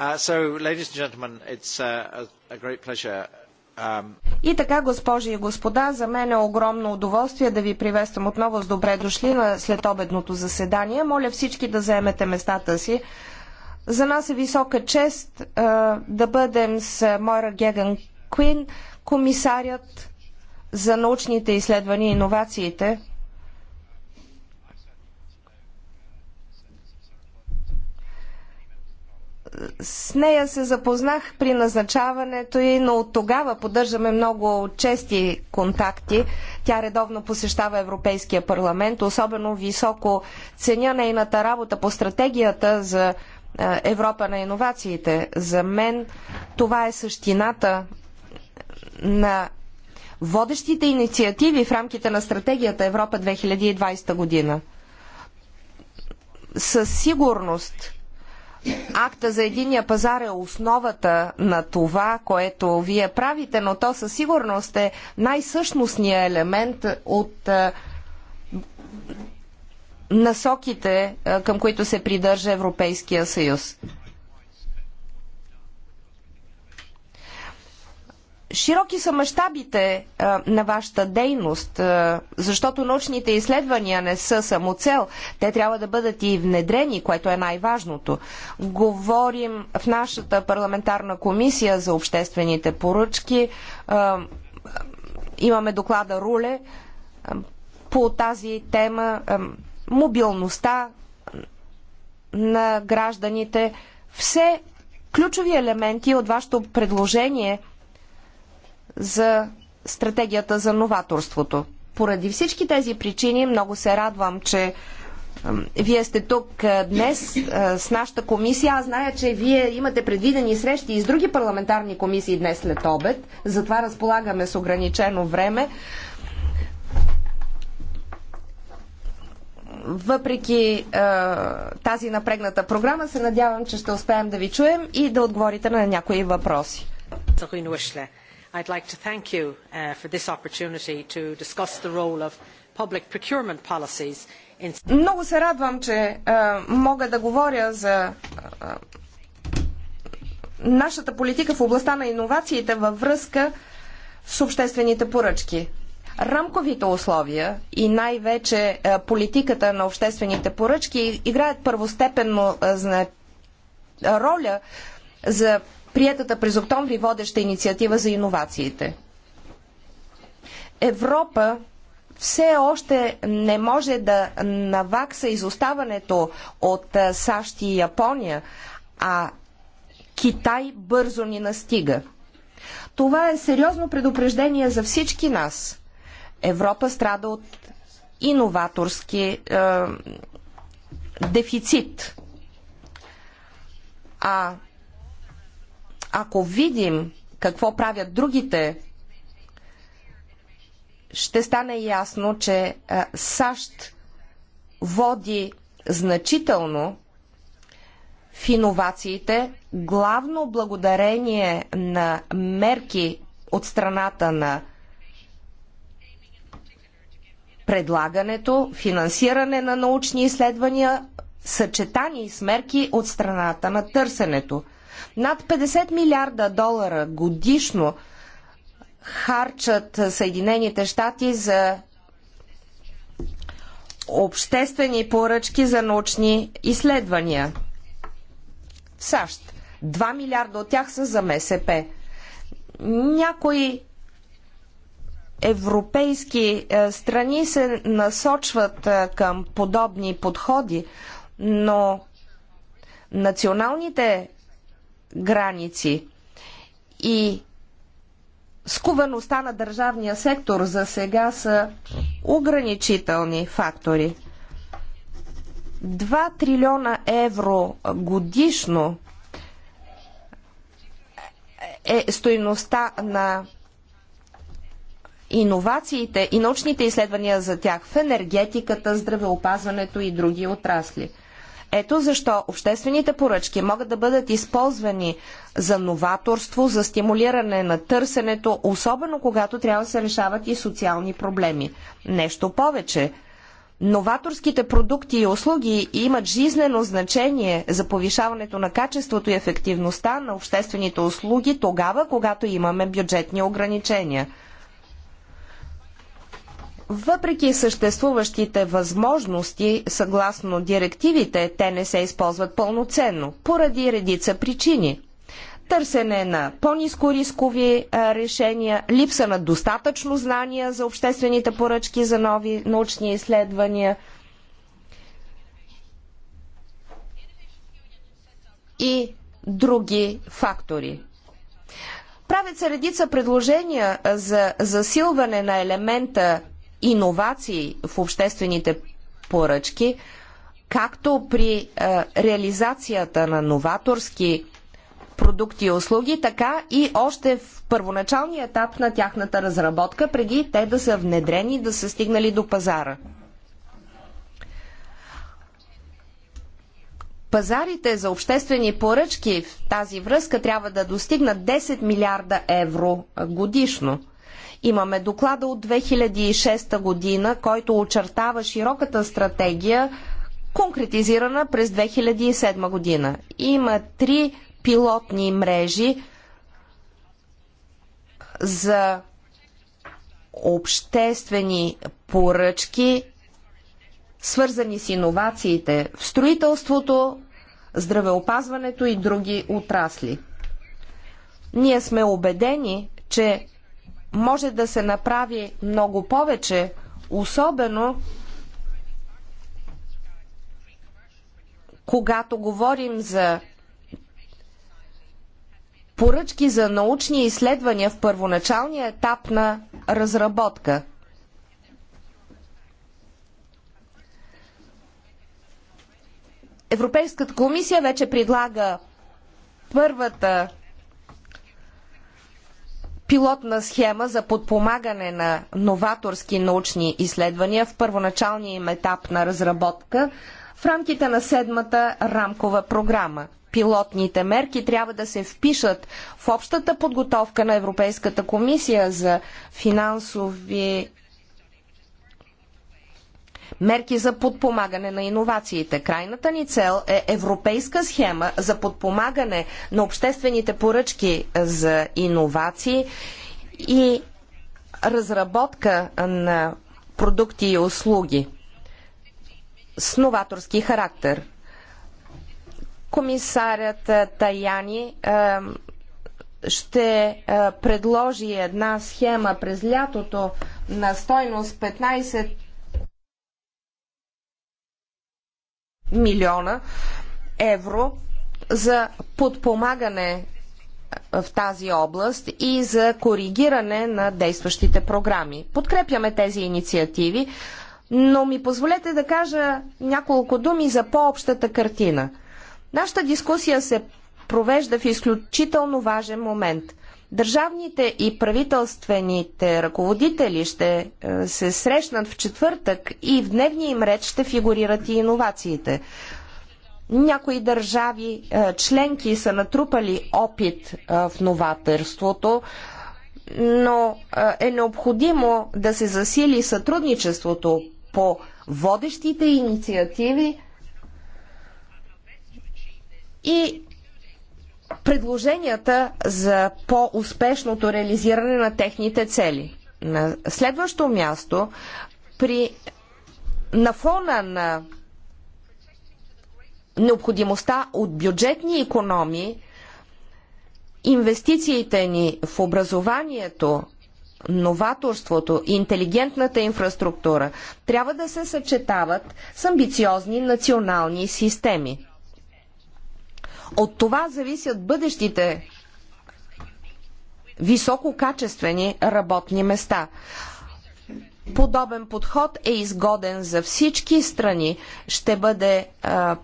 Uh, uh, a great pleasure. Um, и така, госпожи и господа, за мен е огромно удоволствие да ви приветствам отново с добре дошли на следобедното заседание. Моля всички да заемете местата си. За нас е висока чест а, е, да бъдем с Мойра Геган Куин, комисарят за научните изследвания и иновациите с нея се запознах при назначаването и, но от тогава поддържаме много чести контакти. Тя редовно посещава Европейския парламент. Особено високо ценя нейната работа по стратегията за е, Европа на иновациите. За мен това е същината на водещите инициативи в рамките на стратегията Европа 2020 година. Със сигурност акта за единия пазар е основата на това, което вие правите, но то със сигурност е най-същностният елемент от е, насоките, е, към които се придържа Европейския съюз. Широки са мащабите на вашата дейност, защото научните изследвания не са само цел. Те трябва да бъдат и внедрени, което е най-важното. Говорим в нашата парламентарна комисия за обществените поръчки. Имаме доклада Руле по тази тема. Мобилността на гражданите. Все ключови елементи от вашето предложение – за стратегията за новаторството. Поради всички тези причини много се радвам, че вие сте тук днес с нашата комисия. Аз зная, че вие имате предвидени срещи и с други парламентарни комисии днес след обед. Затова разполагаме с ограничено време. Въпреки е, тази напрегната програма, се надявам, че ще успеем да ви чуем и да отговорите на някои въпроси. I would like to thank you uh, for this opportunity to discuss the role of public procurement policies in... Много се радвам, че е, мога да говоря за е, нашата политика в областта на иновациите във връзка с обществените поръчки. Рамковите условия и най-вече е, политиката на обществените поръчки играят първостепенно роля за приятата през октомври водеща инициатива за иновациите. Европа все още не може да навакса изоставането от САЩ и Япония, а Китай бързо ни настига. Това е сериозно предупреждение за всички нас. Европа страда от иноваторски е, дефицит. А ако видим какво правят другите, ще стане ясно, че е, САЩ води значително в иновациите, главно благодарение на мерки от страната на предлагането, финансиране на научни изследвания, съчетани с мерки от страната на търсенето – над 50 милиарда долара годишно харчат Съединените щати за обществени поръчки за научни изследвания. В САЩ 2 милиарда от тях са за МСП. Някои европейски е, страни се насочват е, към подобни подходи, но националните граници и скуваността на държавния сектор за сега са ограничителни фактори. 2 трилиона евро годишно е стоеността на иновациите и научните изследвания за тях в енергетиката, здравеопазването и други отрасли – ето защо обществените поръчки могат да бъдат използвани за новаторство, за стимулиране на търсенето, особено когато трябва да се решават и социални проблеми. Нещо повече. Новаторските продукти и услуги имат жизнено значение за повишаването на качеството и ефективността на обществените услуги тогава, когато имаме бюджетни ограничения – въпреки съществуващите възможности, съгласно директивите, те не се използват пълноценно, поради редица причини. Търсене на по-низко рискови решения, липса на достатъчно знания за обществените поръчки за нови научни изследвания и други фактори. Правят се редица предложения за засилване на елемента иновации в обществените поръчки, както при е, реализацията на новаторски продукти и услуги, така и още в първоначалния етап на тяхната разработка, преди те да са внедрени и да са стигнали до пазара. Пазарите за обществени поръчки в тази връзка трябва да достигнат 10 милиарда евро годишно – Имаме доклада от 2006 година, който очертава широката стратегия, конкретизирана през 2007 година. Има три пилотни мрежи за обществени поръчки, свързани с иновациите в строителството, здравеопазването и други отрасли. Ние сме убедени, че може да се направи много повече, особено когато говорим за поръчки за научни изследвания в първоначалния етап на разработка. Европейската комисия вече предлага първата пилотна схема за подпомагане на новаторски научни изследвания в първоначалния им етап на разработка в рамките на седмата рамкова програма. Пилотните мерки трябва да се впишат в общата подготовка на Европейската комисия за финансови мерки за подпомагане на иновациите. Крайната ни цел е европейска схема за подпомагане на обществените поръчки е, за иновации и разработка на продукти и услуги с новаторски характер. Комисарят е, Таяни е, ще предложи една схема през лятото на стойност 15 милиона евро за подпомагане в тази област и за коригиране на действащите програми. Подкрепяме тези инициативи, но ми позволете да кажа няколко думи за по-общата картина. Нашата дискусия се провежда в изключително важен момент – Държавните и правителствените ръководители ще е, се срещнат в четвъртък и в дневния им ред ще фигурират и иновациите. Някои държави е, членки са натрупали опит е, в новаторството, но е необходимо да се засили сътрудничеството по водещите инициативи и предложенията за по-успешното реализиране на техните цели. На следващо място, при, на фона на необходимостта от бюджетни економии, инвестициите ни в образованието, новаторството и интелигентната инфраструктура трябва да се съчетават с амбициозни национални системи. От това зависят бъдещите висококачествени работни места. Подобен подход е изгоден за всички страни, ще бъде а,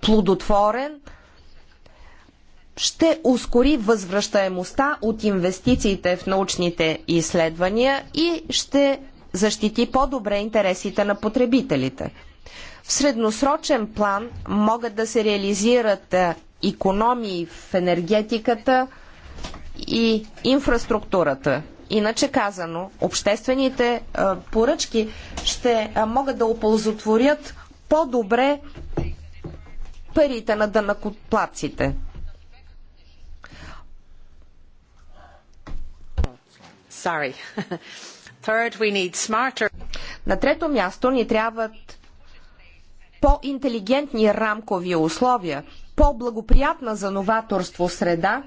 плодотворен, ще ускори възвръщаемостта от инвестициите в научните изследвания и ще защити по-добре интересите на потребителите. В средносрочен план могат да се реализират економии в енергетиката и инфраструктурата. Иначе казано, обществените поръчки ще могат да оползотворят по-добре парите на дънакоплаците. Sorry. Third, we need smarter... На трето място ни трябват по-интелигентни рамкови условия, по-благоприятна за новаторство среда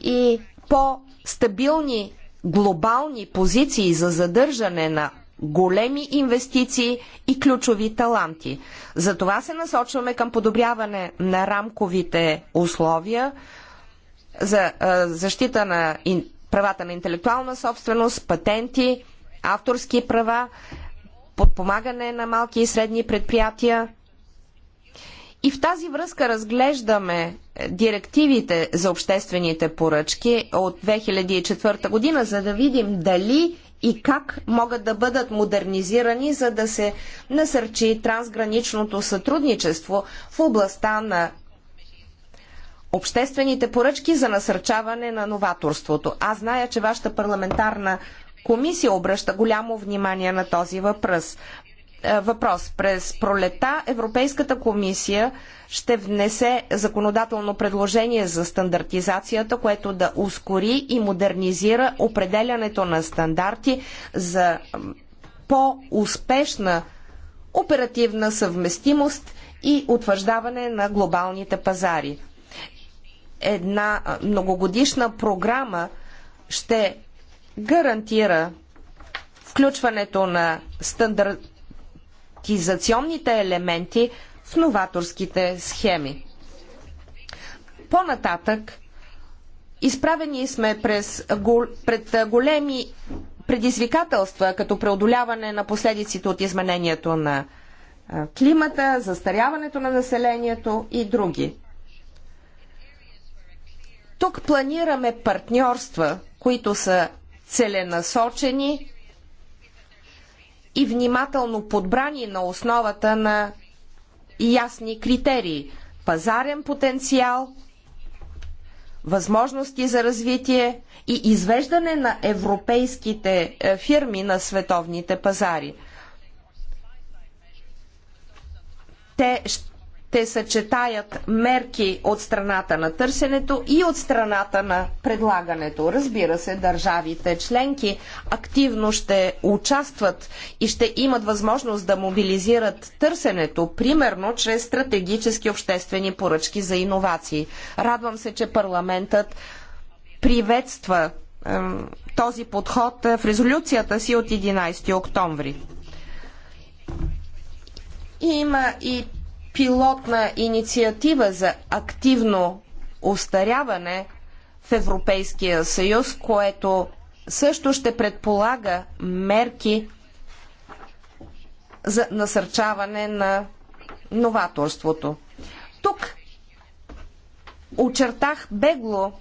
и по-стабилни глобални позиции за задържане на големи инвестиции и ключови таланти. Затова се насочваме към подобряване на рамковите условия за защита на правата на интелектуална собственост, патенти, авторски права подпомагане на малки и средни предприятия. И в тази връзка разглеждаме директивите за обществените поръчки от 2004 година, за да видим дали и как могат да бъдат модернизирани, за да се насърчи трансграничното сътрудничество в областта на обществените поръчки за насърчаване на новаторството. Аз зная, че вашата парламентарна комисия обръща голямо внимание на този въпрос. Е, въпрос. През пролета Европейската комисия ще внесе законодателно предложение за стандартизацията, което да ускори и модернизира определянето на стандарти за по-успешна оперативна съвместимост и утвърждаване на глобалните пазари. Една многогодишна програма ще гарантира включването на стандартизационните елементи в новаторските схеми. По-нататък, изправени сме през, пред големи предизвикателства, като преодоляване на последиците от изменението на климата, застаряването на населението и други. Тук планираме партньорства, които са целенасочени и внимателно подбрани на основата на ясни критерии пазарен потенциал, възможности за развитие и извеждане на европейските е, фирми на световните пазари. Те ще те съчетаят мерки от страната на търсенето и от страната на предлагането. Разбира се, държавите членки активно ще участват и ще имат възможност да мобилизират търсенето, примерно чрез стратегически обществени поръчки за иновации. Радвам се, че парламентът приветства е, този подход е, в резолюцията си от 11 октомври. Има и пилотна инициатива за активно остаряване в Европейския съюз, което също ще предполага мерки за насърчаване на новаторството. Тук очертах бегло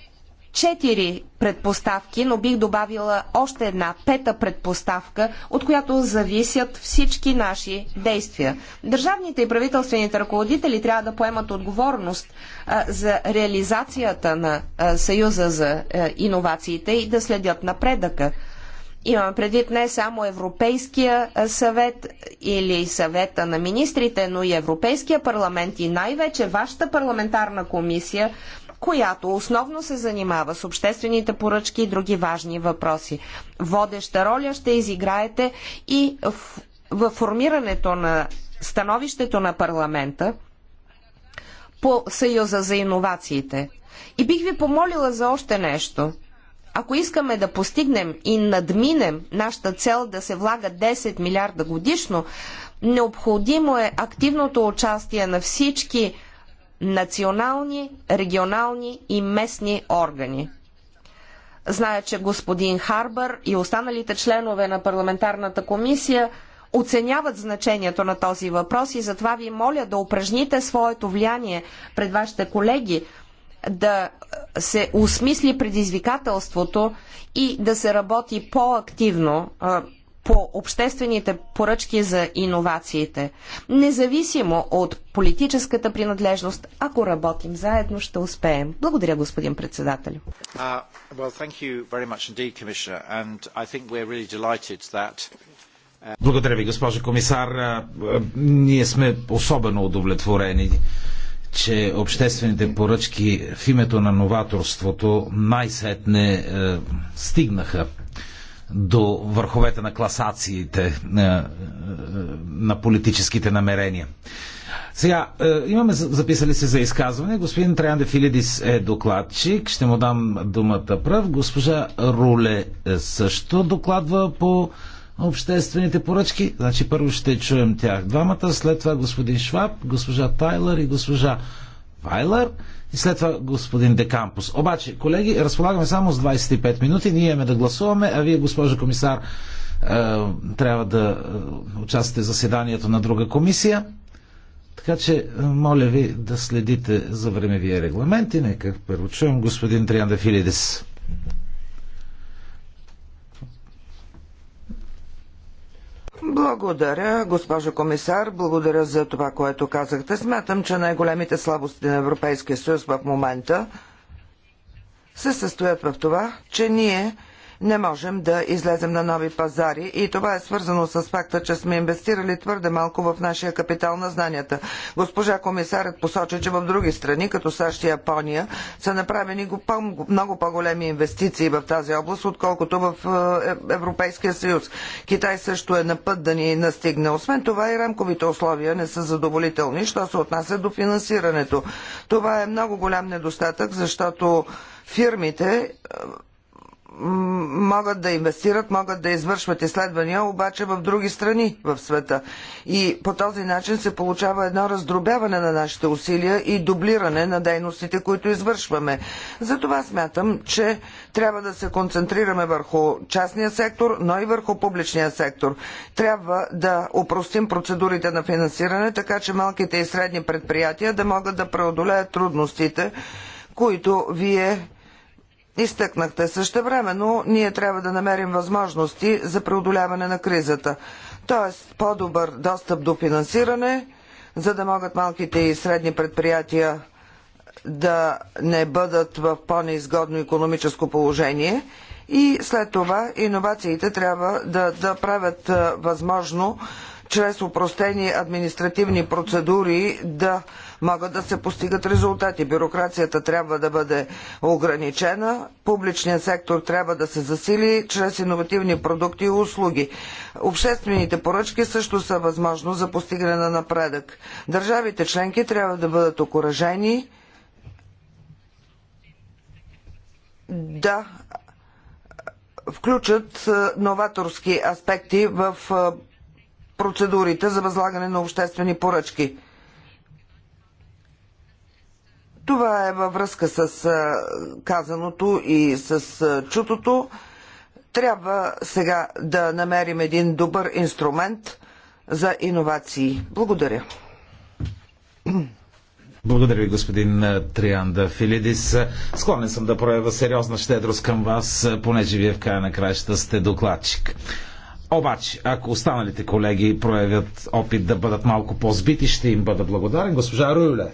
четири предпоставки, но бих добавила още една пета предпоставка, от която зависят всички наши действия. Държавните и правителствените ръководители трябва да поемат отговорност а, за реализацията на а, Съюза за а, иновациите и да следят напредъка. Имам предвид не само Европейския съвет или съвета на министрите, но и Европейския парламент и най-вече вашата парламентарна комисия която основно се занимава с обществените поръчки и други важни въпроси. Водеща роля ще изиграете и в, в формирането на становището на парламента по Съюза за иновациите. И бих ви помолила за още нещо. Ако искаме да постигнем и надминем нашата цел да се влага 10 милиарда годишно, необходимо е активното участие на всички национални, регионални и местни органи. Зная, че господин Харбър и останалите членове на парламентарната комисия оценяват значението на този въпрос и затова ви моля да упражните своето влияние пред вашите колеги, да се осмисли предизвикателството и да се работи по-активно по обществените поръчки за иновациите. Независимо от политическата принадлежност, ако работим заедно, ще успеем. Благодаря, господин председател. Uh, well, uh, Благодаря ви, госпожо комисар. Uh, uh, ние сме особено удовлетворени че обществените поръчки в името на новаторството най-сетне стигнаха до върховете на класациите е, е, е, на политическите намерения. Сега, имаме записали се за изказване. Господин Траян Дефилидис е докладчик. Ще му дам думата пръв. Госпожа Руле също докладва по обществените поръчки. Значи първо ще чуем тях двамата, след това господин Шваб, госпожа Тайлър и госпожа Вайлър. И след това господин Декампус. Обаче, колеги, разполагаме само с 25 минути. Ние имаме да гласуваме, а вие, госпожа комисар, е, трябва да е, участвате в заседанието на друга комисия. Така че, е, моля ви да следите за времевия регламент и нека първо чуем господин Триан Дефилидес. Благодаря, госпожо комисар. Благодаря за това, което казахте. Смятам, че най-големите слабости на Европейския съюз в момента се състоят в това, че ние не можем да излезем на нови пазари и това е свързано с факта, че сме инвестирали твърде малко в нашия капитал на знанията. Госпожа комисарът посочи, че в други страни, като САЩ и Япония, са направени много по-големи инвестиции в тази област, отколкото в е, Европейския съюз. Китай също е на път да ни настигне. Освен това и рамковите условия не са задоволителни, що се отнася до финансирането. Това е много голям недостатък, защото фирмите е, могат да инвестират, могат да извършват изследвания, обаче в други страни в света. И по този начин се получава едно раздробяване на нашите усилия и дублиране на дейностите, които извършваме. Затова смятам, че трябва да се концентрираме върху частния сектор, но и върху публичния сектор. Трябва да упростим процедурите на финансиране, така че малките и средни предприятия да могат да преодолеят трудностите, които вие Изтъкнахте също време, но ние трябва да намерим възможности за преодоляване на кризата. Тоест по-добър достъп до финансиране, за да могат малките и средни предприятия да не бъдат в по-неизгодно економическо положение и след това иновациите трябва да, да правят възможно чрез упростени административни процедури да могат да се постигат резултати. Бюрокрацията трябва да бъде ограничена, публичният сектор трябва да се засили чрез иновативни продукти и услуги. Обществените поръчки също са възможност за постигане на напредък. Държавите членки трябва да бъдат окоръжени да включат новаторски аспекти в процедурите за възлагане на обществени поръчки. Това е във връзка с казаното и с чутото. Трябва сега да намерим един добър инструмент за иновации. Благодаря. Благодаря ви, господин Трианда Филидис. Склонен съм да проява сериозна щедрост към вас, понеже вие в края на краищата сте докладчик. Обаче, ако останалите колеги проявят опит да бъдат малко по-збити, ще им бъда благодарен. Госпожа Руйле.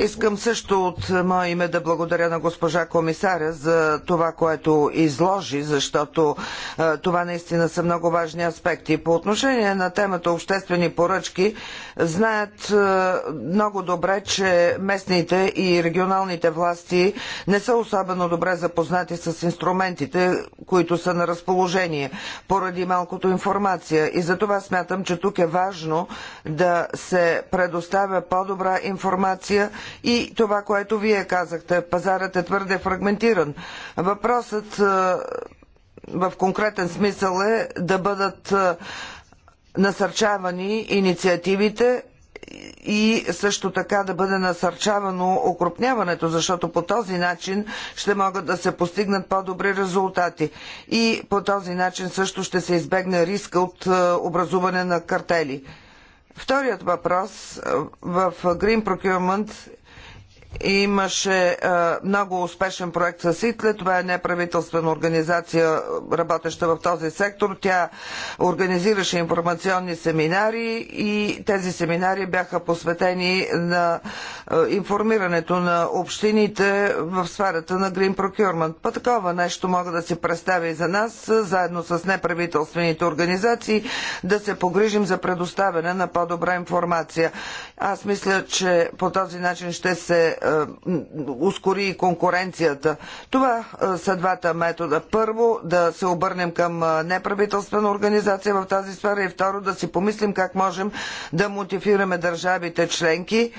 Искам също от мое име да благодаря на госпожа комисаря за това, което изложи, защото това наистина са много важни аспекти. По отношение на темата обществени поръчки, знаят е, много добре, че местните и регионалните власти не са особено добре запознати с инструментите, които са на разположение, поради малкото информация. И за това смятам, че тук е важно да се предоставя по-добра информация и това, което вие казахте, пазарът е твърде фрагментиран. Въпросът е, в конкретен смисъл е да бъдат е, насърчавани инициативите и също така да бъде насърчавано окрупняването, защото по този начин ще могат да се постигнат по-добри резултати. И по този начин също ще се избегне риска от е, образуване на картели. Вторият въпрос е, в Green Procurement Имаше а, много успешен проект с ИТЛЕ. Това е неправителствена организация, работеща в този сектор. Тя организираше информационни семинари и тези семинари бяха посветени на а, информирането на общините в сферата на Green Procurement. Па такова нещо мога да се представя и за нас, заедно с неправителствените организации, да се погрижим за предоставяне на по-добра информация. Аз мисля, че по този начин ще се е, ускори и конкуренцията. Това е, са двата метода. Първо, да се обърнем към е, неправителствена организация в тази сфера и второ, да си помислим как можем да мотивираме държавите членки.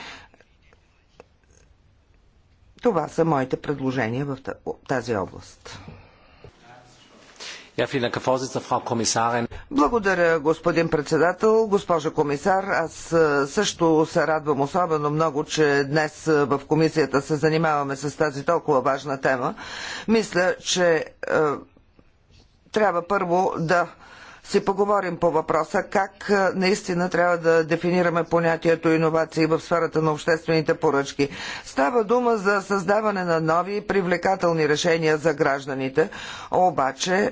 Това са моите предложения в тази област. Благодаря, господин председател. Госпожа комисар, аз също се радвам особено много, че днес в комисията се занимаваме с тази толкова важна тема. Мисля, че трябва първо да си поговорим по въпроса как наистина трябва да дефинираме понятието иновации в сферата на обществените поръчки. Става дума за създаване на нови привлекателни решения за гражданите, обаче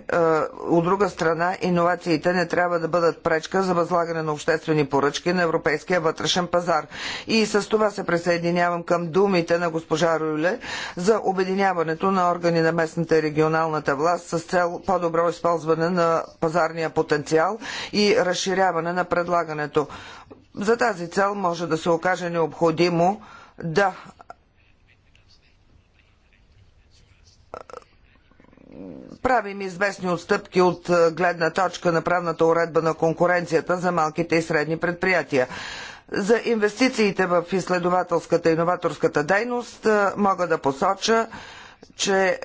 от друга страна иновациите не трябва да бъдат пречка за възлагане на обществени поръчки на европейския вътрешен пазар. И с това се присъединявам към думите на госпожа Руле за обединяването на органи на местната и регионалната власт с цел по-добро използване на пазарния потенциал потенциал и разширяване на предлагането. За тази цел може да се окаже необходимо да е, правим известни отстъпки от е, гледна точка на правната уредба на конкуренцията за малките и средни предприятия. За инвестициите в изследователската и новаторската дейност е, мога да посоча, че е,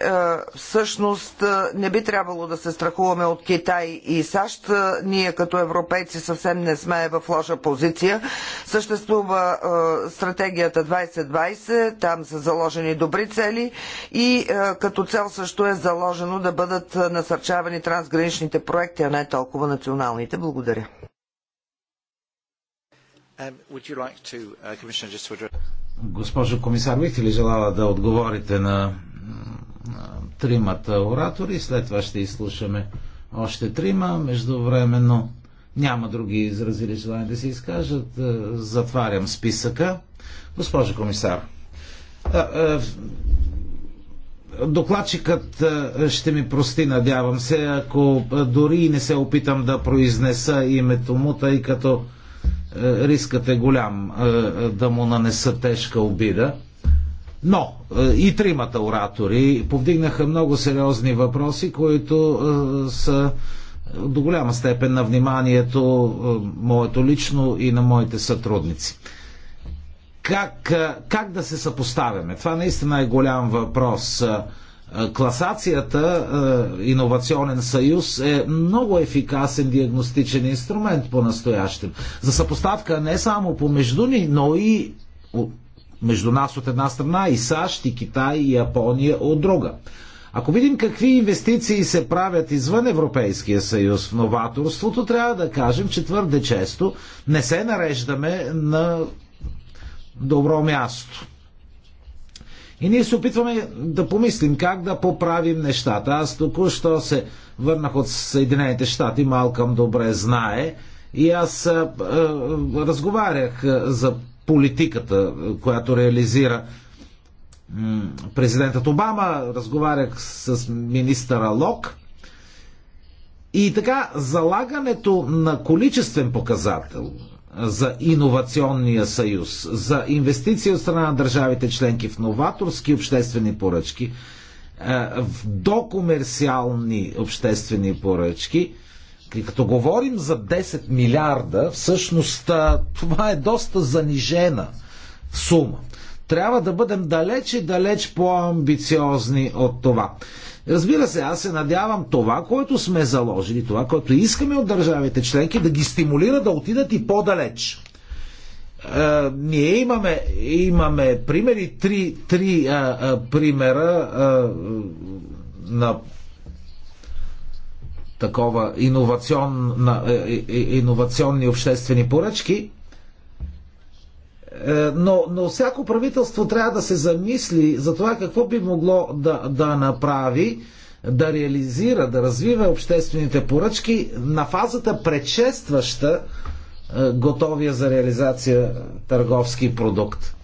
всъщност е, не би трябвало да се страхуваме от Китай и САЩ. Е, ние като европейци съвсем не сме в лоша позиция. Съществува е, стратегията 2020, там са заложени добри цели и е, като цел също е заложено да бъдат е, насърчавани трансграничните проекти, а не толкова националните. Благодаря. Um, uh, Госпожо комисар, бихте ли желала да отговорите на тримата оратори, след това ще изслушаме още трима. Междувременно няма други изразили желание да се изкажат. Е, затварям списъка. Госпожо комисар, е, е, докладчикът ще ми прости, надявам се, ако дори не се опитам да произнеса името му, тъй като рискът е голям да му нанеса тежка обида. Но е, и тримата оратори повдигнаха много сериозни въпроси, които е, са е, до голяма степен на вниманието моето лично и на моите сътрудници. Как, как да се съпоставяме? Това наистина е голям въпрос. Класацията, иновационен съюз, е много ефикасен диагностичен инструмент по-настоящем. За съпоставка не само помежду ни, но и между нас от една страна и САЩ, и Китай, и Япония от друга. Ако видим какви инвестиции се правят извън Европейския съюз в новаторството, трябва да кажем, че твърде често не се нареждаме на добро място. И ние се опитваме да помислим как да поправим нещата. Аз току-що се върнах от Съединените щати, Малкам добре знае, и аз а, а, разговарях за политиката, е, която реализира президентът Обама. Разговарях с министъра Лок. И така, залагането на количествен показател за иновационния съюз, за инвестиции от страна на държавите членки в новаторски обществени поръчки, е, в докомерциални обществени поръчки, като говорим за 10 милиарда, всъщност това е доста занижена сума. Трябва да бъдем далеч и далеч по-амбициозни от това. Разбира се, аз се надявам това, което сме заложили, това, което искаме от държавите членки, да ги стимулира да отидат и по-далеч. Е, ние имаме, имаме примери, три, три а, а, примера а, на такова е, е, е, иновационни обществени поръчки, но, но всяко правителство трябва да се замисли за това какво би могло да, да направи, да реализира, да развива обществените поръчки на фазата предшестваща готовия за реализация търговски продукт.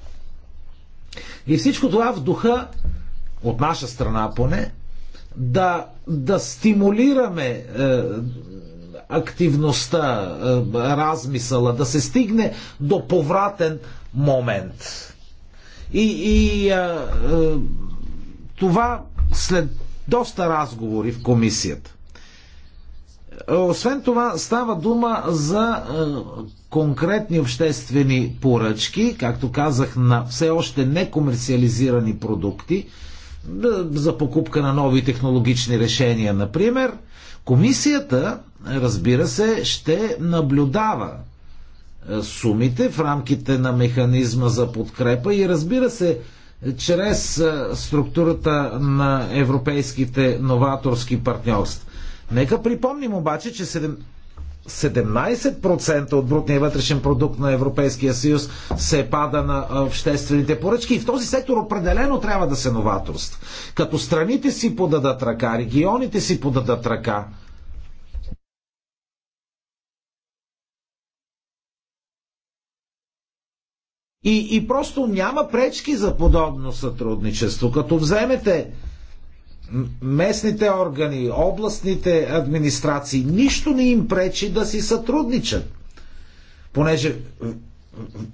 И всичко това в духа, от наша страна поне, да, да стимулираме е, активността, е, размисъла, да се стигне до повратен момент. И, и е, е, това след доста разговори в комисията. Освен това, става дума за е, конкретни обществени поръчки, както казах, на все още некомерциализирани продукти, за покупка на нови технологични решения, например, комисията, разбира се, ще наблюдава е, сумите в рамките на механизма за подкрепа и разбира се, чрез е, структурата на европейските новаторски партньорства. Нека припомним обаче, че 17% от брутния вътрешен продукт на Европейския съюз се пада на обществените поръчки. И в този сектор определено трябва да се новаторства. Като страните си подадат ръка, регионите си подадат ръка, И, и просто няма пречки за подобно сътрудничество. Като вземете местните органи, областните администрации, нищо не им пречи да си сътрудничат. Понеже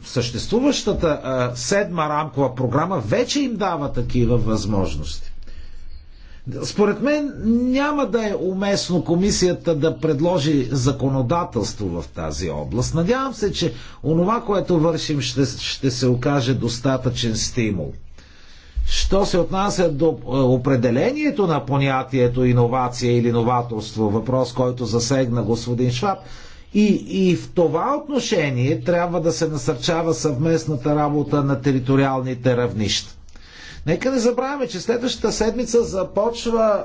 съществуващата а, седма рамкова програма вече им дава такива възможности. Според мен няма да е уместно комисията да предложи законодателство в тази област. Надявам се, че онова, което вършим, ще, ще се окаже достатъчен стимул. Що се отнася до е, определението на понятието иновация или новаторство, въпрос, който засегна господин Шваб, и, и в това отношение трябва да се насърчава съвместната работа на териториалните равнища. Нека не забравяме, че следващата седмица започва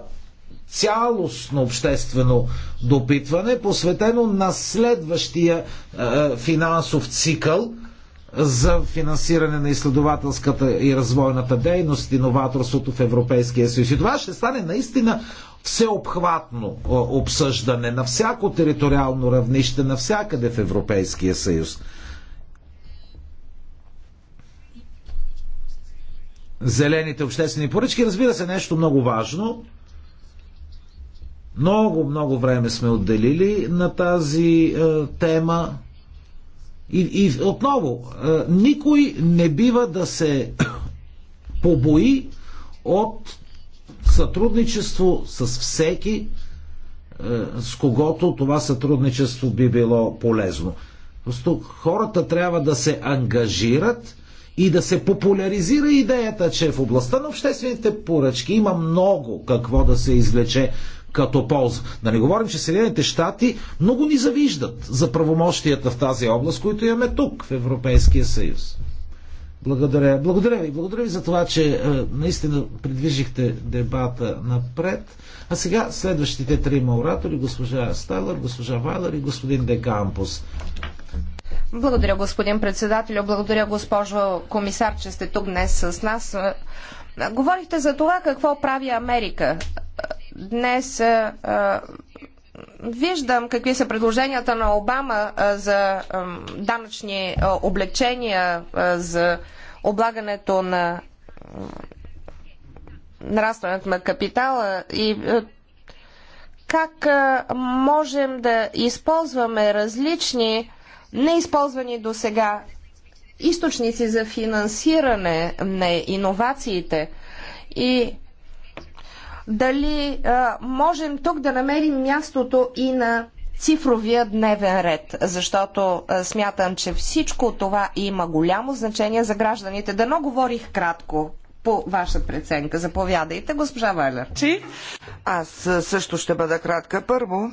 цялостно обществено допитване, посветено на следващия е, е финансов цикъл – за финансиране на изследователската и развойната дейност, и новаторството в Европейския съюз. И това ще стане наистина всеобхватно обсъждане на всяко териториално равнище, навсякъде в Европейския съюз. Зелените обществени поръчки, разбира се, нещо много важно. Много, много време сме отделили на тази е, тема и, и отново, е, никой не бива да се побои от сътрудничество с всеки, е, с когото това сътрудничество би било полезно. Просто хората трябва да се ангажират и да се популяризира идеята, че в областта на обществените поръчки има много какво да се извлече като полза. Да не говорим, че Съединените щати много ни завиждат за правомощията в тази област, които имаме тук, в Европейския съюз. Благодаря. Благодаря ви. Благодаря ви за това, че е, наистина придвижихте дебата напред. А сега следващите трима оратори, госпожа Стайлър, госпожа Вайлер и господин Декампус. Благодаря, господин председател, Благодаря, госпожо комисар, че сте тук днес с нас. Е, говорихте за това какво прави Америка. Е, днес виждам какви са предложенията на Обама за данъчни облегчения за облагането на нарастването на капитала и как можем да използваме различни неизползвани до сега източници за финансиране на иновациите и дали а, можем тук да намерим мястото и на цифровия дневен ред, защото а, смятам, че всичко това има голямо значение за гражданите. Дано говорих кратко по ваша преценка. Заповядайте, госпожа Вайлер. Аз също ще бъда кратка. Първо,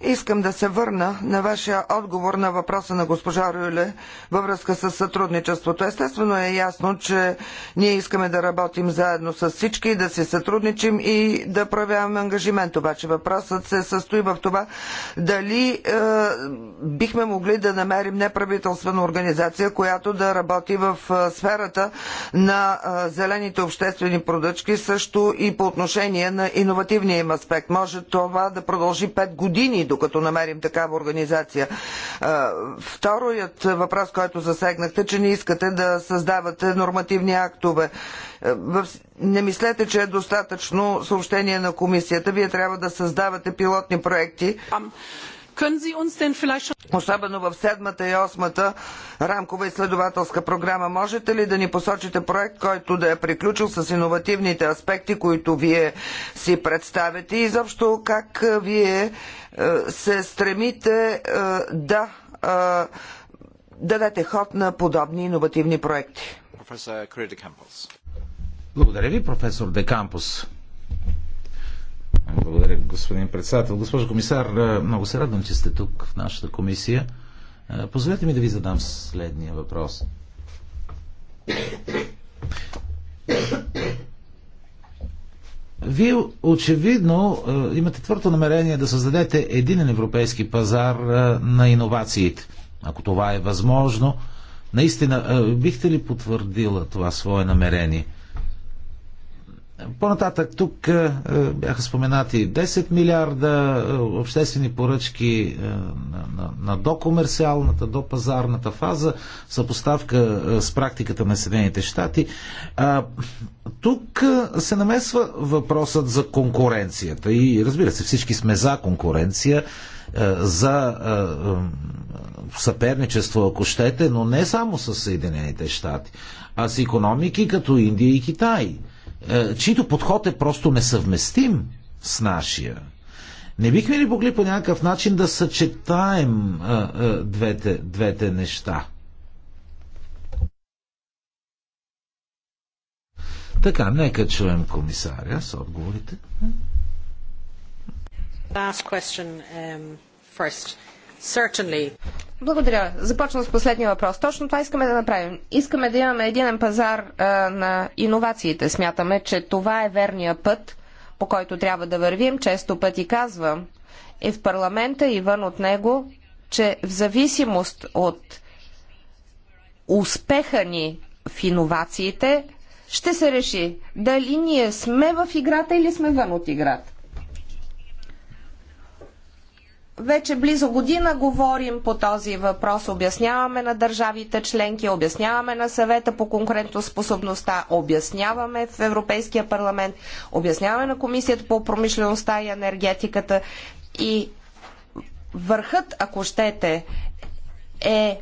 Искам да се върна на вашия отговор на въпроса на госпожа Рюле във връзка с сътрудничеството. Естествено е ясно, че ние искаме да работим заедно с всички, да се сътрудничим и да проявяваме ангажимент. Обаче въпросът се състои в това дали е, бихме могли да намерим неправителствена организация, която да работи в е, сферата на е, зелените обществени продъчки, също и по отношение на иновативния им аспект. Може това да продължи 5 години докато намерим такава организация. Вторият въпрос, който засегнахте, че не искате да създавате нормативни актове. Не мислете, че е достатъчно съобщение на комисията. Вие трябва да създавате пилотни проекти. Особено в седмата и осмата рамкова изследователска програма. Можете ли да ни посочите проект, който да е приключил с иновативните аспекти, които вие си представяте и заобщо как е, вие е, се стремите е, да дадете ход на подобни иновативни проекти? Благодаря ви, професор Декампус. Благодаря, господин председател. Госпожо комисар, е, много се радвам, че сте тук в нашата комисия. Е, позволете ми да ви задам следния въпрос. Вие очевидно е, имате твърдо намерение да създадете един европейски пазар на иновациите. Ако това е възможно, наистина бихте ли потвърдила това свое намерение? По-нататък тук е, е, бяха споменати 10 милиарда е, обществени поръчки на, докомерциалната, до пазарната фаза, съпоставка с практиката на Съединените щати. Тук се намесва въпросът за конкуренцията и разбира се, всички сме за конкуренция, за съперничество, ако щете, но не само с Съединените щати, а с економики като Индия и Китай – е, чийто подход е просто несъвместим с нашия. Не бихме ли могли по някакъв начин да съчетаем а, е, а, е, двете, двете неща? Така, нека чуем комисаря с отговорите. Last question, um, first. Certainly. Благодаря. Започвам с последния въпрос. Точно това искаме да направим. Искаме да имаме единен пазар а, на иновациите. Смятаме, че това е верния път, по който трябва да вървим. Често пъти казвам и в парламента, и вън от него, че в зависимост от успеха ни в иновациите, ще се реши дали ние сме в играта или сме вън от играта. Вече близо година говорим по този въпрос, обясняваме на държавите членки, обясняваме на съвета по конкурентоспособността, обясняваме в Европейския парламент, обясняваме на Комисията по промишлеността и енергетиката и върхът, ако щете, е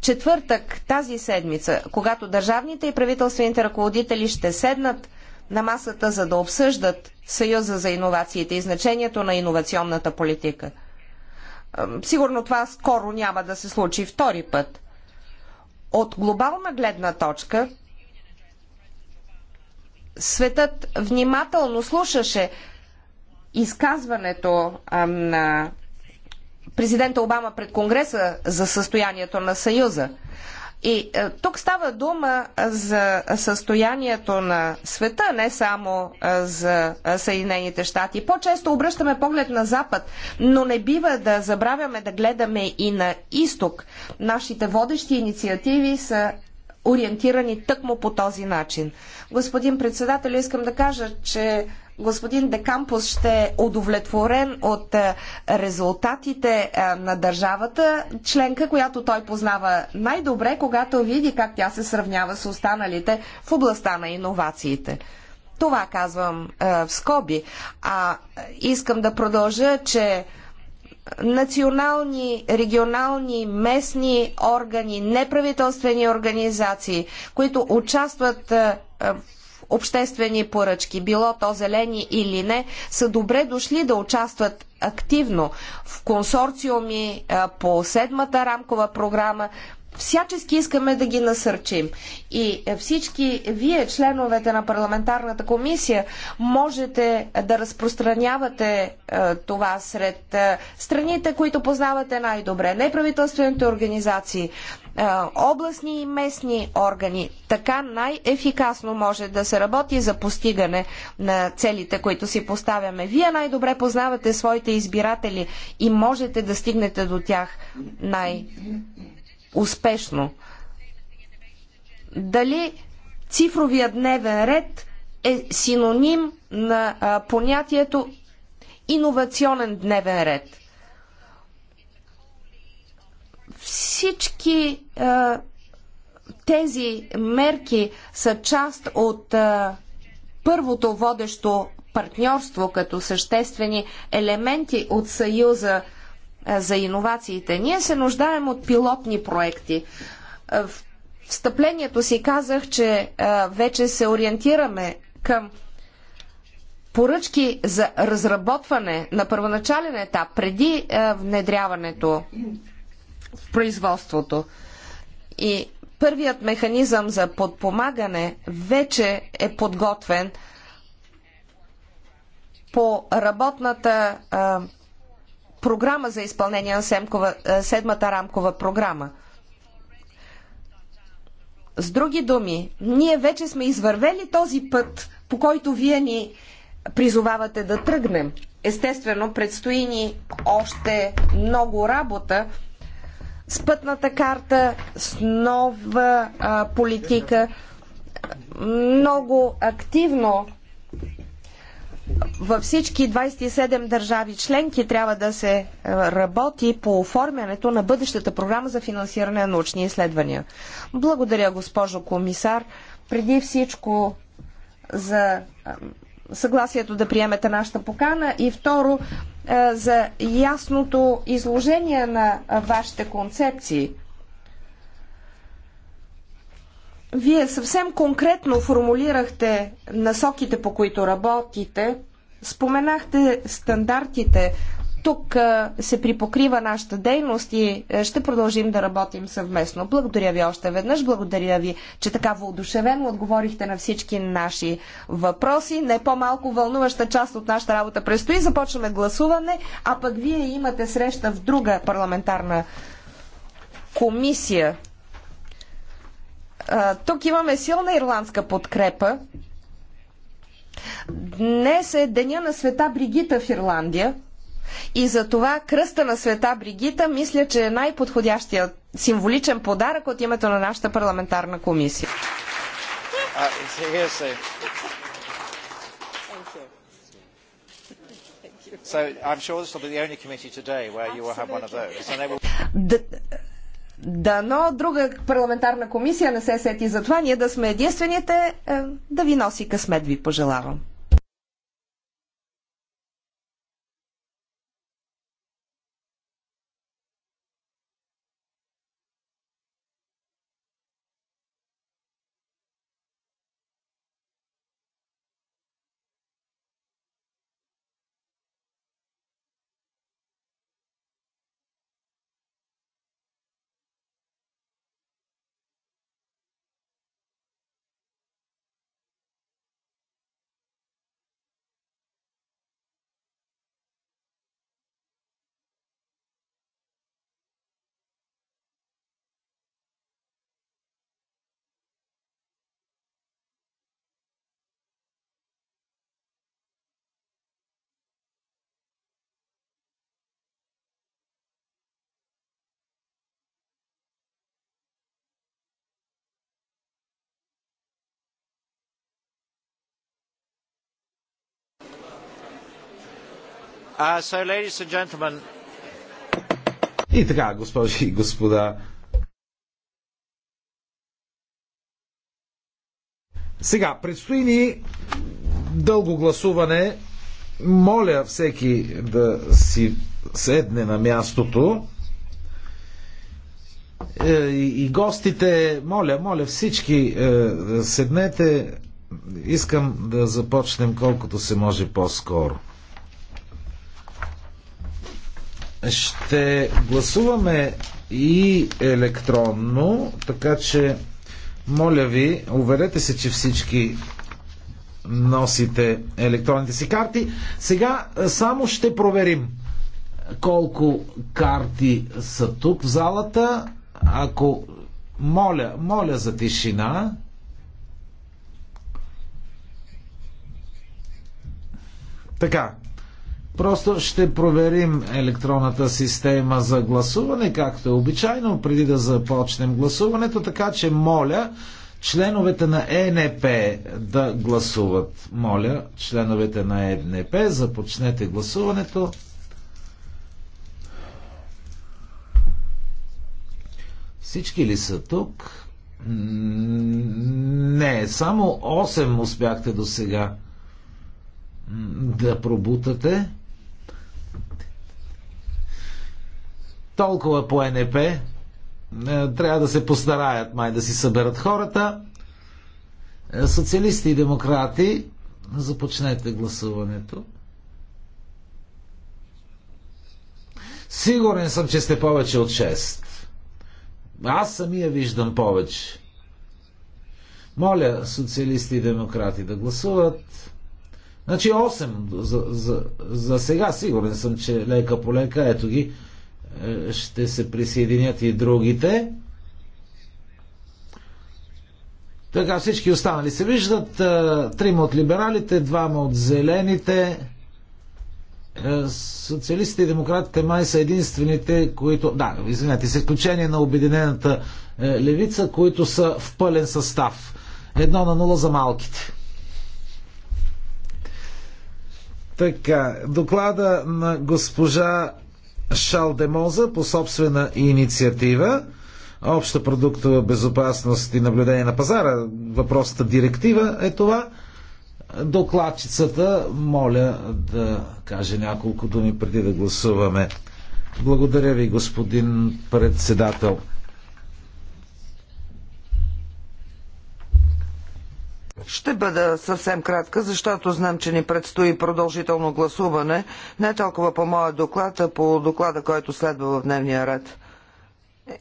четвъртък тази седмица, когато държавните и правителствените ръководители ще седнат на масата, за да обсъждат Съюза за иновациите и значението на иновационната политика. Сигурно това скоро няма да се случи втори път. От глобална гледна точка, светът внимателно слушаше изказването на президента Обама пред Конгреса за състоянието на Съюза. И е, тук става дума е, за състоянието на света, не само е, за Съединените щати. По-често обръщаме поглед на Запад, но не бива да забравяме да гледаме и на изток. Нашите водещи инициативи са ориентирани тъкмо по този начин. Господин председател, искам да кажа, че господин Декампус ще е удовлетворен от е, резултатите е, на държавата, членка, която той познава най-добре, когато види как тя се сравнява с останалите в областта на иновациите. Това казвам е, в скоби. А искам да продължа, че национални, регионални, местни органи, неправителствени организации, които участват в обществени поръчки, било то зелени или не, са добре дошли да участват активно в консорциуми по седмата рамкова програма. Всячески искаме да ги насърчим. И е, всички вие, членовете на парламентарната комисия, можете да разпространявате е, това сред е, страните, които познавате най-добре, неправителствените организации, е, областни и местни органи. Така най-ефикасно може да се работи за постигане на целите, които си поставяме. Вие най-добре познавате своите избиратели и можете да стигнете до тях най-успешно. Дали цифровия дневен ред е синоним на понятието иновационен дневен ред? Всички а, е, тези мерки са част от а, е, първото водещо партньорство като съществени елементи от Съюза а, е, за иновациите. Ние се нуждаем от пилотни проекти. В встъплението си казах, че вече се ориентираме към поръчки за разработване на първоначален етап преди внедряването в производството. И първият механизъм за подпомагане вече е подготвен по работната а, програма за изпълнение на семкова, а, седмата рамкова програма. С други думи, ние вече сме извървели този път, по който вие ни призовавате да тръгнем. Естествено, предстои ни още много работа, с пътната карта, с нова а, политика. Много активно във всички 27 държави членки трябва да се работи по оформянето на бъдещата програма за финансиране на научни изследвания. Благодаря, госпожо комисар. Преди всичко за съгласието да приемете нашата покана и второ е, за ясното изложение на вашите концепции. Вие съвсем конкретно формулирахте насоките, по които работите, споменахте стандартите, тук се припокрива нашата дейност и ще продължим да работим съвместно. Благодаря ви още веднъж. Благодаря ви, че така въодушевено отговорихте на всички наши въпроси. Не по-малко вълнуваща част от нашата работа предстои. Започваме гласуване, а пък вие имате среща в друга парламентарна комисия. Тук имаме силна ирландска подкрепа. Днес е Деня на света Бригита в Ирландия. И за това кръста на света Бригита мисля, че е най-подходящият символичен подарък от името на нашата парламентарна комисия. А, сега се. Дано друга парламентарна комисия не се сети за това, ние да сме единствените, е, да ви носи късмет ви пожелавам. Uh, so, и така, госпожи и господа, Сега, предстои ни дълго гласуване. Моля всеки да си седне на мястото. Е, и гостите, моля, моля всички, е, седнете. Искам да започнем колкото се може по-скоро. Ще гласуваме и електронно, така че моля ви, уверете се, че всички носите електронните си карти. Сега е, само ще проверим колко карти са тук в залата. Ако моля, моля за тишина. Така, Просто ще проверим електронната система за гласуване, както е обичайно, преди да започнем гласуването, така че моля членовете на ЕНП да гласуват. Моля, членовете на ЕНП, започнете гласуването. Всички ли са тук? Не, само 8 успяхте до сега да пробутате. Толкова по НП. Е, трябва да се постараят май да си съберат хората. Е, социалисти и демократи, започнете гласуването. Сигурен съм, че сте повече от 6. Аз самия виждам повече. Моля социалисти и демократи да гласуват. Значи 8 за, за, за сега сигурен съм, че лека по лека, ето ги, е, ще се присъединят и другите. Така всички останали се виждат. Е, трима от либералите, двама от зелените. Е, социалистите и демократите май са единствените, които... Да, извинете, с изключение на Обединената левица, които са в пълен състав. Едно на нула за малките. Така, доклада на госпожа Шал Демоза по собствена инициатива обща продуктова безопасност и наблюдение на пазара, Въпросата директива е това. Докладчицата моля да каже няколко думи преди да гласуваме. Благодаря ви, господин председател. Ще бъда съвсем кратка, защото знам, че ни предстои продължително гласуване, не толкова по моя доклад, а по доклада, който следва в дневния ред.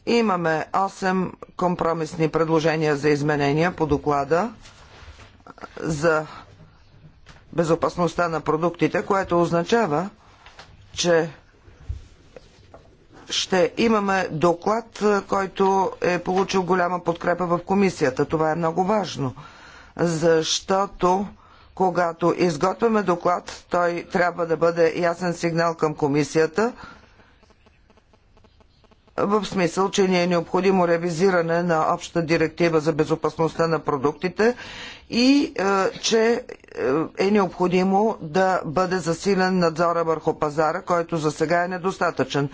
Имаме 8 компромисни предложения за изменения по доклада за безопасността на продуктите, което означава, че ще имаме доклад, който е получил голяма подкрепа в комисията. Това е много важно защото когато изготвяме доклад, той трябва да бъде ясен сигнал към комисията, в смисъл, че ни е необходимо ревизиране на обща директива за безопасността на продуктите и е, че е, е необходимо да бъде засилен надзора върху пазара, който за сега е недостатъчен.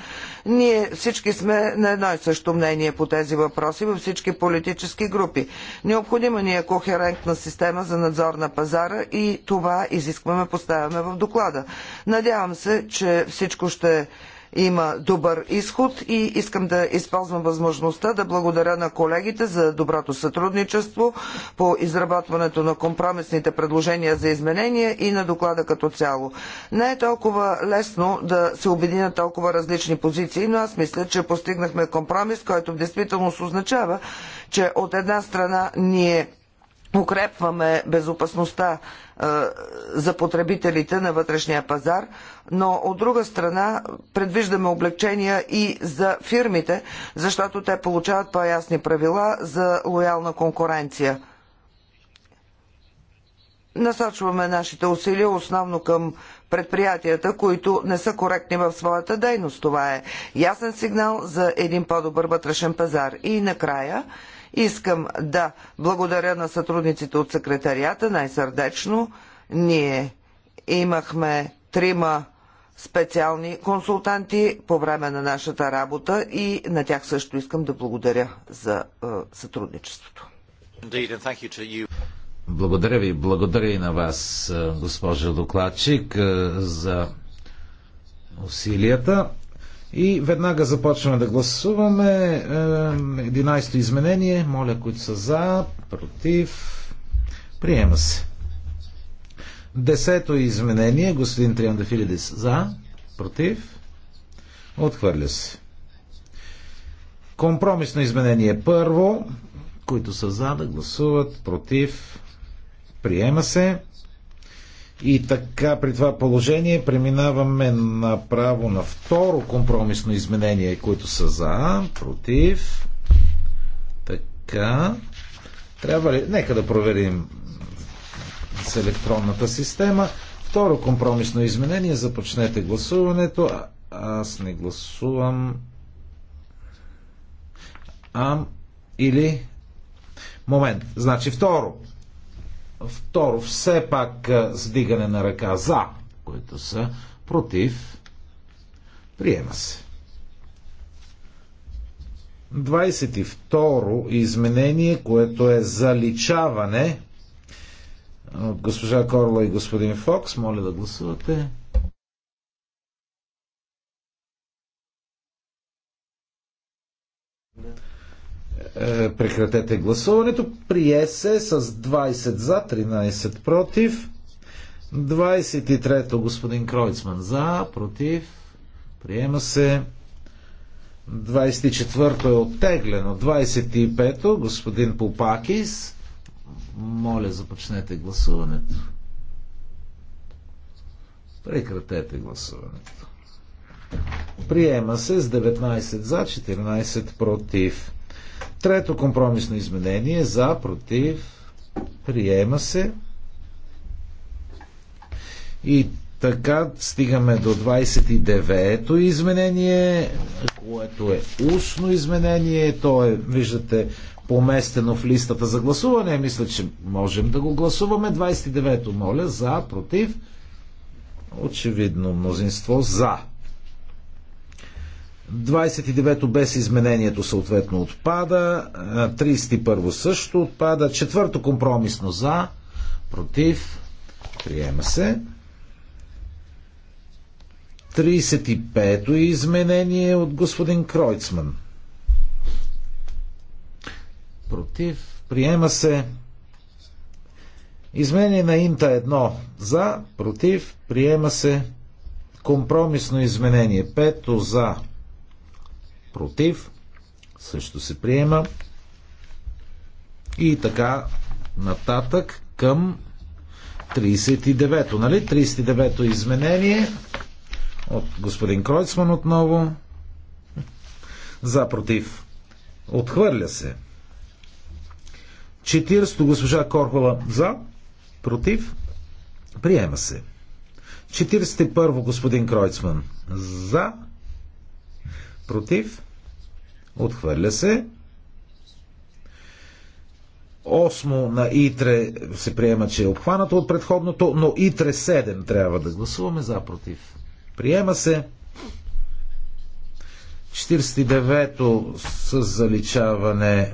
Ние всички сме на едно и също мнение по тези въпроси във всички политически групи. Необходима ни е кохерентна система за надзор на пазара и това изискваме, поставяме в доклада. Надявам се, че всичко ще има добър изход и искам да използвам възможността да благодаря на колегите за доброто сътрудничество по изработването на компромисните предложения за изменения и на доклада като цяло. Не е толкова лесно да се обединят толкова различни позиции, но аз мисля, че постигнахме компромис, който в действителност означава, че от една страна ние укрепваме безопасността е, за потребителите на вътрешния пазар, но от друга страна предвиждаме облегчения и за фирмите, защото те получават по-ясни правила за лоялна конкуренция. Насочваме нашите усилия основно към предприятията, които не са коректни в своята дейност. Това е ясен сигнал за един по-добър вътрешен пазар. И накрая Искам да благодаря на сътрудниците от секретарията най-сърдечно. Ние имахме трима специални консултанти по време на нашата работа и на тях също искам да благодаря за е, сътрудничеството. Благодаря ви. Благодаря и на вас, е, госпожа докладчик, е, за усилията. И веднага започваме да гласуваме. 11-то е, изменение. Моля, които са за, против. Приема се. Десето изменение. Господин Дефилидис за, против. Отхвърля се. Компромисно изменение първо. Които са за да гласуват против. Приема се. И така при това положение преминаваме направо на второ компромисно изменение, които са за, против. Така. Трябва ли? Нека да проверим с електронната система. Второ компромисно изменение. Започнете гласуването. А, аз не гласувам. Ам или. Момент. Значи второ. Второ, все пак с дигане на ръка за, които са против, приема се. 22 изменение, което е заличаване от госпожа Корла и господин Фокс. Моля да гласувате. Е, прекратете гласуването. Прие се с 20 за, 13 против. 23-то господин Кройцман за, против. Приема се. 24-то е оттеглено. 25-то господин Попакис. Моля, започнете гласуването. Прекратете гласуването. Приема се с 19 за, 14 против. Трето компромисно изменение за, против, приема се. И така стигаме до 29-то изменение, което е устно изменение. То е, виждате, поместено в листата за гласуване. Мисля, че можем да го гласуваме. 29-то, моля, за, против. Очевидно мнозинство за. 29-то без изменението съответно отпада, 31-во също отпада, четвърто компромисно за, против, приема се. 35-то изменение от господин Кройцман. Против, приема се. Изменение на Инта 1 за, против, приема се. Компромисно изменение 5 за, против, също се приема. И така нататък към 39-то, нали? 39-то изменение от господин Кройцман отново. За против. Отхвърля се. 40-то госпожа Корхова за. Против. Приема се. 41-во господин Кройцман за. Против. Отхвърля се. Осмо на ИТРЕ се приема, че е обхванато от предходното, но ИТРЕ 7 трябва да гласуваме за против. Приема се. 49-то с заличаване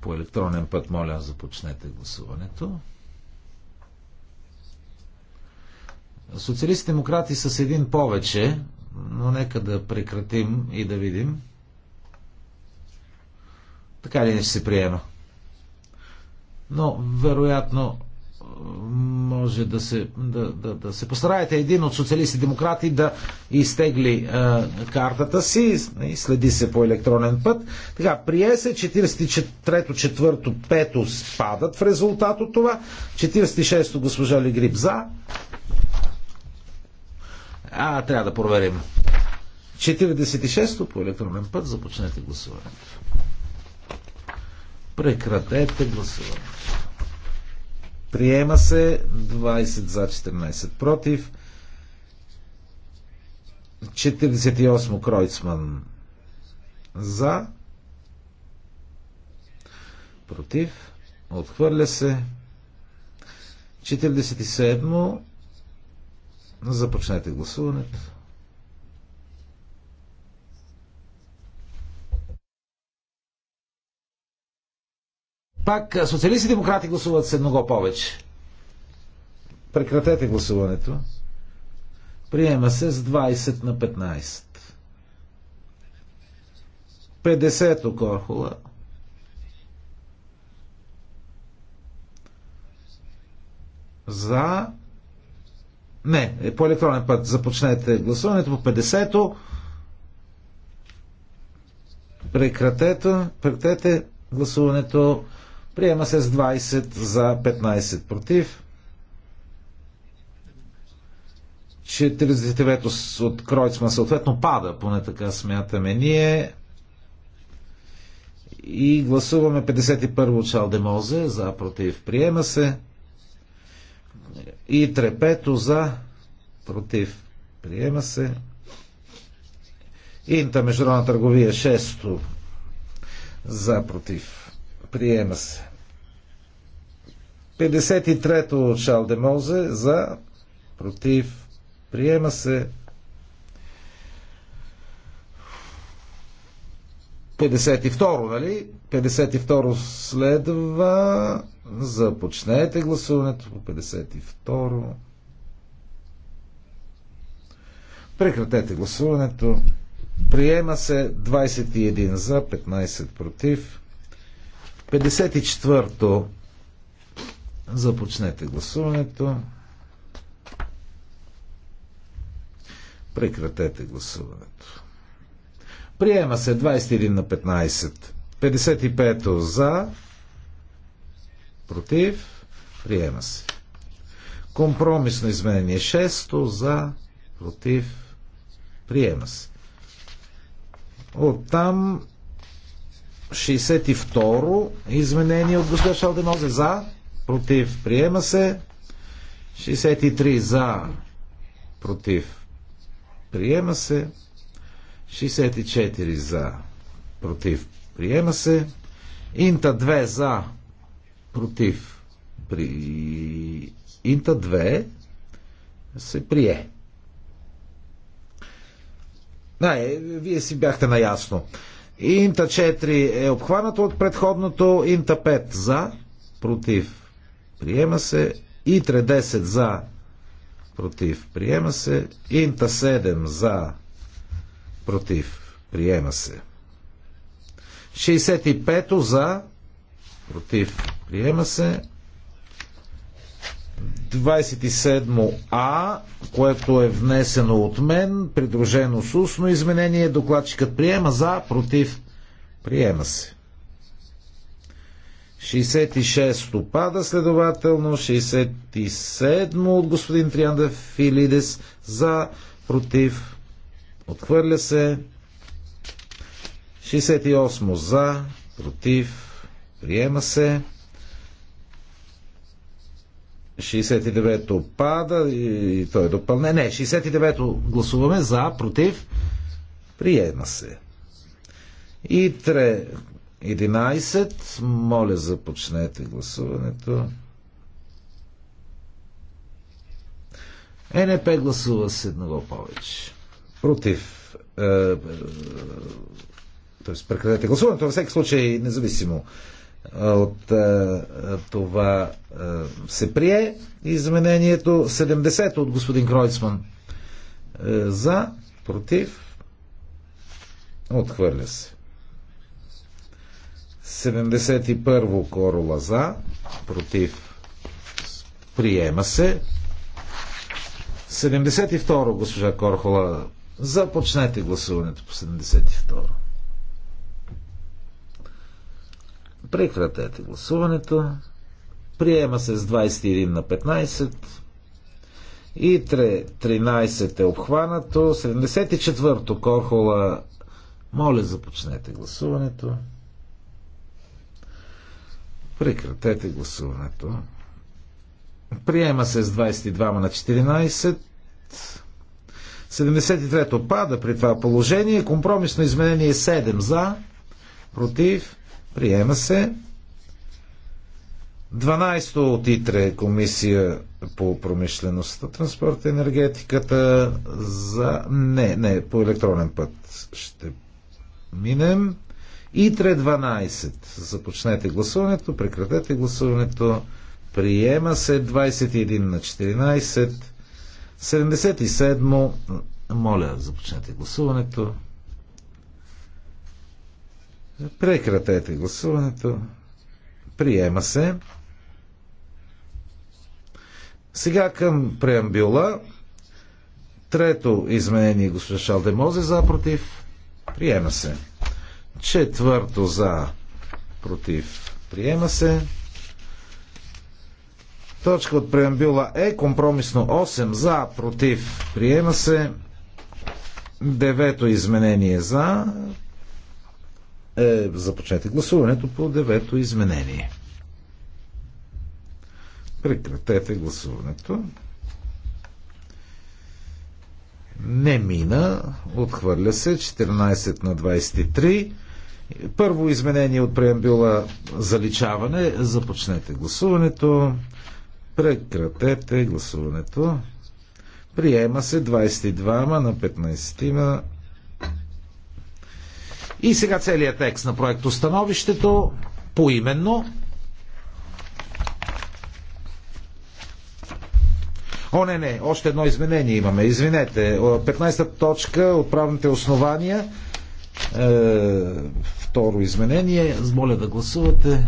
по електронен път, моля, започнете гласуването. Социалисти демократи с един повече, но нека да прекратим и да видим. Така ли не ще се приема? Но, вероятно, може да се, да, да, да се постараете един от социалисти демократи да изтегли е, картата си и следи се по електронен път. Така, прие се 43-то, 4-то, 5-то спадат в резултат от това. 46-то госпожа Легрип за. А, трябва да проверим. 46-то по електронен път започнете гласуването. Прекратете гласуването. Приема се 20 за 14 против. 48 Кройцман за. Против. Отхвърля се. 47 Започнете гласуването. Пак социалисти и демократи гласуват с много повече. Прекратете гласуването. Приема се с 20 на 15. 50 Корхола. За. Не, е по електронен път започнете гласуването по 50-то. Прекратете, прекратете гласуването. Приема се с 20 за 15 против. 49 от Кройцман съответно пада, поне така смятаме ние. И гласуваме 51 от Демозе за против. Приема се. И трепето за против. Приема се. Инта международна търговия 6 за против. Приема се. 53-то от Шал де Мозе за против. Приема се. 52-ро, нали? 52-ро следва. Започнете гласуването по 52-ро. Прекратете гласуването. Приема се 21 за, 15 против. 54-то. Започнете гласуването. Прекратете гласуването. Приема се 21 на 15. 55-то за. Против. Приема се. Компромисно изменение 6 за. Против. Приема се. Оттам 62 изменение от господин Шалденозе за, против, приема се. 63 за, против, приема се. 64 за, против, приема се. Инта 2 за, против, при... Инта 2 се прие. Не, вие си бяхте наясно. Инта 4 е обхванато от предходното. Инта 5 за, против. Приема се. Итре 10 за, против. Приема се. Инта 7 за, против. Приема се. 65 за, против. Приема се. 27А, което е внесено от мен, придружено с устно изменение. Докладчикът приема за, против, приема се. 66-то пада, следователно 67 мо от господин Трианда Филидес за, против, отхвърля се. 68 за, против, приема се. 69-то пада и той е допълнен. Не, 69-то гласуваме за, против. Приема се. И 3. 11. Моля, започнете гласуването. НП гласува с много повече. Против. Тоест, прекратете гласуването. Във всеки случай, независимо от а, е, това а, е, се прие. Изменението 70 от господин Кройцман. А, е, за, против, отхвърля се. 71 Корола за, против, приема се. 72 госпожа Корхола, започнете гласуването по 72. Прекратете гласуването. Приема се с 21 на 15. И 13 е обхванато. 74-то Корхола. Моля, започнете гласуването. Прекратете гласуването. Приема се с 22 на 14. 73-то пада при това положение. Компромисно изменение 7 за, против, Приема се. 12 от ИТРЕ комисия по промишлеността, транспорта и енергетиката за... Не, не, по електронен път ще минем. ИТРЕ 12. Започнете гласуването, прекратете гласуването. Приема се 21 на 14. 77. Моля, започнете гласуването. Прекратете гласуването. Приема се. Сега към преамбюла. Трето изменение господин Шалдемозе за против. Приема се. Четвърто за против. Приема се. Точка от преамбюла е компромисно 8 за против. Приема се. Девето изменение за е, започнете гласуването по девето изменение. Прекратете гласуването. Не мина. Отхвърля се. 14 на 23. Първо изменение от преамбюла заличаване. Започнете гласуването. Прекратете гласуването. Приема се 22 на 15 на и сега целият текст на проекто становището поименно. О, не, не, още едно изменение имаме. Извинете, 15-та точка от правните основания. Е, второ изменение. Моля да гласувате.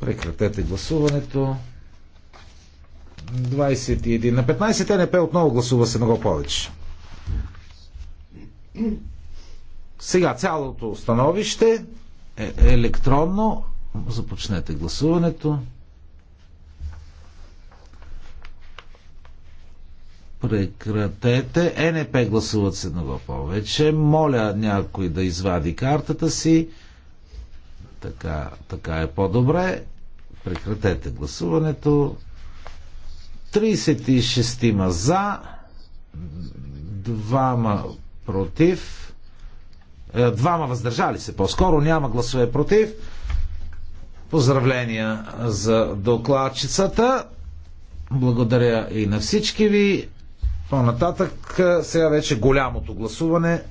Прекратете гласуването. 21. На 15 е, НП отново гласува се много повече. Сега цялото становище е електронно. Започнете гласуването. Прекратете. Е НП гласуват се много повече. Моля някой да извади картата си. Така, така е по-добре. Прекратете гласуването. 36 за, 2 против, е, двама въздържали се по-скоро, няма гласове против. Поздравления за докладчицата. Благодаря и на всички ви. По-нататък е, сега вече голямото гласуване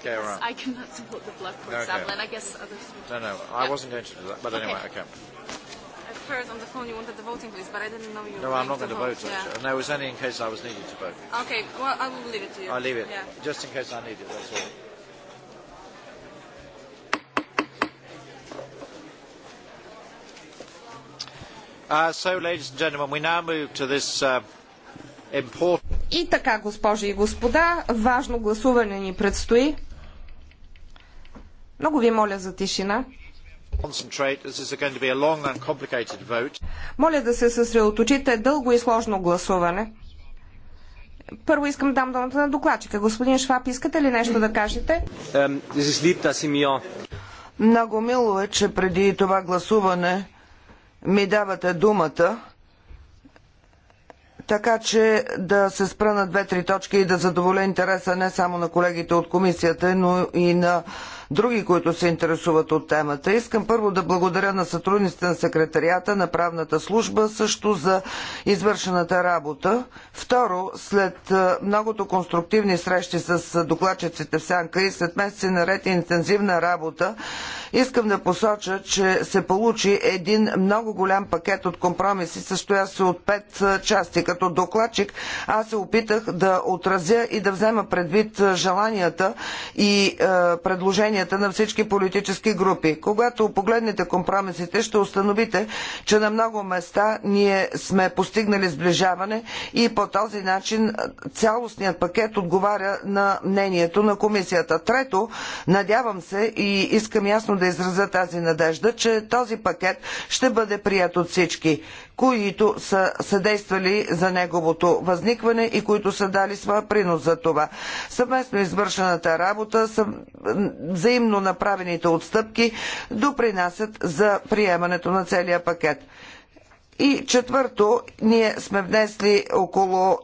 Okay, all right. I cannot support the blood, for okay. example, and I guess others would. No, no, I yeah. wasn't going to do that, but anyway, okay. okay. At heard on the phone, you wanted the voting please, but I didn't know you No, were I'm not going to vote, vote actually. yeah. No, it was only in case I was needed to vote. Okay, well, I will leave it to you. I'll leave it, yeah. just in case I need it, that's all. Uh, so, ladies and gentlemen, we now move to this uh, important... И така, госпожи и господа, важно гласуване ни предстои. Много ви моля за тишина. Моля да се съсредоточите дълго и сложно гласуване. Първо искам дам думата на докладчика. Господин Шваб, искате ли нещо да кажете? Много мило е, че преди това гласуване ми давате думата, така че да се спра на две-три точки и да задоволя интереса не само на колегите от комисията, но и на други, които се интересуват от темата. Искам първо да благодаря на сътрудниците на секретарията, на правната служба, също за извършената работа. Второ, след многото конструктивни срещи с докладчиците в Сянка и след месеци наред интензивна работа, искам да посоча, че се получи един много голям пакет от компромиси, състоя се от пет части. Като докладчик аз се опитах да отразя и да взема предвид желанията и предложения предложенията на всички политически групи. Когато погледнете компромисите, ще установите, че на много места ние сме постигнали сближаване и по този начин цялостният пакет отговаря на мнението на комисията. Трето, надявам се и искам ясно да изразя тази надежда, че този пакет ще бъде прият от всички които са съдействали за неговото възникване и които са дали своя принос за това. Съвместно извършената работа, взаимно направените отстъпки допринасят за приемането на целия пакет. И четвърто, ние сме внесли около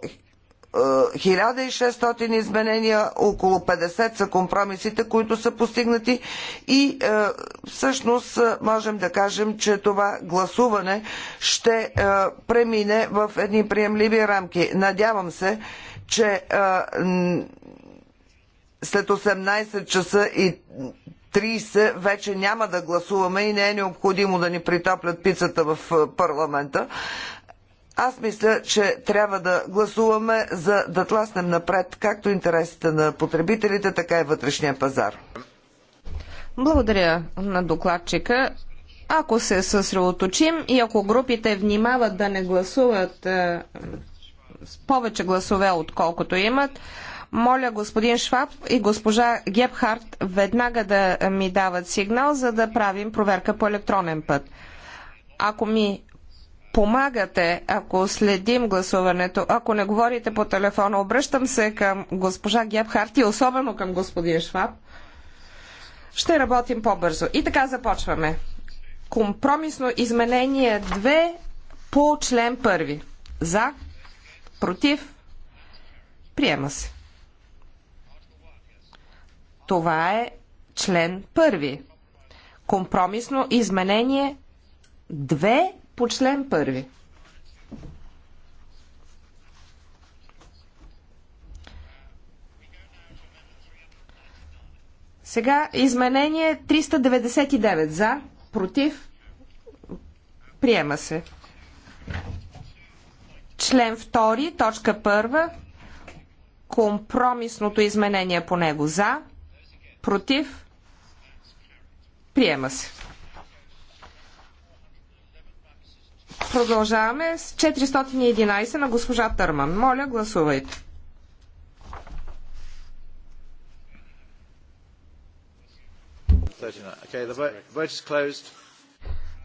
1600 изменения, около 50 са компромисите, които са постигнати и е, всъщност е, можем да кажем, че това гласуване ще е, премине в едни приемливи рамки. Надявам се, че след 18 часа и 30 вече няма да гласуваме и не е необходимо да ни притоплят пицата в парламента. Аз мисля, че трябва да гласуваме за да тласнем напред както интересите на потребителите, така и вътрешния пазар. Благодаря на докладчика. Ако се съсредоточим и ако групите внимават да не гласуват е, с повече гласове, отколкото имат, моля господин Шваб и госпожа Гебхарт веднага да ми дават сигнал, за да правим проверка по електронен път. Ако ми помагате, ако следим гласуването, ако не говорите по телефона. Обръщам се към госпожа Гебхарт и особено към господин Шваб. Ще работим по-бързо. И така започваме. Компромисно изменение 2 по член 1. За, против, приема се. Това е член 1. Компромисно изменение 2 по член първи. Сега изменение 399 за, против, приема се. Член 2, точка 1, компромисното изменение по него за, против, приема се. Продължаваме с 411 на госпожа Търман. Моля, гласувайте.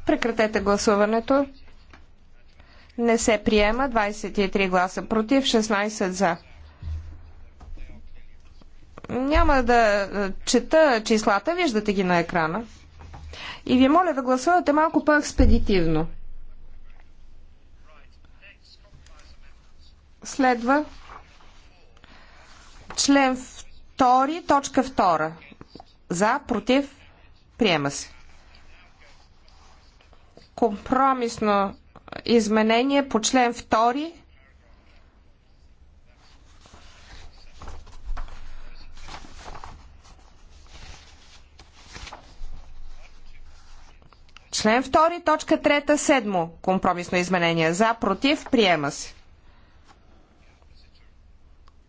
Прекратете гласуването. Не се приема. 23 гласа против, 16 за. Няма да е, чета числата, виждате ги на екрана. И ви моля да гласувате малко по-експедитивно. Следва член 2, точка 2. За, против, приема се. Компромисно изменение по член 2. Член 2, точка 3, 7. Компромисно изменение. За, против, приема се.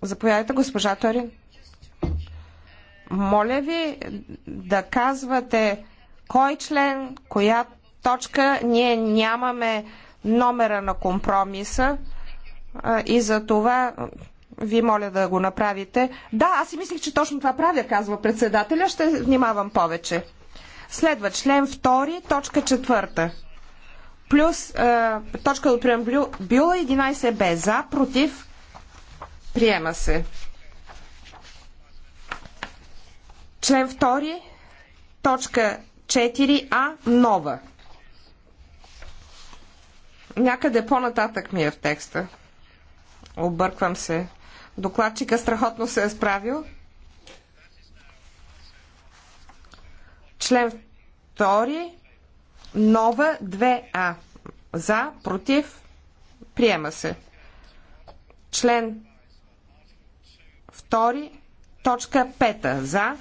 Заповядайте, госпожа Торин. Моля ви да казвате кой член, коя точка. Ние нямаме номера на компромиса и за това ви моля да го направите. Да, аз си мислих, че точно това правя, казва председателя. Ще внимавам повече. Следва член 2, точка 4. Плюс е, точка от бюла 11 б. За, против, Приема се. Член 2, точка 4а, нова. Някъде по-нататък ми е в текста. Обърквам се. Докладчика страхотно се е справил. Член 2, нова 2а. За, против, приема се. Член втори. точка 5. За,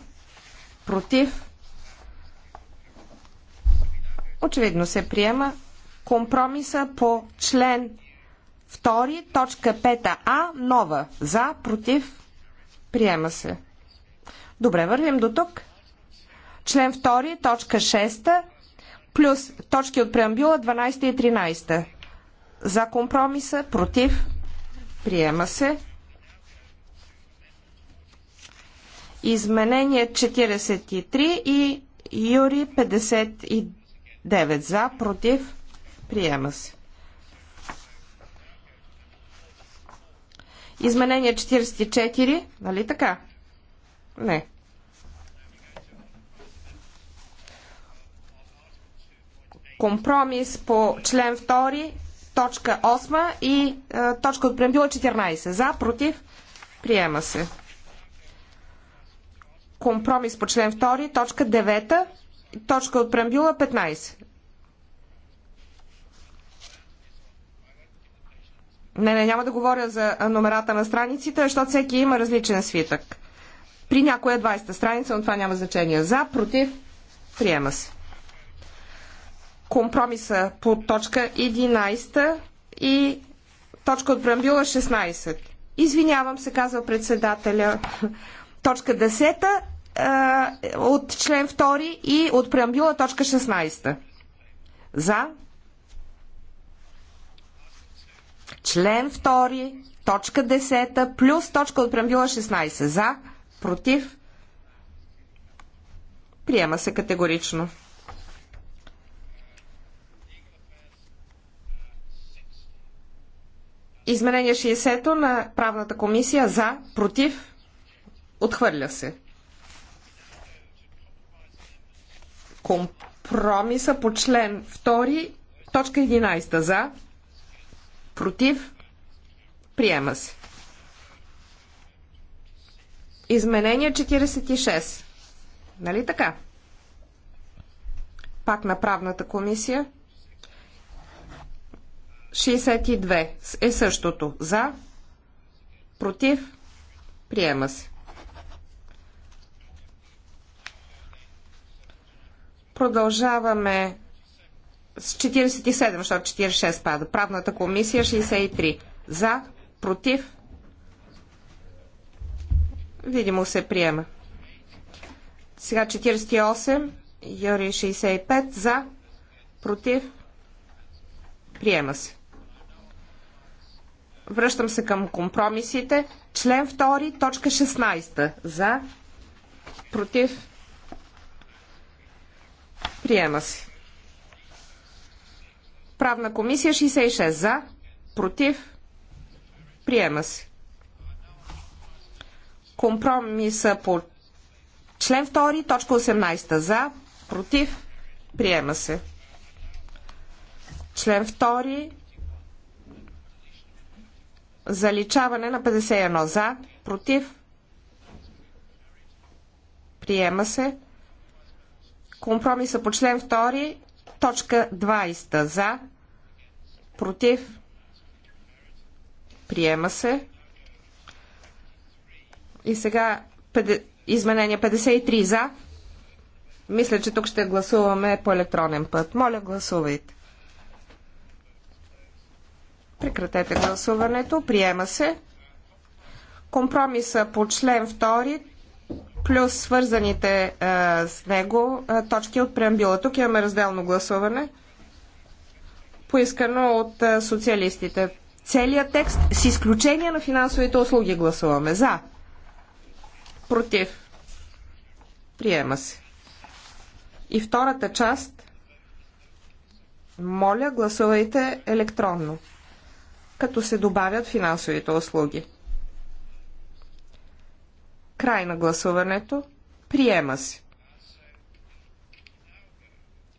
против, очевидно се приема компромиса по член 2, точка 5а, нова. За, против, приема се. Добре, вървим до тук. Член 2, точка 6, плюс точки от преамбюла 12 и 13. За компромиса, против, приема се. Изменение 43 и Юри 59 за, против, приема се. Изменение 44, нали така? Не. Компромис по член 2, точка 8 и е, точка от преамбюла 14. За, против, приема се компромис по член 2, точка 9, точка от преамбюла 15. Не, не, няма да говоря за номерата на страниците, защото всеки има различен свитък. При някоя 20-та страница, но това няма значение. За, против, приема се. Компромиса по точка 11 и точка от преамбюла 16. Извинявам се, казва председателя точка 10 а, от член 2 и от преамбюла точка 16. За член 2, точка 10 плюс точка от преамбюла 16. За, против, приема се категорично. Изменение 60 на правната комисия за, против, Отхвърля се. Компромиса по член 2, точка 11 за. Против. Приема се. Изменение 46. Нали така? Пак на правната комисия. 62 е същото. За. Против. Приема се. Продължаваме с 47, защото 46 пада. Правната комисия 63. За, против. Видимо се приема. Сега 48, Юри 65. За, против. Приема се. Връщам се към компромисите. Член 2, точка 16. За, против. Приема се. Правна комисия 66 за, против, приема се. Компромиса по член 2, точка 18 за, против, приема се. Член 2, заличаване на 51 за, против, приема се. Компромиса по член 2, точка 20. За, против, приема се. И сега изменение 53 за. Мисля, че тук ще гласуваме по електронен път. Моля, гласувайте. Прекратете гласуването. Приема се. Компромиса по член 2, плюс свързаните а, е, с него а, е, точки от преамбюла. Тук имаме разделно гласуване, поискано от а, е, социалистите. Целият текст, с изключение на финансовите услуги, гласуваме. За. Против. Приема се. И втората част. Моля, гласувайте електронно, като се добавят финансовите услуги. Край на гласуването. Приема се.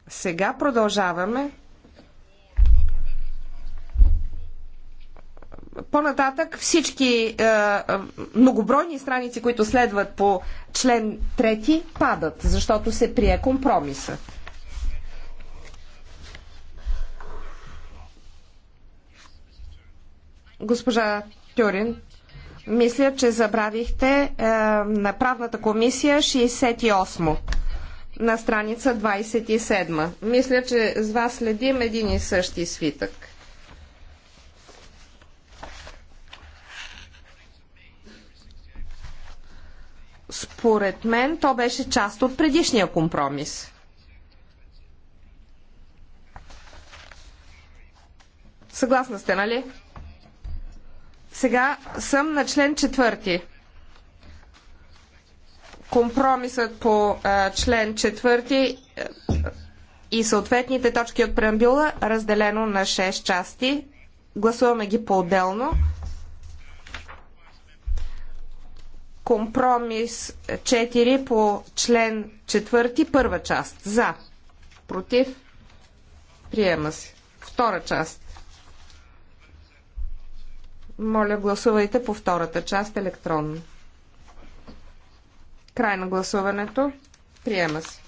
Сега продължаваме. По-нататък всички е, е многобройни страници, които следват по член 3, падат, защото се прие компромиса. Госпожа Тюрин, мисля, че забравихте е, на правната комисия 68 на страница 27. Мисля, че с вас следим един и същи свитък. Според мен то беше част от предишния компромис. Съгласна сте, нали? Сега съм на член четвърти. Компромисът по а, член четвърти и съответните точки от преамбюла разделено на 6 части. Гласуваме ги по-отделно. Компромис 4 по член 4, първа част. За. Против. Приема се. Втора част. Моля, гласувайте по втората част електронно. Край на гласуването. Приема се.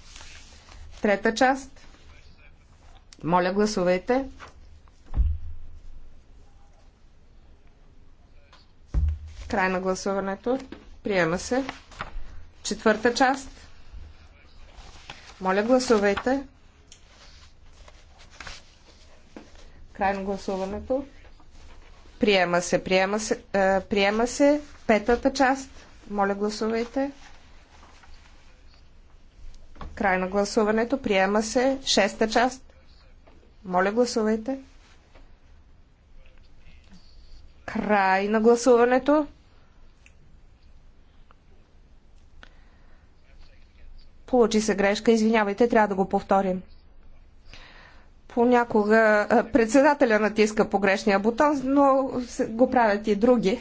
Трета част. Моля, гласувайте. Край на гласуването. Приема се. Четвърта част. Моля, гласувайте. Край на гласуването. Приема се, приема се, а, е, приема се петата част. Моля, гласувайте. Край на гласуването. Приема се шеста част. Моля, гласувайте. Край на гласуването. Получи се грешка. Извинявайте, трябва да го повторим. Понякога председателя натиска погрешния бутон, но го правят и други.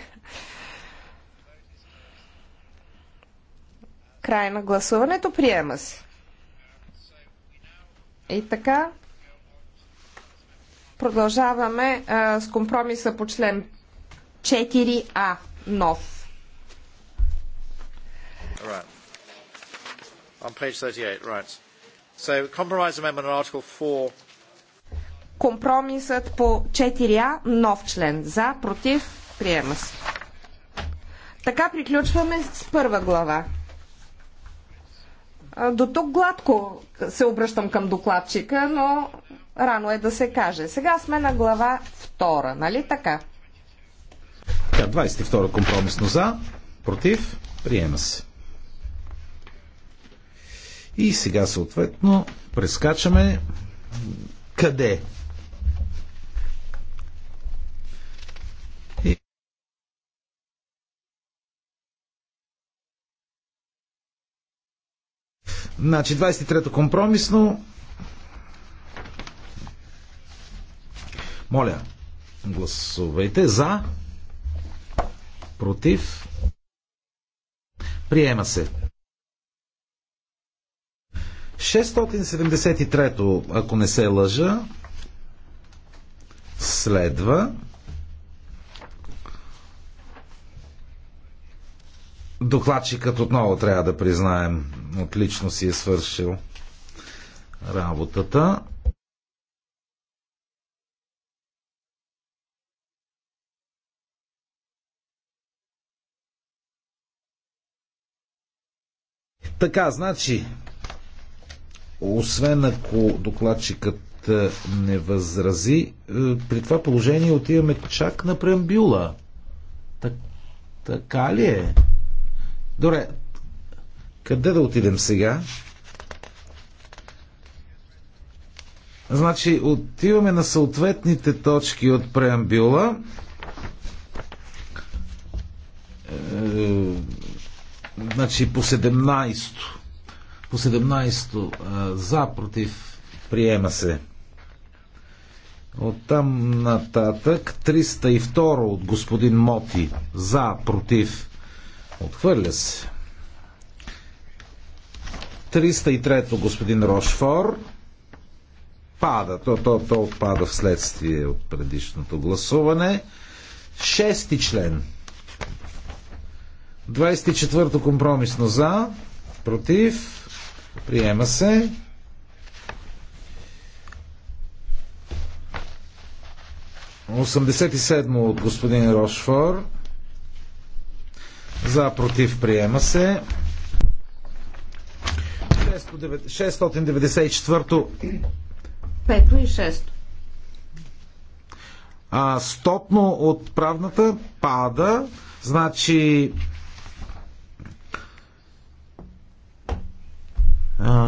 Край на гласуването. Приема се. И така. Продължаваме а, с компромиса по член 4А нов. Right. On page 38, right. So compromise amendment on article 4 компромисът по 4А, нов член. За, против, приема се. Така приключваме с първа глава. До тук гладко се обръщам към докладчика, но рано е да се каже. Сега сме на глава втора, нали така? Така, 22 компромисно за, против, приема се. И сега съответно прескачаме къде Значи 23-то компромисно. Моля, гласувайте за, против, приема се. 673-то, ако не се лъжа, следва Докладчикът отново трябва да признаем, отлично си е свършил работата. Така, значи, освен ако докладчикът е, не възрази, е, при това положение отиваме чак на преамбюла. Так, така ли е? Добре, къде да отидем сега? Значи, отиваме на съответните точки от преамбюла. Е, значи, по 17-то. По 17-то е, за, против, приема се. От там нататък 302 от господин Моти за, против, Отхвърля се. 303-то господин Рошфор пада. То, то, то пада вследствие от предишното гласуване. Шести член. 24-то компромисно за. Против. Приема се. Осемдесет и седмо от господин Рошфор. За, против, приема се. 694-то. Пето и шесто. А, стопно от правната пада, значи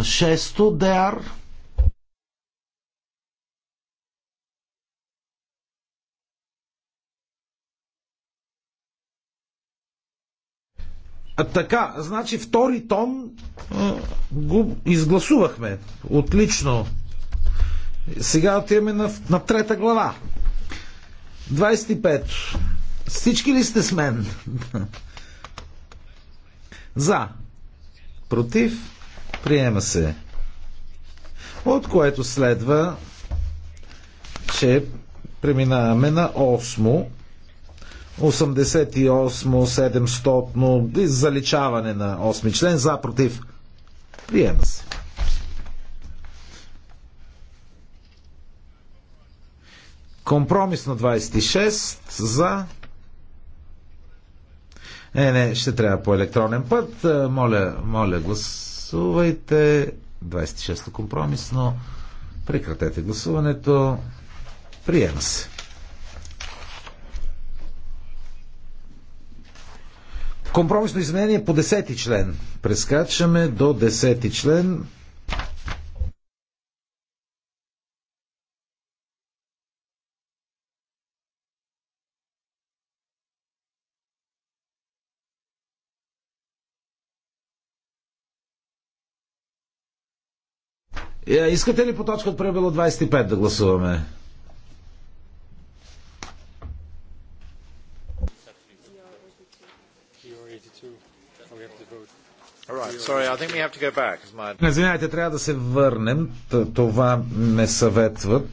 шесто ДР А, така, значи втори том го изгласувахме. Отлично. Сега отиваме на, на трета глава. 25. Всички ли сте с мен? За. Против. Приема се. От което следва, че преминаваме на 8 88-700 заличаване на 8 член за против. Приема се. Компромис на 26 за. Не, не, ще трябва по електронен път. Е, моля, моля, гласувайте. 26-то компромисно. Прекратете гласуването. Приема се. Компромисно изменение по 10 член. Прескачаме до 10 член. Е, искате ли по точка от пребило 25 да гласуваме? Не, извинявайте, трябва да се върнем. Това ме съветват.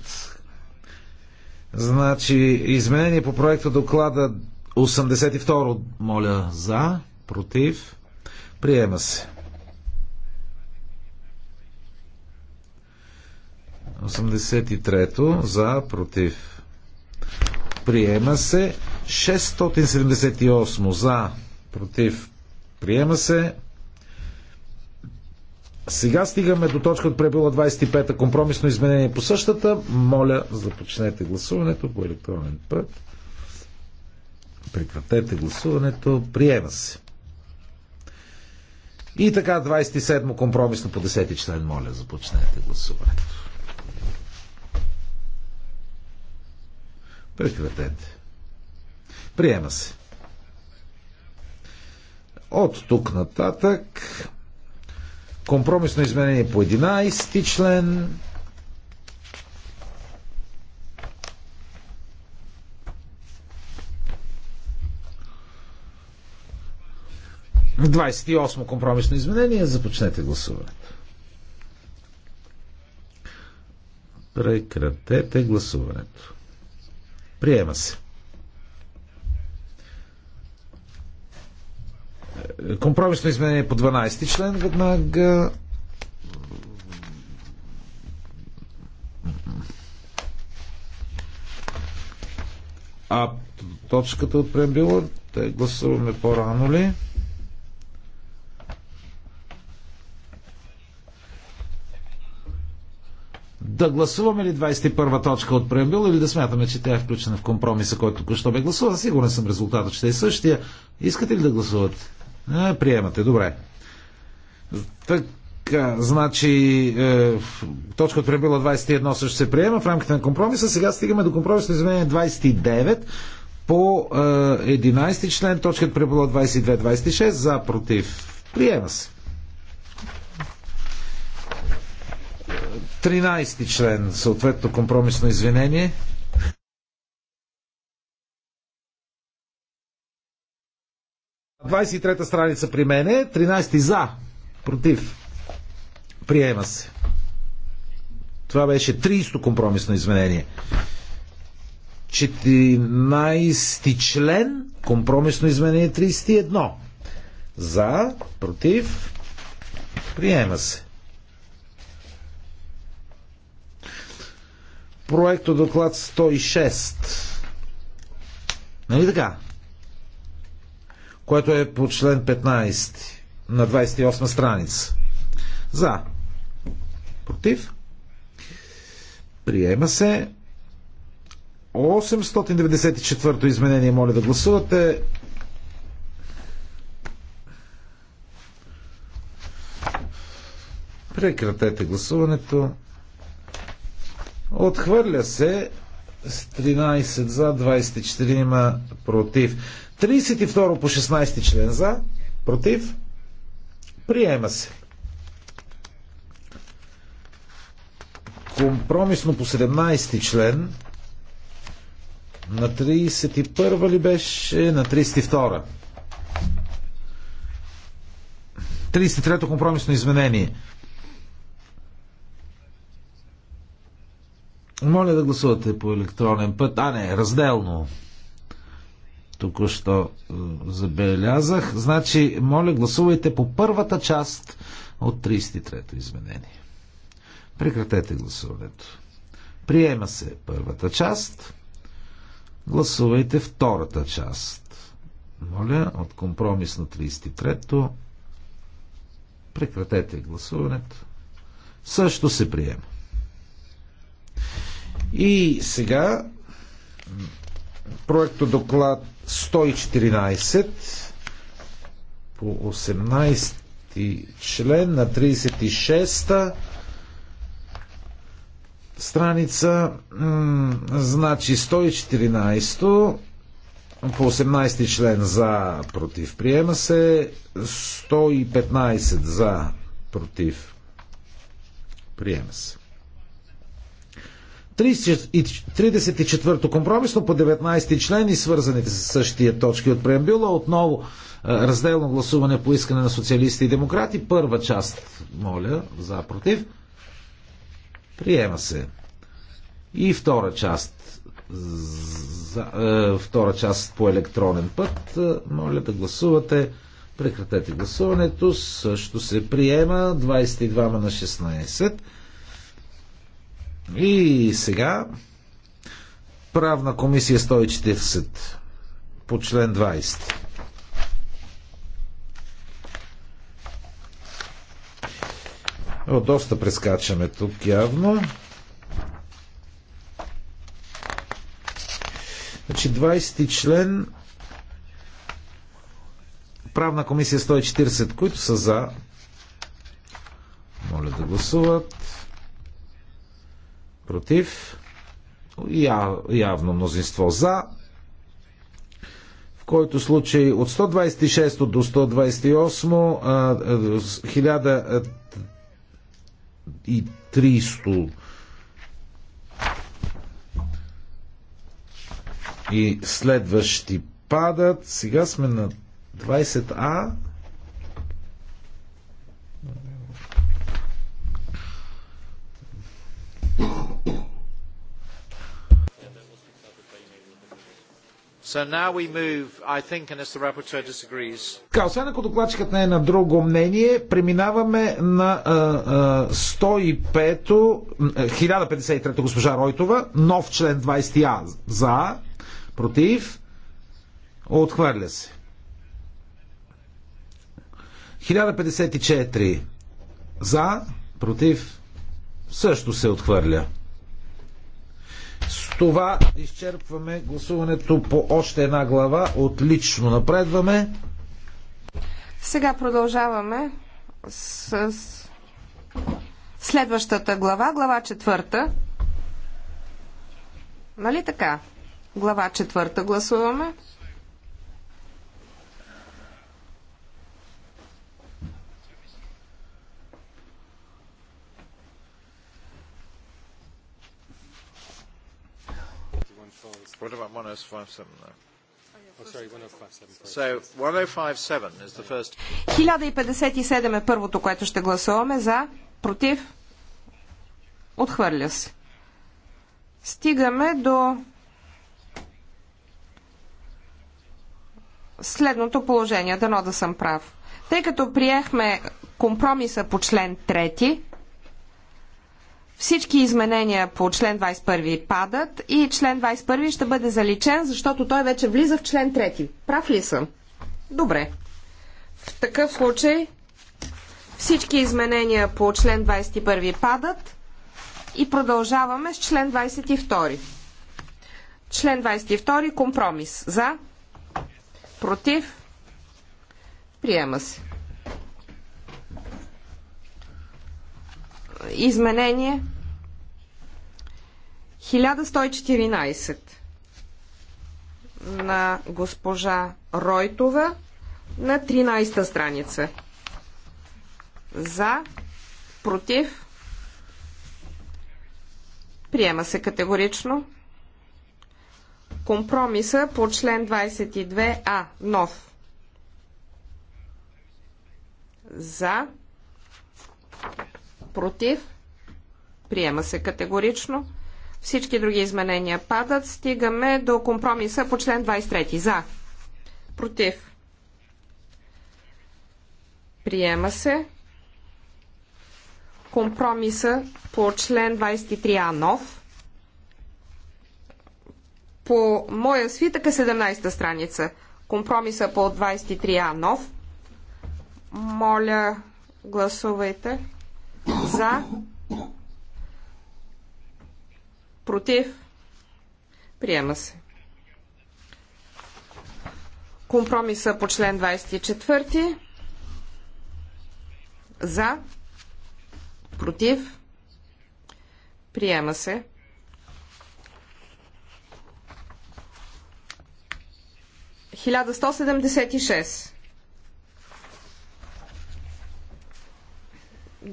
Значи, изменение по проекта доклада 82 моля за, против, приема се. 83-то за, против, приема се. 678 за, против, приема се. Сега стигаме до точка от пребила 25-та компромисно изменение по същата. Моля, започнете гласуването по електронен път. Прекратете гласуването. Приема се. И така, 27-мо компромисно по 10-ти член. Моля, започнете гласуването. Прекратете. Приема се. От тук нататък Компромисно изменение по 11 ти член. В 28-мо компромисно изменение. Започнете гласуването. Прекратете гласуването. Приема се. Компромисно изменение по 12 член веднага. А точката от преамбила, да гласуваме по-рано ли? Да гласуваме ли 21-а точка от преамбила или да смятаме, че тя е включена в компромиса, който току-що бе гласува? Сигурен съм резултатът, че е същия. Искате ли да гласувате? А, приемате, добре. Така, значи, е, точка от пребила 21 също се приема в рамките на компромиса. Сега стигаме до компромисно изменение 29 по е, 11 член, точката пребила 22-26, за, против. Приема се. 13 член, съответно компромисно извинение. 23-та страница при мене, 13 за, против, приема се. Това беше 30-то компромисно изменение. 14 член, компромисно изменение 31. За, против, приема се. Проекто доклад 106. Нали така? което е по член 15 на 28 страница. За. Против. Приема се. 894-то изменение, моля да гласувате. Прекратете гласуването. Отхвърля се с 13 за, 24 има против. 32 по 16 член за, против, приема се. Компромисно по 17 член на 31 ли беше? На 32. 33-то компромисно изменение. Моля да гласувате по електронен път. А, не, разделно. Току-що е, забелязах. Значи, моля, гласувайте по първата част от 33-то изменение. Прекратете гласуването. Приема се първата част. Гласувайте втората част. Моля, от компромис на 33-то. Прекратете гласуването. Също се приема. И сега проекто доклад 114 по 18 член на 36-та страница, значи 114 по 18 член за против приема се, 115 за против приема се. 34-то компромисно по 19 член и свързаните с същия точки от преамбюла. Отново е, разделно гласуване по искане на социалисти и демократи. Първа част, моля, за против. Приема се. И втора част. За, е, втора част по електронен път. Е, моля да гласувате. Прекратете гласуването. Също се приема. 22 на 16. И сега правна комисия 140 по член 20. О, доста прескачаме тук явно. Значи 20 член правна комисия 140, които са за моля да гласуват против, явно мнозинство за, в който случай от 126 до 128 1300 и следващи падат. Сега сме на 20А. So now we move, I think, the rapporteur disagrees. Така, освен ако докладчикът не е на друго мнение, преминаваме на а, а, 105 1053 госпожа Ройтова, нов член 20А за, против, отхвърля се. 1054 за, против, също се отхвърля. С това изчерпваме гласуването по още една глава. Отлично напредваме. Сега продължаваме с следващата глава, глава четвърта. Нали така? Глава четвърта гласуваме. What about 1057 1057 е първото, което ще гласуваме за, против, отхвърля се. Стигаме до следното положение, дано да съм прав. Тъй като приехме компромиса по член 3, всички изменения по член 21 падат и член 21 ще бъде заличен, защото той вече влиза в член 3. Прав ли съм? Добре. В такъв случай всички изменения по член 21 падат и продължаваме с член 22. Член 22 компромис. За? Против? Приема се. изменение 1114 на госпожа Ройтова на 13-та страница. За, против, приема се категорично. Компромиса по член 22а, нов. За, против, против, приема се категорично. Всички други изменения падат. Стигаме до компромиса по член 23. За, против, приема се. Компромиса по член 23А нов. По моя свитък е 17-та страница. Компромиса по 23А нов. Моля, гласувайте. За. Против. Приема се. Компромиса по член 24. За. Против. Приема се. Хиляда сто седемдесет и шест.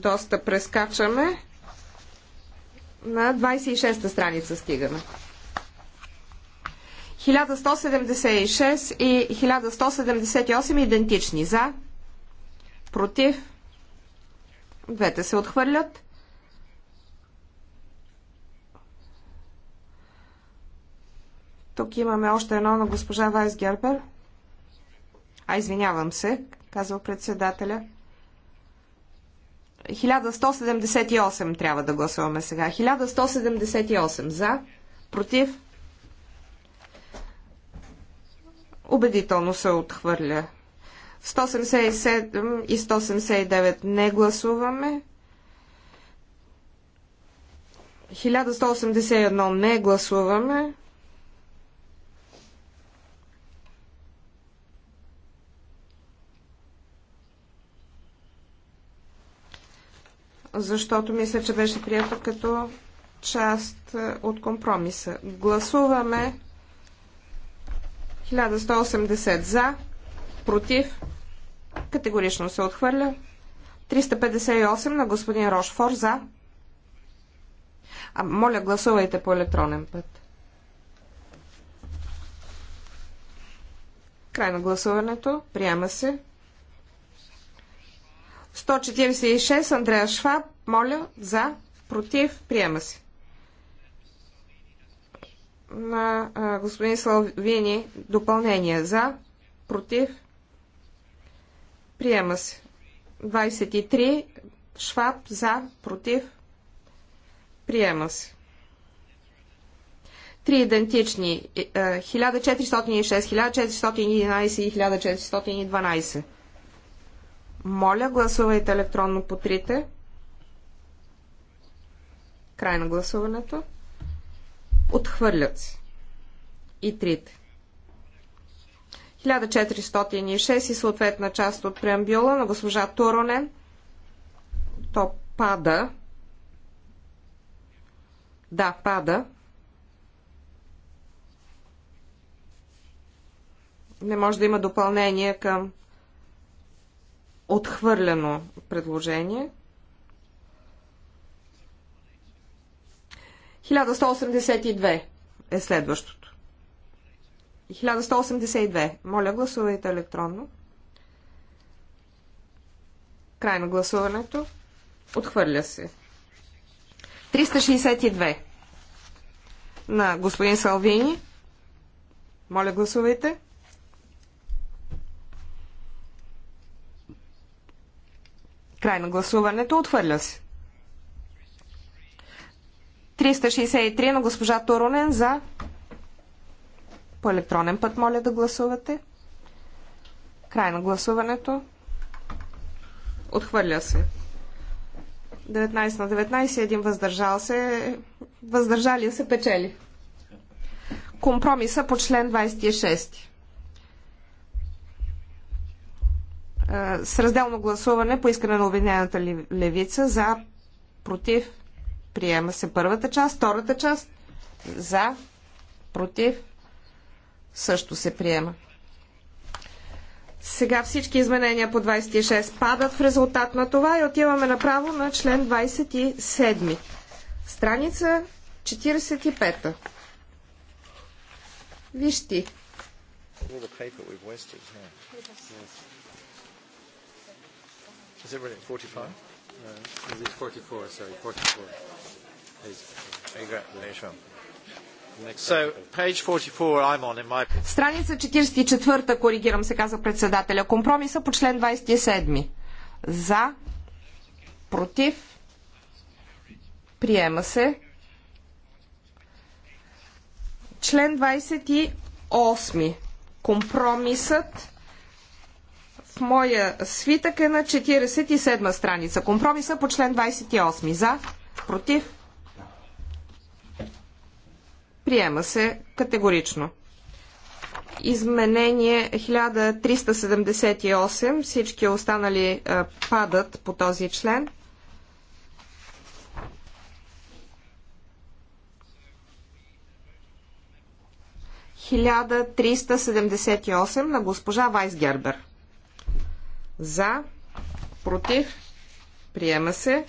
доста прескачаме. На 26-та страница стигаме. 1176 и 1178 идентични. За, против, двете се отхвърлят. Тук имаме още едно на госпожа Вайс Гербер. А, извинявам се, казва председателя. 1178 трябва да гласуваме сега. 1178 за, против. Убедително се отхвърля. 177 и 179 не гласуваме. 1181 не гласуваме. защото мисля, че беше прието като част е, от компромиса. Гласуваме 1180 за, против, категорично се отхвърля. 358 на господин Рошфор за. А, моля, гласувайте по електронен път. Край на гласуването. Приема се. 146 Андрея Шваб. Моля за, против, приема се. На а, господин Славини допълнение за, против, приема се. 23 Шваб за, против, приема се. Три идентични 1406, е, 1411 е, и 1412. Моля, гласувайте електронно по трите. Край на гласуването. Отхвърлят се. И трите. 1406 и съответна част от преамбюла на госпожа Туронен. То пада. Да, пада. Не може да има допълнение към отхвърлено предложение. 1182 е следващото. 1182. Моля, гласувайте електронно. Край на гласуването. Отхвърля се. 362 на господин Салвини. Моля, гласувайте. Край на гласуването. Отхвърля се. 363 на госпожа Торонен за. По електронен път моля да гласувате. Край на гласуването. Отхвърля се. 19 на 19, един въздържал се. Въздържали се печели. Компромиса по член 26. с разделно гласуване по искане на Обединената левица за, против, приема се първата част, втората част за, против, също се приема. Сега всички изменения по 26 падат в резултат на това и отиваме направо на член 27. Страница 45. Вижте. All the paper we've wasted, yeah. Yes. Is it really 45? No, uh, it 44, sorry, 44. Congratulations. So, page 44 I'm on in my... Страница 44, коригирам се, каза председателя. Компромиса по член 27. За, против, приема се. Член 28. Компромисът моя свитък е на 47 страница. Компромиса по член 28. За, против, приема се категорично. Изменение 1378, всички останали е, падат по този член. Хиляда триста на госпожа Вайсгербер. За. Против. Приема се.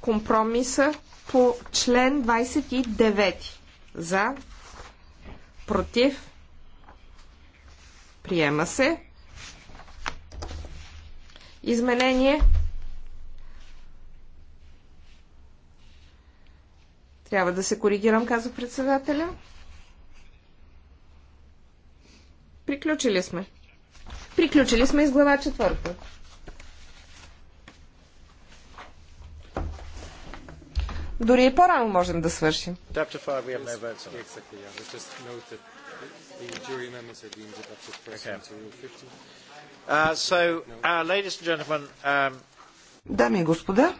Компромиса по член 29. За. Против. Приема се. Изменение. Трябва да се коригирам, казва председателя. Приключили сме. Приключили сме с глава четвърта. Дори и по-рано можем да свършим. Uh, uh, um, Дами и господа,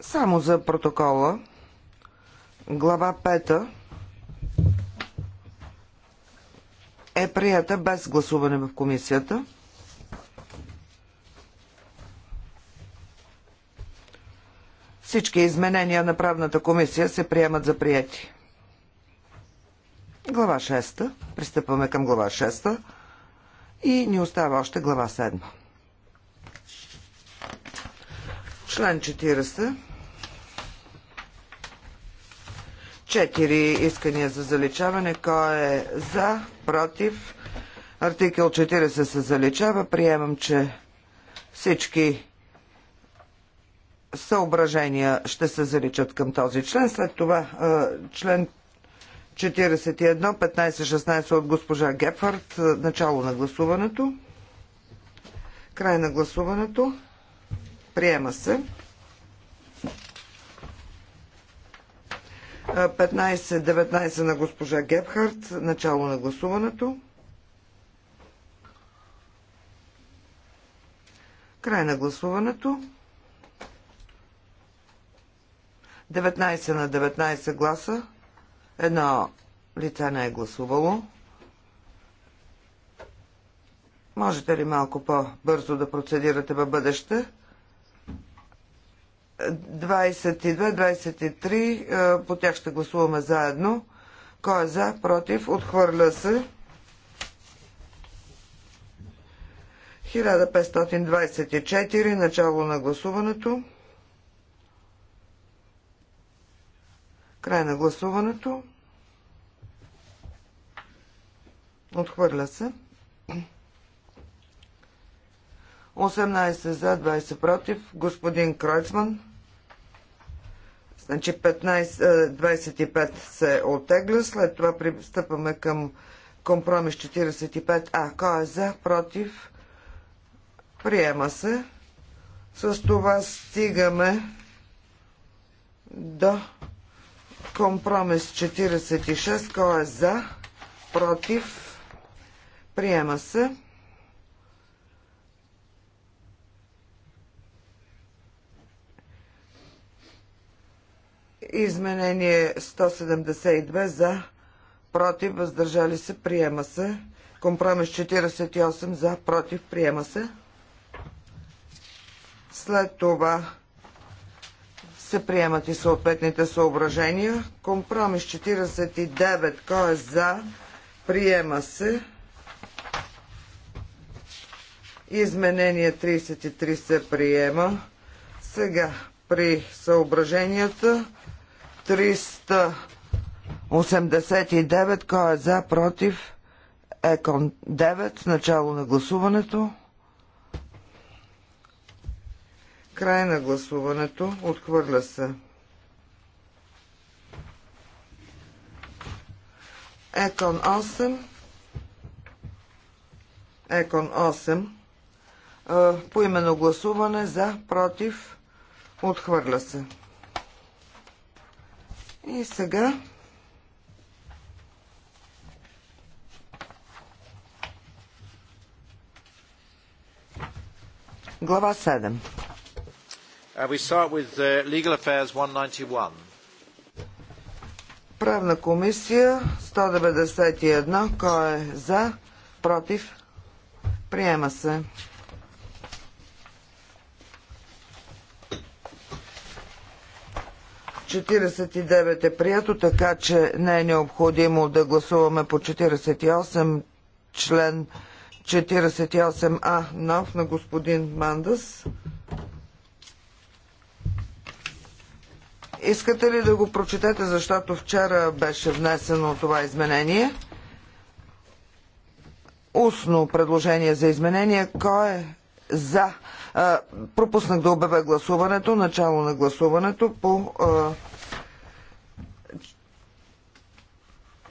само за протокола, глава пета – е прията без гласуване в комисията. Всички изменения на правната комисия се приемат за прияти. Глава 6. Пристъпваме към глава 6. И ни остава още глава 7. Член 40. Четири искания за заличаване. Кой е за, против? Артикъл 40 се заличава. Приемам, че всички съображения ще се заличат към този член. След това член 41, 15-16 от госпожа Гепфарт. Начало на гласуването. Край на гласуването. Приема се. 15-19 на госпожа Гебхарт. Начало на гласуването. Край на гласуването. 19 на 19 гласа. Едно лице не е гласувало. Можете ли малко по-бързо да процедирате във бъдеще? 22-23, по тях ще гласуваме заедно. Кой е за, против, отхвърля се. 1524, начало на гласуването. Край на гласуването. Отхвърля се. 18 за, 20 против. Господин Кройцман. Значи 15, 25 е, се оттегля, след това пристъпваме към компромис 45А. Кой е за, против? Приема се. С това стигаме до компромис 46. Кой е за, против? Приема се. Изменение 172 за, против, въздържали се, приема се. Компромис 48 за, против, приема се. След това се приемат и съответните съображения. Компромис 49, кой е за, приема се. Изменение 33 се приема. Сега при съображенията 389. Кой е за, против? Екон 9. Начало на гласуването. Край на гласуването. Отхвърля се. Екон 8. Екон 8. Е, имено гласуване за, против, отхвърля се. И сега Глава 7. Uh, We start with uh, Legal Affairs 191. Правна комисия 191. Кой е за? Против? Приема се. 49 е прието, така че не е необходимо да гласуваме по 48 член 48А нов на господин Мандас. Искате ли да го прочетете, защото вчера беше внесено това изменение? Устно предложение за изменение. Кой е за. Пропуснах да обявя гласуването, начало на гласуването по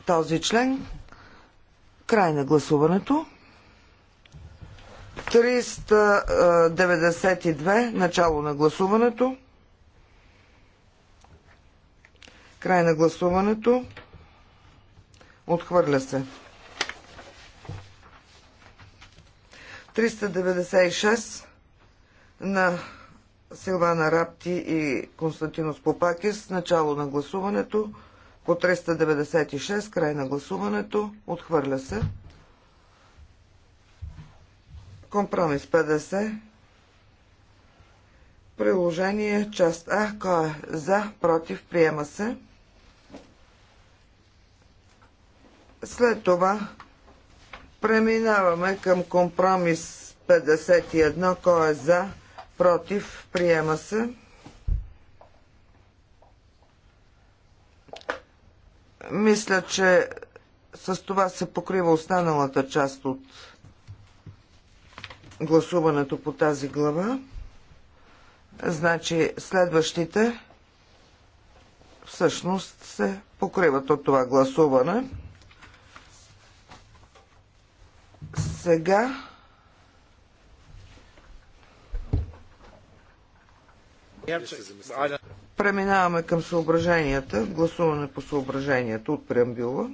този член. Край на гласуването. 392, начало на гласуването. Край на гласуването. Отхвърля се. 396 на Силвана Рапти и Константинос Попакис. Начало на гласуването по 396, край на гласуването, отхвърля се. Компромис 50. Приложение част А. Кой е за, против, приема се. След това Преминаваме към компромис 51. Кой е за? Против? Приема се. Мисля, че с това се покрива останалата част от гласуването по тази глава. Значи следващите всъщност се покриват от това гласуване. Сега Преминаваме към съображенията. Гласуване по съображението от преамбюла.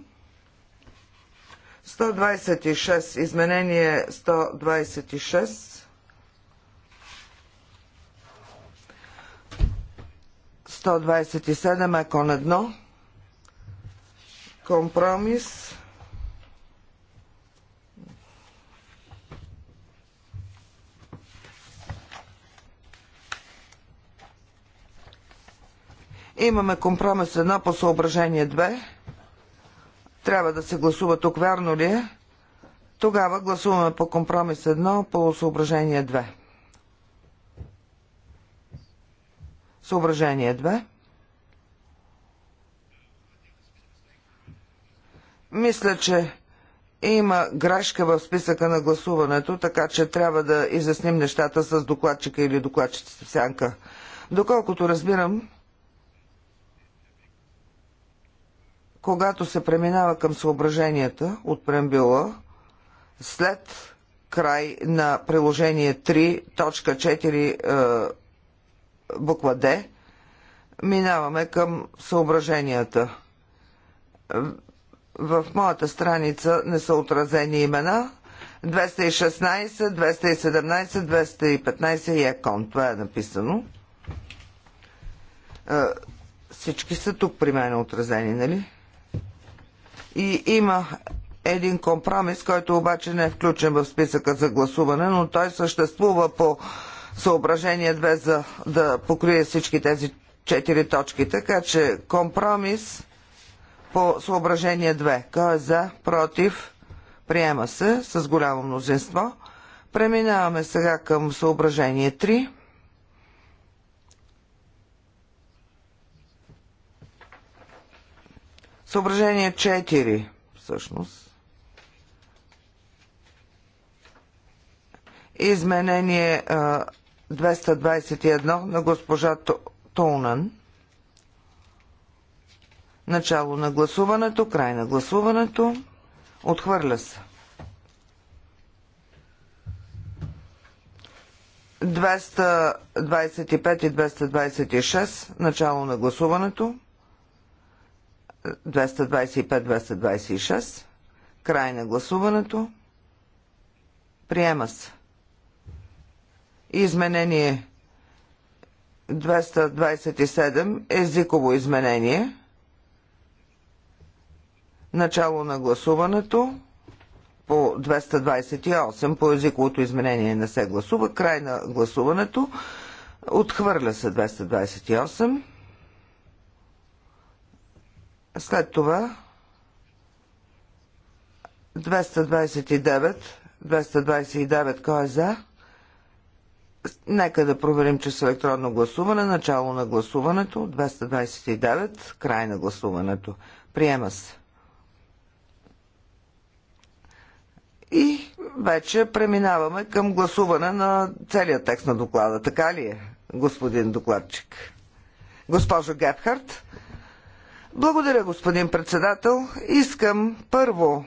126. Изменение 126. 127 е на 1. Компромис Имаме компромис 1 по съображение 2. Трябва да се гласува тук, вярно ли е? Тогава гласуваме по компромис 1 по съображение 2. Съображение 2. Мисля, че има грешка в списъка на гласуването, така че трябва да изясним нещата с докладчика или докладчицата сянка. Доколкото разбирам, когато се преминава към съображенията от прембила, след край на приложение 3, точка 4, е, буква Д, минаваме към съображенията. В моята страница не са отразени имена. 216, 217, 215 и ЕКОН. Това е написано. Е, всички са тук при мен отразени, нали? И има един компромис, който обаче не е включен в списъка за гласуване, но той съществува по съображение 2 за да покрие всички тези четири точки. Така че компромис по съображение 2. Кой е за, против, приема се с голямо мнозинство. Преминаваме сега към съображение 3. Съображение 4, всъщност. Изменение 221 на госпожа Тонан. Начало на гласуването, край на гласуването. Отхвърля се. 225 и 226. Начало на гласуването. 225-226. Край на гласуването. Приема се. Изменение 227. Езиково изменение. Начало на гласуването по 228. По езиковото изменение не се гласува. Край на гласуването. Отхвърля се 228. След това 229, 229 кой е за? Нека да проверим, че с електронно гласуване, начало на гласуването, 229, край на гласуването. Приема се. И вече преминаваме към гласуване на целият текст на доклада. Така ли е, господин докладчик? Госпожо Гепхарт? Благодаря, господин председател. Искам първо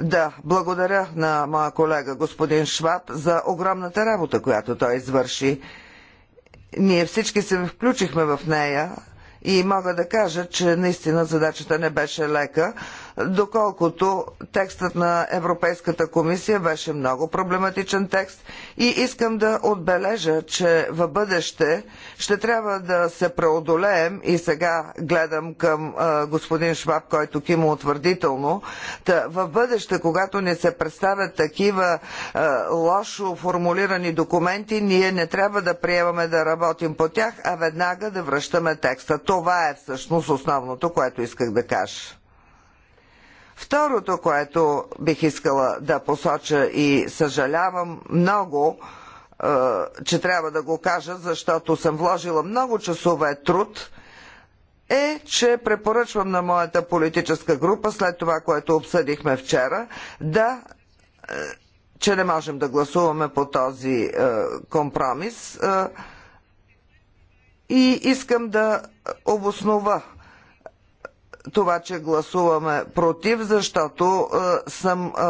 да благодаря на моя колега господин Шваб за огромната работа, която той извърши. Ние всички се включихме в нея и мога да кажа, че наистина задачата не беше лека доколкото текстът на Европейската комисия беше много проблематичен текст и искам да отбележа, че в бъдеще ще трябва да се преодолеем и сега гледам към господин Шваб, който кима утвърдително, да в бъдеще, когато ни се представят такива лошо формулирани документи, ние не трябва да приемаме да работим по тях, а веднага да връщаме текста. Това е всъщност основното, което исках да кажа. Второто, което бих искала да посоча и съжалявам много, е, че трябва да го кажа, защото съм вложила много часове труд, е, че препоръчвам на моята политическа група, след това, което обсъдихме вчера, да е, че не можем да гласуваме по този е, компромис. и искам да обоснова това, че гласуваме против, защото е, съм е,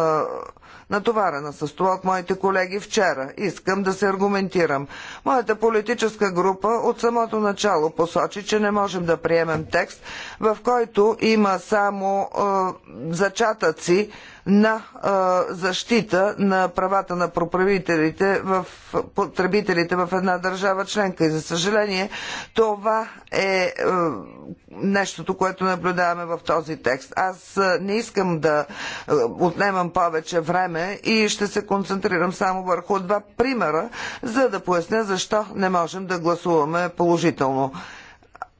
натоварена с това от моите колеги вчера. Искам да се аргументирам. Моята политическа група от самото начало посочи, че не можем да приемем текст, в който има само е, зачатъци на защита на правата на в, потребителите в една държава членка. И за съжаление, това е, е нещото, което наблюдаваме в този текст. Аз не искам да е, отнемам повече време и ще се концентрирам само върху два примера, за да поясня защо не можем да гласуваме положително.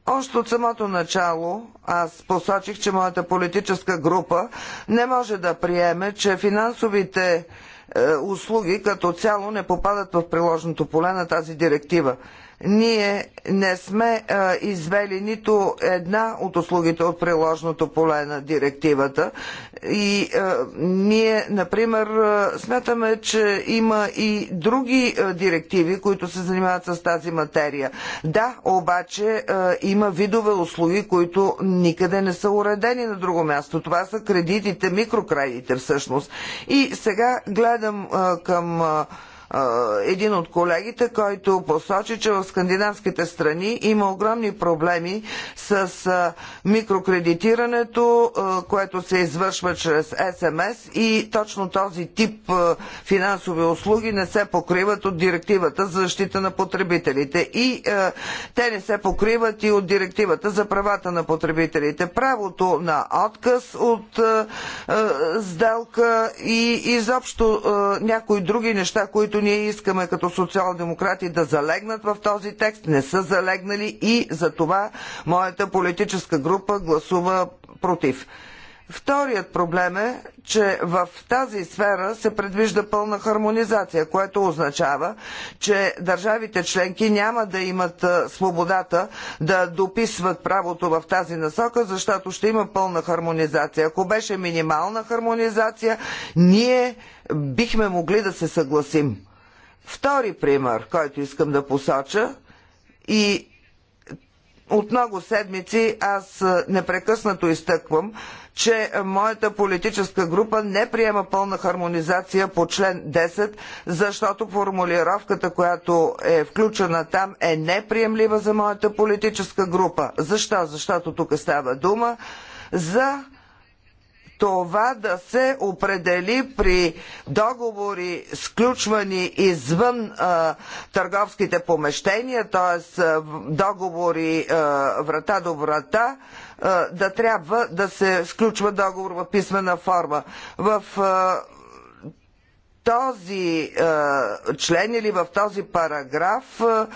Още от самото начало аз посочих, че моята политическа група не може да приеме, че финансовите е, услуги като цяло не попадат в приложното поле на тази директива. Ние не сме а, извели нито една от услугите от приложното поле на директивата и а, ние, например, смятаме, че има и други а, директиви, които се занимават с тази материя. Да, обаче а, има видове услуги, които никъде не са уредени на друго място. Това са кредитите, микрокредитите всъщност. И сега гледам а, към а, един от колегите, който посочи, че в скандинавските страни има огромни проблеми с микрокредитирането, което се извършва чрез СМС и точно този тип финансови услуги не се покриват от директивата за защита на потребителите. И те не се покриват и от директивата за правата на потребителите. Правото на отказ от сделка и изобщо някои други неща, които ние искаме като социал-демократи да залегнат в този текст, не са залегнали и за това моята политическа група гласува против. Вторият проблем е, че в тази сфера се предвижда пълна хармонизация, което означава, че държавите членки няма да имат свободата да дописват правото в тази насока, защото ще има пълна хармонизация. Ако беше минимална хармонизация, ние бихме могли да се съгласим. Втори пример, който искам да посоча и от много седмици аз е, непрекъснато изтъквам, че моята политическа група не приема пълна хармонизация по член 10, защото формулировката, която е включена там, е неприемлива за моята политическа група. Защо? Защото тук става дума за това да се определи при договори, сключвани извън а, търговските помещения, т.е. договори а, врата до врата, а, да трябва да се сключва договор в писмена форма. В а, този а, член или в този параграф а,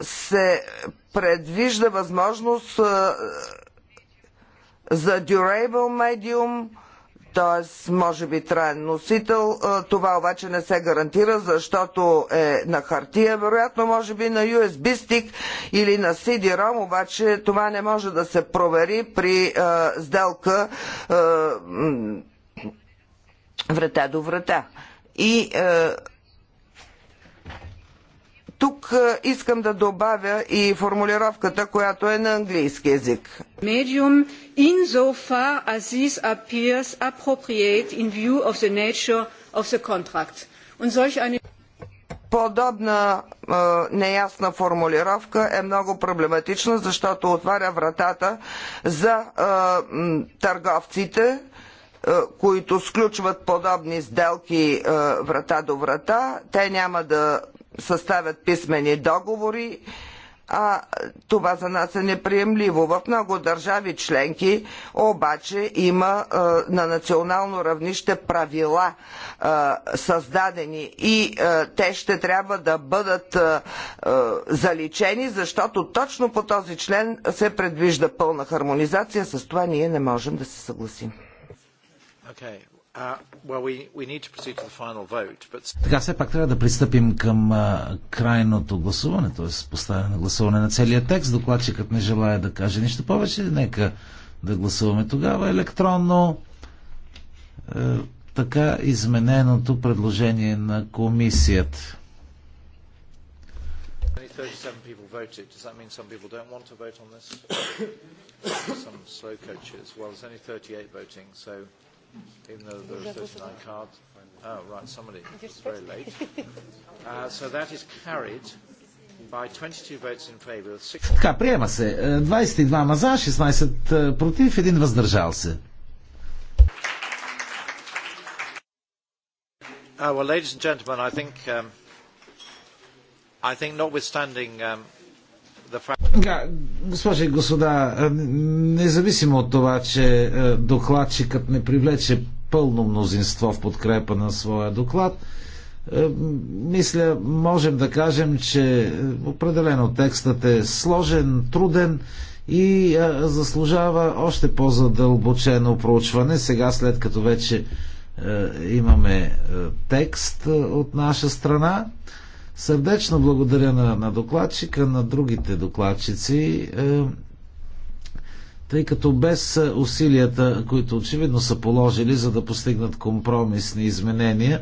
се предвижда възможност а, за durable medium, т.е. може би траен носител, това обаче не се гарантира, защото е на хартия, вероятно може би на USB стик или на CD-ROM, обаче това не може да се провери при е, сделка е, врата до врата. И е, тук искам да добавя и формулировката, която е на английски язик. Medium far as this appears appropriate in view of the nature of the contract. Und solch eine Подобна е, неясна формулировка е много проблематична, защото отваря вратата за е, търговците, които сключват подобни сделки врата до врата, те няма да съставят писмени договори, а това за нас е неприемливо. В много държави членки обаче има а, на национално равнище правила а, създадени и а, те ще трябва да бъдат заличени, защото точно по този член се предвижда пълна хармонизация. С това ние не можем да се съгласим. Okay. Uh, така все пак трябва да пристъпим към крайното гласуване, т.е. поставяне на гласуване на целият текст. Докладчикът не желая да каже нищо повече. Нека да гласуваме тогава електронно е, така измененото предложение на комисията. even though there was nine cards. Oh, right, somebody. It's very late. Uh, so that is carried. Така, приема се. 22 маза, 16 против, един въздържал се. Uh, well, ladies and gentlemen, I think, um, I think notwithstanding um, Госпожи и господа, независимо от това, че е, докладчикът не привлече пълно мнозинство в подкрепа на своя доклад, е, мисля, можем да кажем, че е, определено текстът е сложен, труден и заслужава още по-задълбочено проучване. Сега, след като вече имаме текст от наша страна, Сърдечно благодаря на, на докладчика, на другите докладчици, е, тъй като без усилията, които очевидно са положили, за да постигнат компромисни изменения,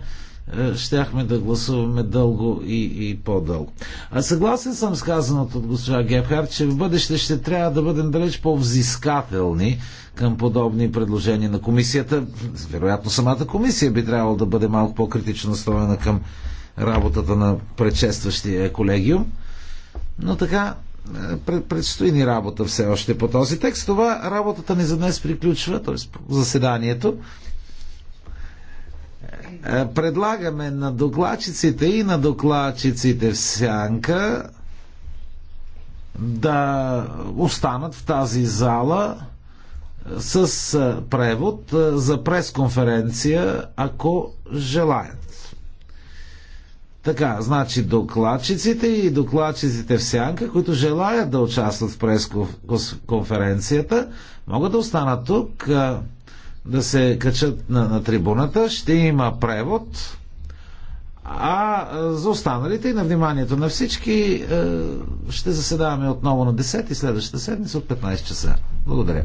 е, щяхме да гласуваме дълго и, и по-дълго. А съгласен съм с казаното от госпожа Гепхар, че в бъдеще ще трябва да бъдем далеч по-взискателни към подобни предложения на комисията. Вероятно самата комисия би трябвало да бъде малко по-критично настроена към работата на предшестващия колегиум. Но така, е, предстои ни работа все още по този текст. Това работата ни за днес приключва, т.е. заседанието. Е, предлагаме на докладчиците и на докладчиците в сянка да останат в тази зала е, с превод за пресконференция, ако желаят. Така, значи докладчиците и докладчиците в сянка, които желаят да участват в пресконференцията, могат да останат тук, да се качат на, на трибуната, ще има превод, а за останалите и на вниманието на всички ще заседаваме отново на 10 и следващата седмица от 15 часа. Благодаря.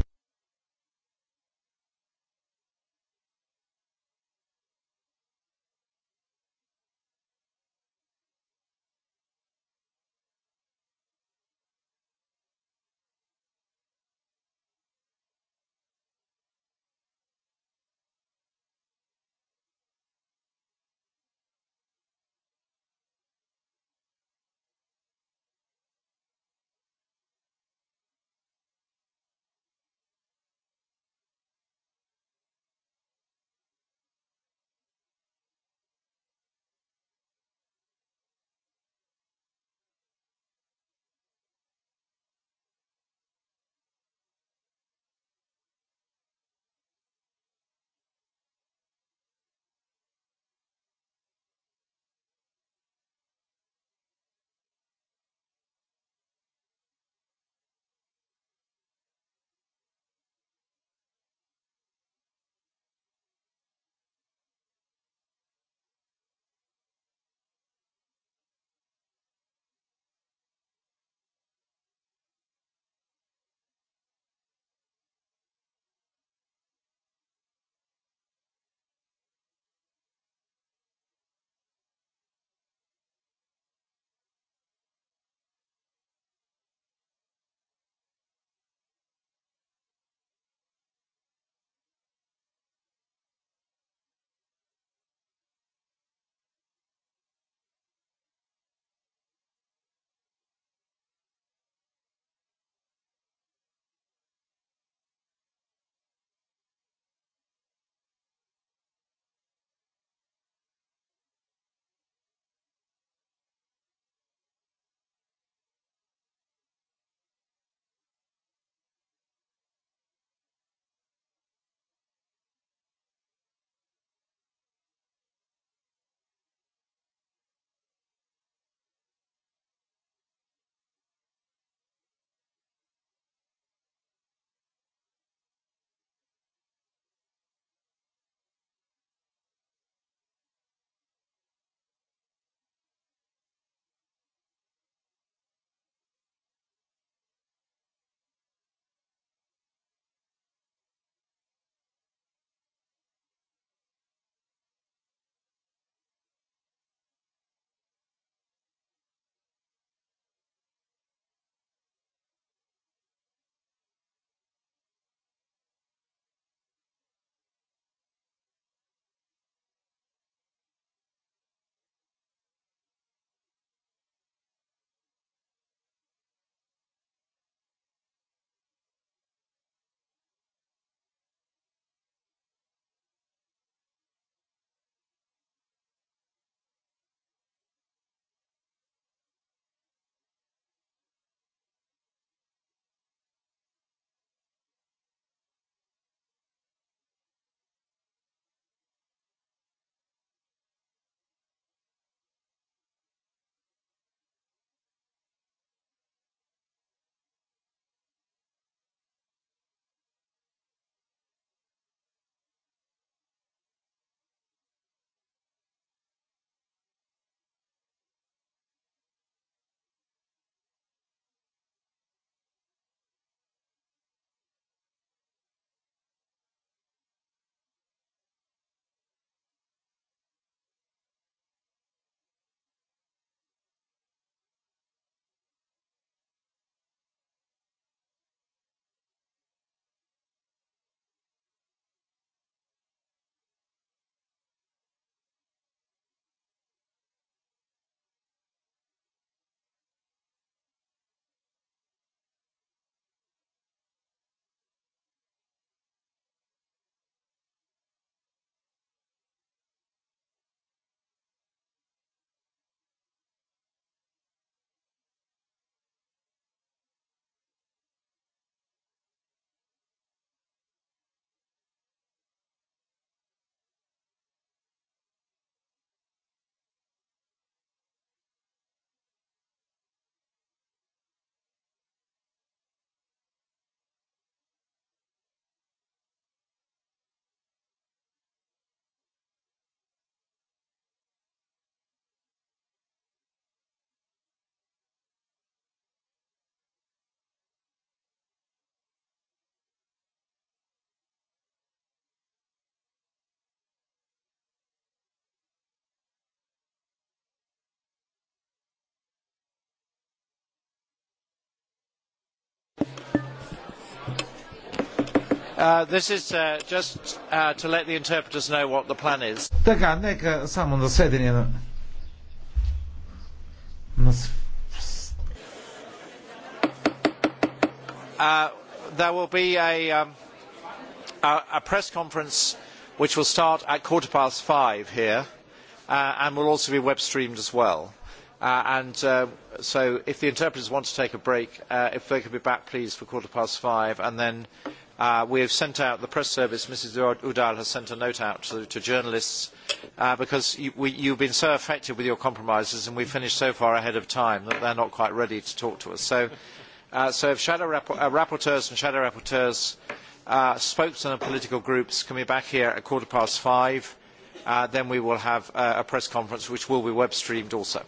this is uh, just uh, to let the interpreters know what the plan is. Така, нека само на сведение на... на... Uh, there will be a, um, a, a press conference which will start at quarter past five here uh, and will also be web streamed as well. Uh, and uh, so if the interpreters want to take a break, uh, if they could be back please for quarter past five and then we have sent out, the press service, Mrs. Udall has sent a note out to, to journalists because you, we, you've been so effective with your compromises and we finished so far ahead of time that they're not quite ready to talk to us. So, uh, so if shadow uh, rapporteurs and shadow rapporteurs, uh, spokesmen of political groups can be back here at quarter past five, uh, then we will have uh, a press conference which will be web streamed also.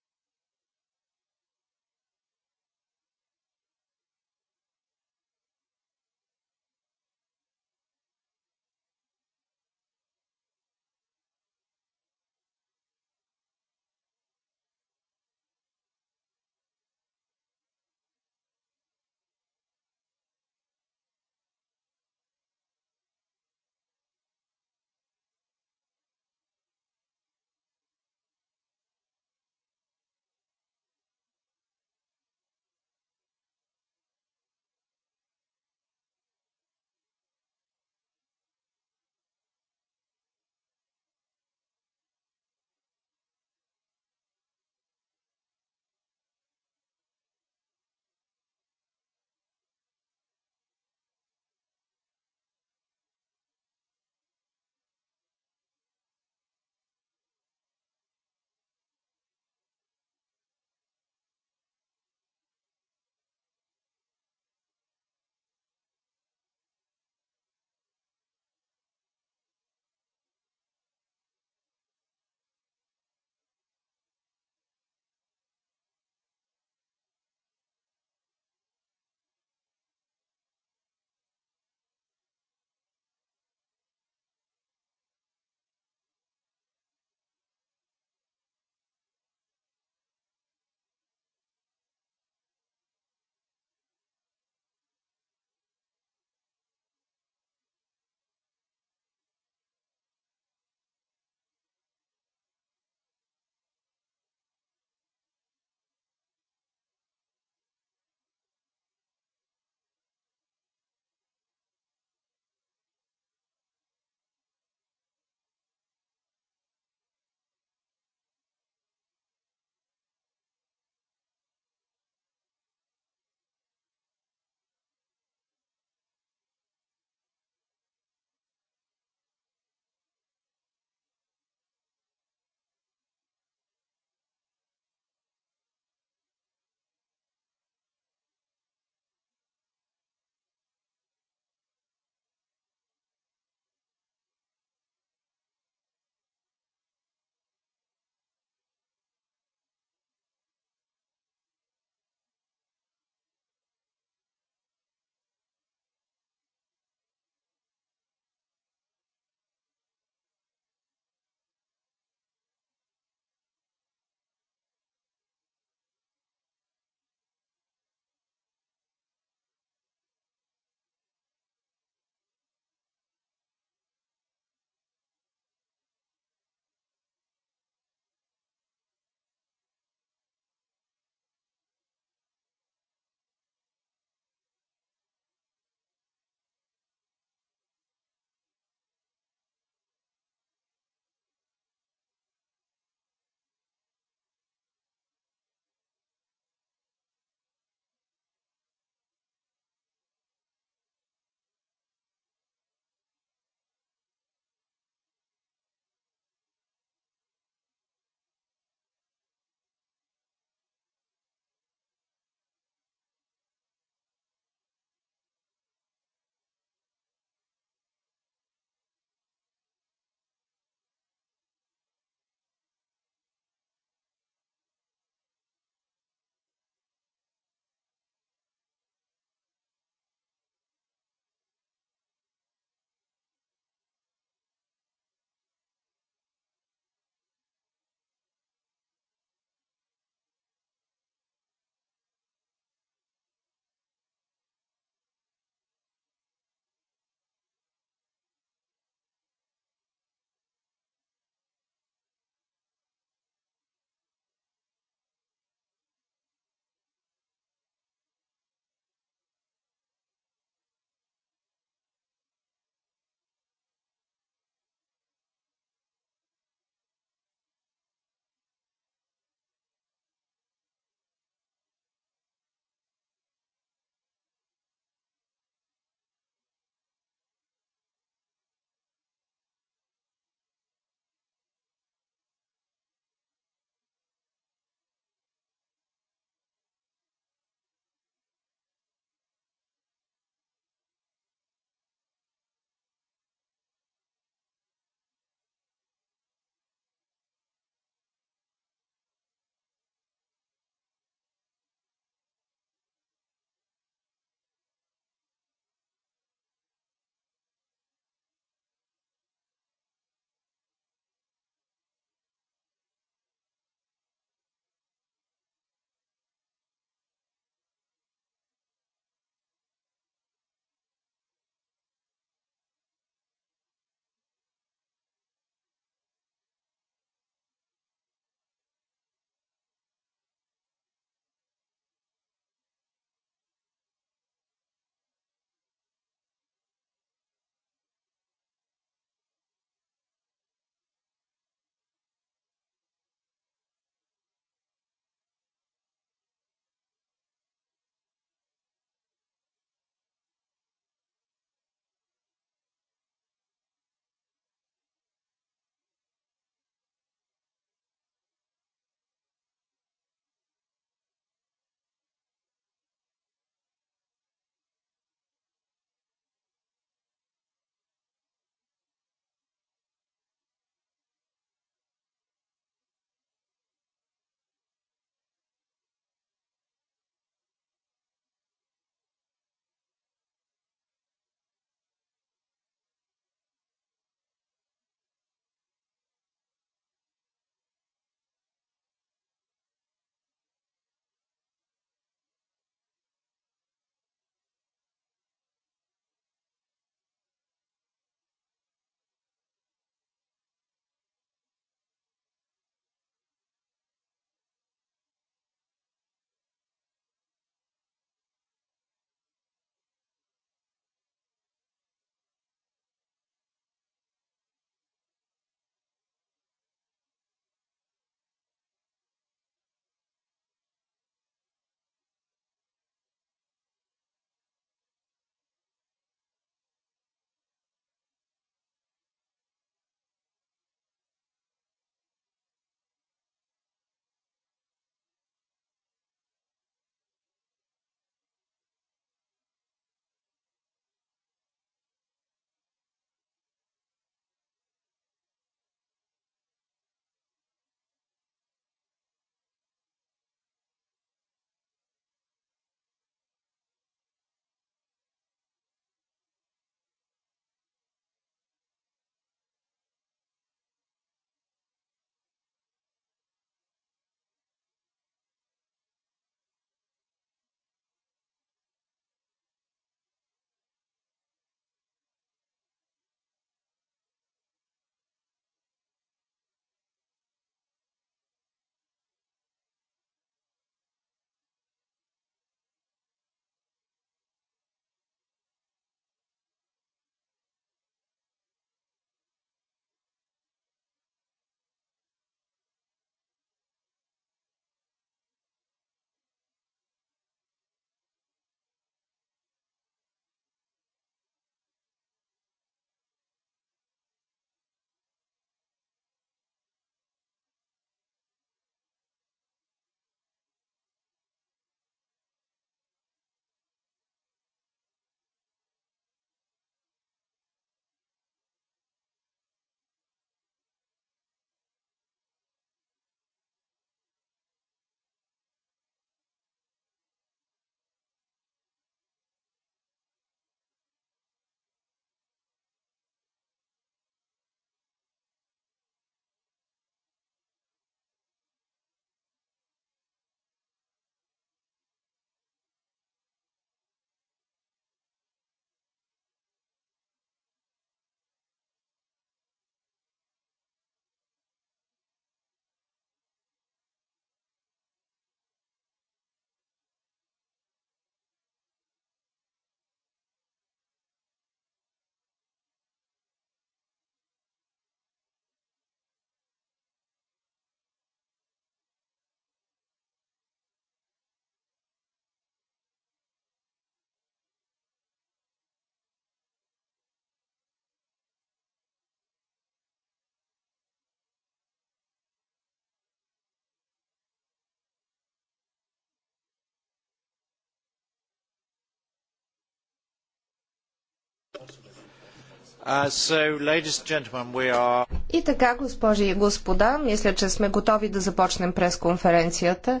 Uh, и така, госпожи и господа, мисля, че сме готови да започнем пресконференцията.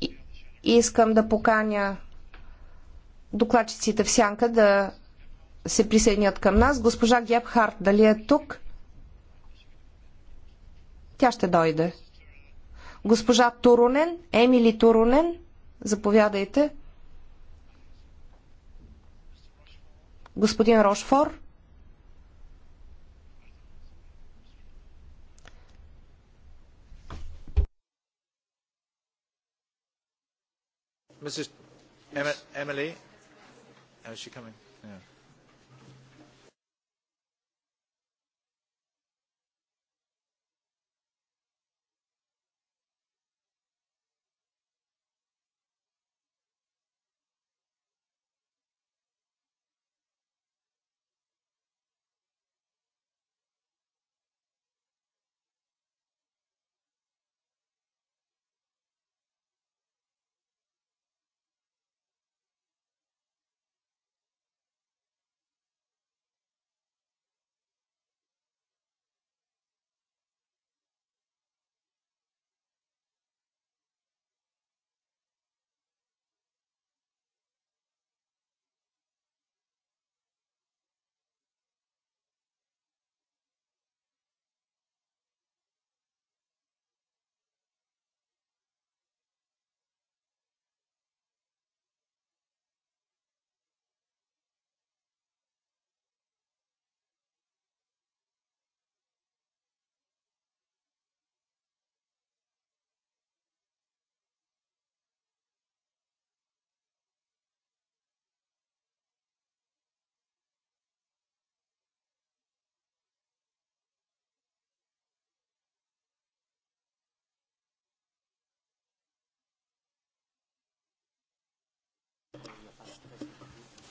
И искам да поканя докладчиците в сянка да се присъединят към нас. Госпожа Гебхарт, дали е тук? Тя ще дойде. Госпожа Турунен, Емили Турунен, заповядайте. Господин Рошфор. Mrs. Emily, how is she coming? Yeah.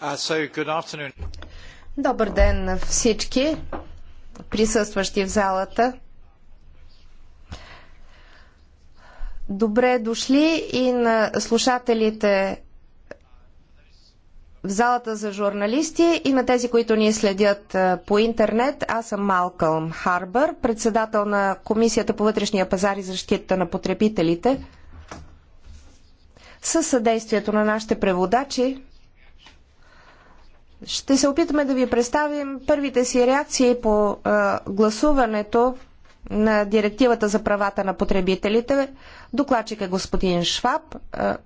Uh, Добър ден на всички присъстващи в залата. Добре дошли и на слушателите в залата за журналисти и на тези, които ни следят по интернет. Аз съм Малкълм Харбър, председател на Комисията по вътрешния пазар и защита на потребителите. Със съдействието на нашите преводачи ще се опитаме да ви представим първите си реакции по а, гласуването на директивата за правата на потребителите. Докладчика е господин Шваб, а,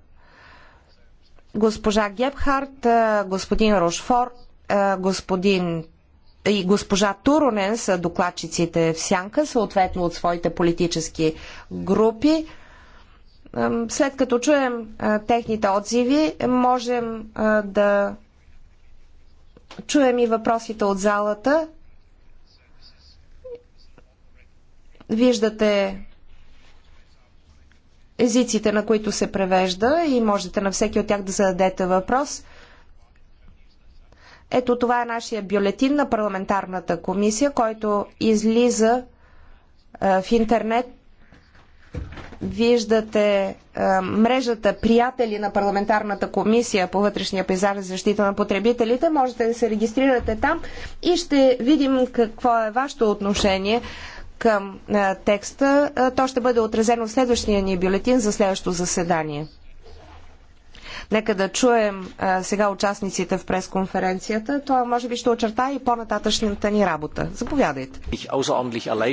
госпожа Гебхарт, а, господин Рошфор, а, господин и госпожа Туронен са докладчиците в сянка, съответно от своите политически групи. След като чуем техните отзиви, можем да чуем и въпросите от залата. Виждате езиците, на които се превежда и можете на всеки от тях да зададете въпрос. Ето това е нашия бюлетин на парламентарната комисия, който излиза е, в интернет виждате а, е, мрежата приятели на парламентарната комисия по вътрешния пазар за защита на потребителите. Можете да се регистрирате там и ще видим какво е вашето отношение към а, е, текста. А, е, то ще бъде отразено в следващия ни бюлетин за следващото заседание. Нека да чуем а, сега участниците в пресконференцията. Това може би ще очерта и по-нататъчната ни работа. Заповядайте.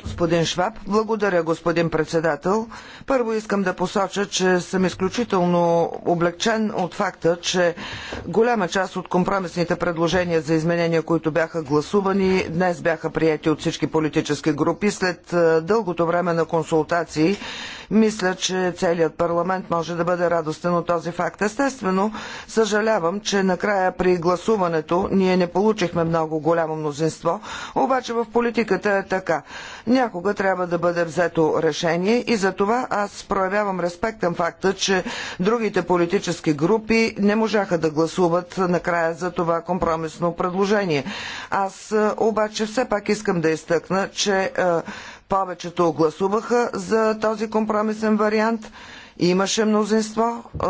Господин Шваб, благодаря господин председател. Първо искам да посоча, че съм изключително облегчен от факта, че голяма част от компромисните предложения за изменения, които бяха гласувани, днес бяха прияти от всички политически групи след дългото време на консултации мисля, че целият парламент може да бъде радостен от този факт. Естествено, съжалявам, че накрая при гласуването ние не получихме много голямо мнозинство, обаче в политиката е така. Някога трябва да бъде взето решение и за това аз проявявам респект към факта, че другите политически групи не можаха да гласуват накрая за това компромисно предложение. Аз е, обаче все пак искам да изтъкна, че е, повечето гласуваха за този компромисен вариант. Имаше мнозинство. Е,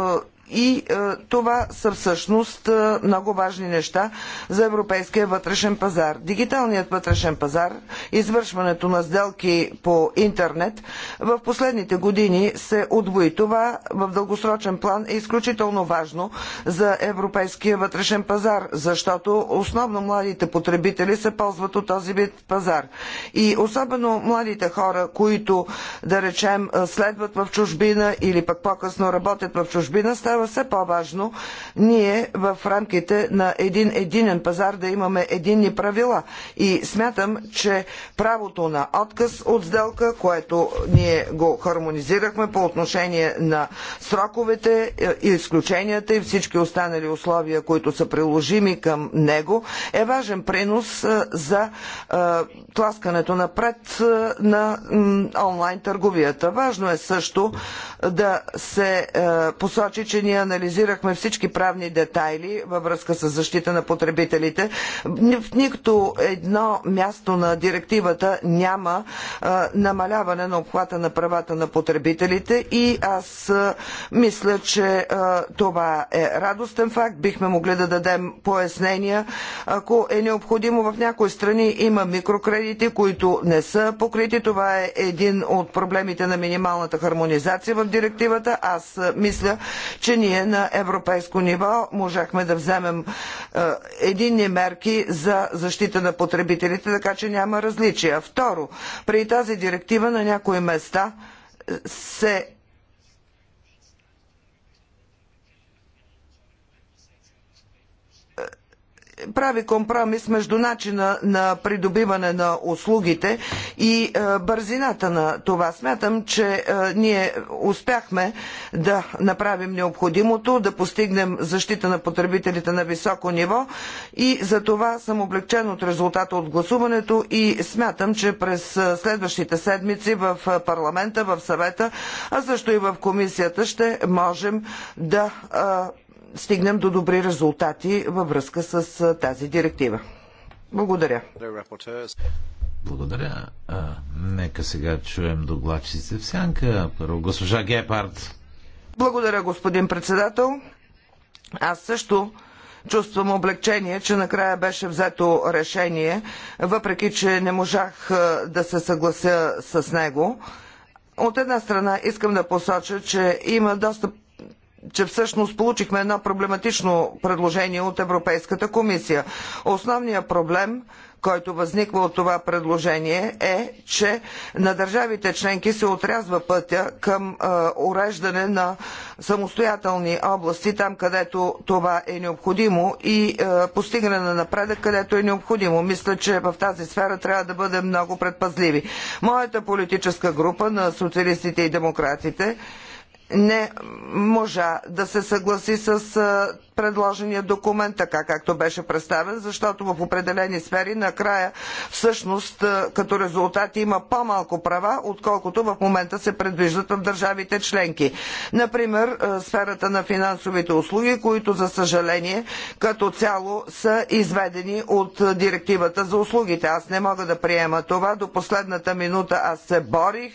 и е, това са всъщност е, много важни неща за европейския вътрешен пазар. Дигиталният вътрешен пазар, извършването на сделки по интернет, в последните години се отвои. Това в дългосрочен план е изключително важно за европейския вътрешен пазар, защото основно младите потребители се ползват от този вид пазар. И особено младите хора, които, да речем, следват в чужбина или пък по-късно работят в чужбина, става става все по-важно ние в рамките на един единен пазар да имаме единни правила. И смятам, че правото на отказ от сделка, което ние го хармонизирахме по отношение на сроковете, е, изключенията и всички останали условия, които са приложими към него, е важен принос е, за е, тласкането напред на онлайн търговията. Важно е също да се посочи, че ние анализирахме всички правни детайли във връзка с защита на потребителите. В нито едно място на директивата няма а, намаляване на обхвата на правата на потребителите и аз а, мисля, че а, това е радостен факт. Бихме могли да дадем пояснения, ако е необходимо. В някои страни има микрокредити, които не са покрити. Това е един от проблемите на минималната хармонизация в директивата. Аз мисля, че решение на европейско ниво можахме да вземем е, единни мерки за защита на потребителите, така че няма различия. Второ, при тази директива на някои места е, се прави компромис между начина на придобиване на услугите и е, бързината на това. Смятам, че е, ние успяхме да направим необходимото, да постигнем защита на потребителите на високо ниво и за това съм облегчен от резултата от гласуването и смятам, че през е, следващите седмици в парламента, в съвета, а също и в комисията ще можем да стигнем до добри резултати във връзка с тази директива. Благодаря. Благодаря. А, нека сега чуем догладчиците в сянка. Първо госпожа Гепард. Благодаря, господин председател. Аз също чувствам облегчение, че накрая беше взето решение, въпреки че не можах да се съглася с него. От една страна искам да посоча, че има доста че всъщност получихме едно проблематично предложение от Европейската комисия. Основният проблем който възниква от това предложение е, че на държавите членки се отрязва пътя към а, е, уреждане на самостоятелни области, там където това е необходимо и а, е, постигане на напредък, където е необходимо. Мисля, че в тази сфера трябва да бъдем много предпазливи. Моята политическа група на социалистите и демократите не можа да се съгласи с предложения документ, така както беше представен, защото в определени сфери накрая всъщност като резултат има по-малко права, отколкото в момента се предвиждат в държавите членки. Например, сферата на финансовите услуги, които за съжаление като цяло са изведени от директивата за услугите. Аз не мога да приема това. До последната минута аз се борих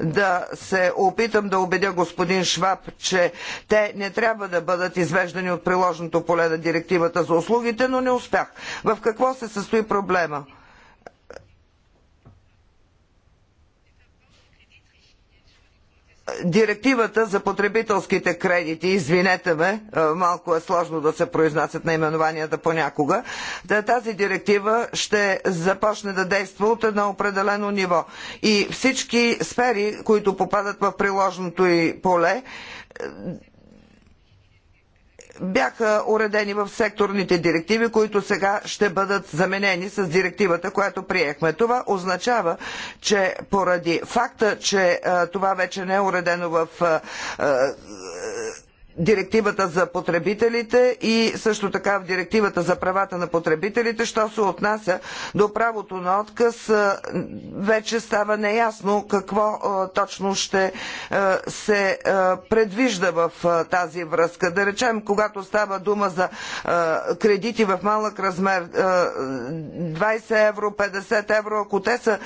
да се опитам да убедя господин господин Шваб, че те не трябва да бъдат извеждани от приложното поле на директивата за услугите, но не успях. В какво се състои проблема? Директивата за потребителските кредити, извинете ме, малко е сложно да се произнасят наименованията понякога, тази директива ще започне да действа от едно определено ниво. И всички сфери, които попадат в приложното и поле, бяха уредени в секторните директиви, които сега ще бъдат заменени с директивата, която приехме. Това означава, че поради факта, че това вече не е уредено в директивата за потребителите и също така в директивата за правата на потребителите, що се отнася до правото на отказ, вече става неясно какво точно ще се предвижда в тази връзка. Да речем, когато става дума за кредити в малък размер 20 евро, 50 евро, ако те са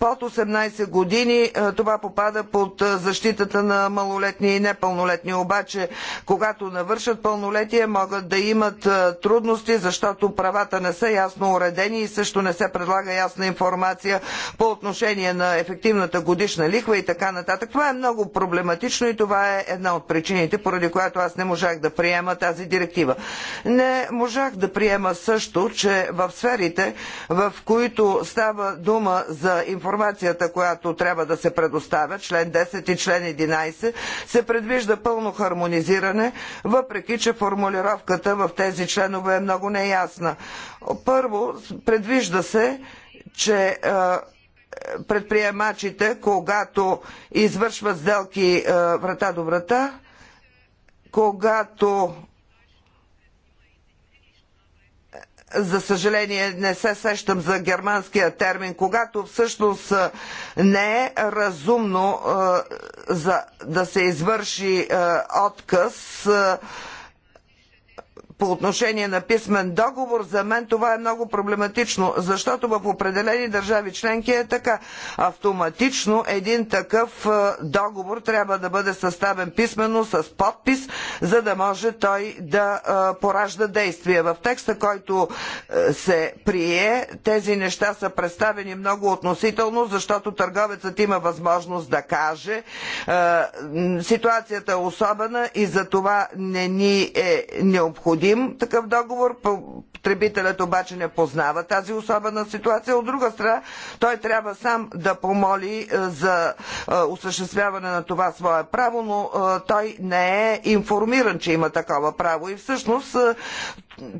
под 18 години, това попада под защитата на малолетни и непълнолетни. Обаче че когато навършат пълнолетие могат да имат трудности, защото правата не са ясно уредени и също не се предлага ясна информация по отношение на ефективната годишна лихва и така нататък. Това е много проблематично и това е една от причините, поради която аз не можах да приема тази директива. Не можах да приема също, че в сферите, в които става дума за информацията, която трябва да се предоставя, член 10 и член 11, се предвижда пълно хармонизиране хармонизиране, въпреки че формулировката в тези членове е много неясна. Първо, предвижда се, че е, предприемачите, когато извършват сделки е, врата до врата, когато за съжаление не се сещам за германския термин, когато всъщност не е разумно е, за да се извърши е, отказ е, по отношение на писмен договор, за мен това е много проблематично, защото в определени държави членки е така. Автоматично един такъв е, договор трябва да бъде съставен писменно с подпис, за да може той да е, поражда действия. В текста, който е, се прие, тези неща са представени много относително, защото търговецът има възможност да каже. Ситуацията е особена и за това не ни е необходимо необходим такъв договор, потребителят обаче не познава тази особена ситуация. От друга страна, той трябва сам да помоли е, за е, осъществяване на това свое право, но е, той не е информиран, че има такова право. И всъщност,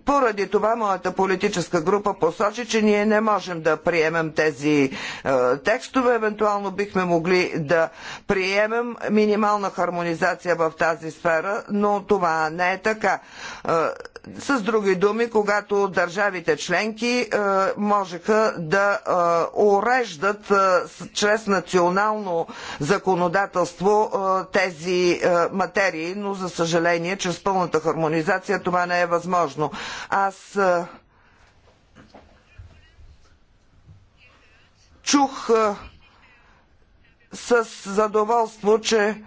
поради това, моята политическа група посочи, че ние не можем да приемем тези текстове. Евентуално бихме могли да приемем минимална хармонизация в тази сфера, но това не е така. С други думи, когато държавите членки е, можеха да е, уреждат е, чрез национално законодателство тези материи, но за съжаление, чрез пълната хармонизация това не е възможно. Аз чух с задоволство, че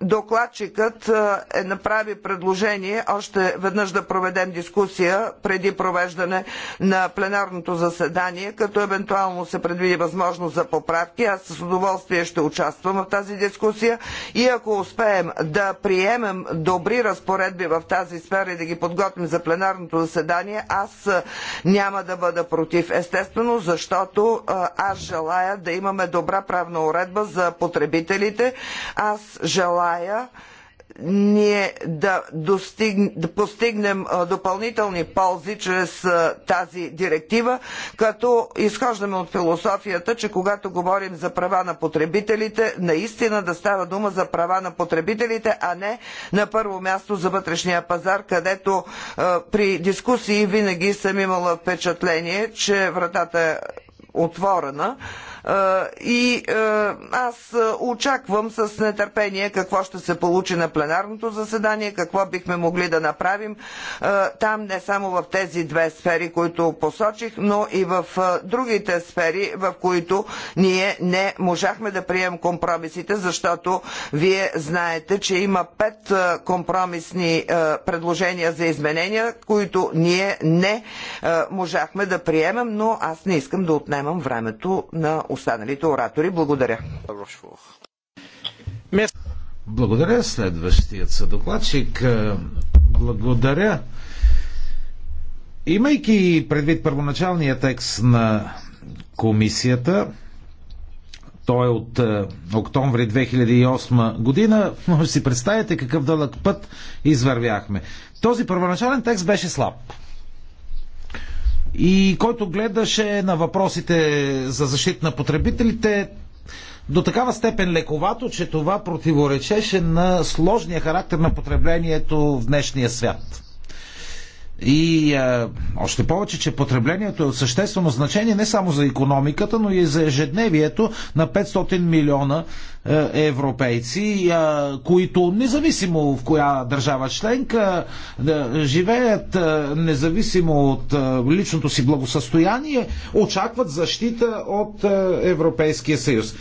докладчикът е направи предложение още веднъж да проведем дискусия преди провеждане на пленарното заседание, като евентуално се предвиди възможност за поправки. Аз с удоволствие ще участвам в тази дискусия и ако успеем да приемем добри разпоредби в тази сфера и да ги подготвим за пленарното заседание, аз няма да бъда против. Естествено, защото аз желая да имаме добра правна уредба за потребителите. Аз желая желая ние да, достиг, да постигнем допълнителни ползи чрез тази директива, като изхождаме от философията, че когато говорим за права на потребителите, наистина да става дума за права на потребителите, а не на първо място за вътрешния пазар, където при дискусии винаги съм имала впечатление, че вратата е отворена. И аз очаквам с нетърпение какво ще се получи на пленарното заседание, какво бихме могли да направим там, не само в тези две сфери, които посочих, но и в другите сфери, в които ние не можахме да приемем компромисите, защото вие знаете, че има пет компромисни предложения за изменения, които ние не можахме да приемем, но аз не искам да отнемам времето на останалите оратори. Благодаря. Благодаря. Следващият съдокладчик. Благодаря. Имайки предвид първоначалния текст на комисията, той е от е, октомври 2008 година. Може си представите какъв дълъг път извървяхме. Този първоначален текст беше слаб и който гледаше на въпросите за защита на потребителите до такава степен лековато, че това противоречеше на сложния характер на потреблението в днешния свят. И а, още повече, че потреблението е от съществено значение не само за економиката, но и за ежедневието на 500 милиона а, е, европейци, а, които независимо в коя държава членка да, живеят, а, независимо от а, личното си благосъстояние, очакват защита от а, Европейския съюз.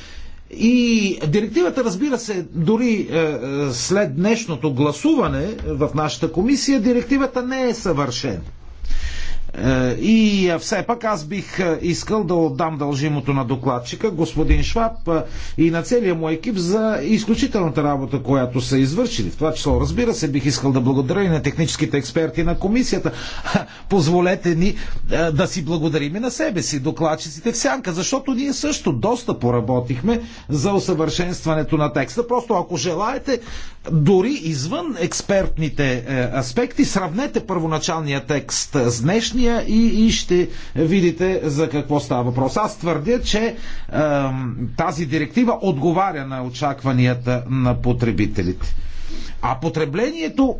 И директивата, разбира се, дори е, е, след днешното гласуване в нашата комисия, директивата не е съвършена. Е, и е, все пак аз бих е, искал да отдам дължимото на докладчика, господин Шваб и на целия му екип за изключителната работа, която са извършили. В това число, разбира се, бих искал да благодаря и на техническите експерти на комисията. Позволете ни да си благодарим и на себе си, докладчиците в сянка, защото ние също доста поработихме за усъвършенстването на текста. Просто ако желаете, дори извън експертните е, аспекти, сравнете първоначалния текст с днешния и, и ще видите за какво става въпрос. Аз твърдя, че е, тази директива отговаря на очакванията на потребителите. А потреблението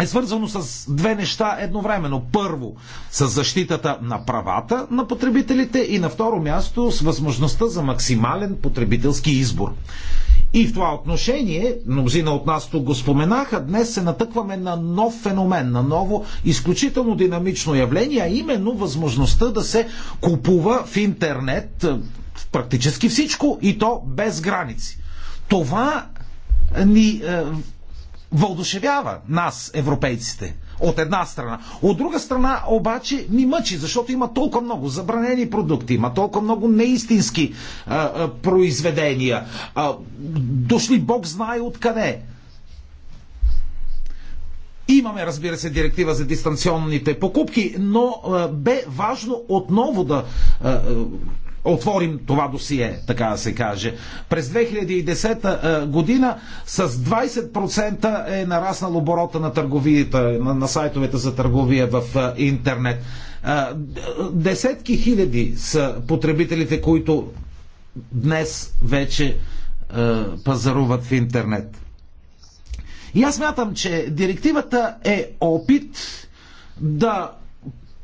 е свързано с две неща едновременно. Първо, с защитата на правата на потребителите и на второ място с възможността за максимален потребителски избор. И в това отношение, мнозина от нас тук го споменаха, днес се натъкваме на нов феномен, на ново изключително динамично явление, а именно възможността да се купува в интернет е, практически всичко и то без граници. Това ни е, вълдушевява нас, европейците, от една страна. От друга страна обаче ни мъчи, защото има толкова много забранени продукти, има толкова много неистински а, а, произведения, а, дошли Бог знае откъде. Имаме, разбира се, директива за дистанционните покупки, но а, бе важно отново да а, а, отворим това досие, така да се каже. През 2010 е, година с 20% е нараснал оборота на търговията, на, на сайтовете за търговия в е, интернет. Е, десетки хиляди са потребителите, които днес вече пазаруват в интернет. И аз мятам, че директивата е опит да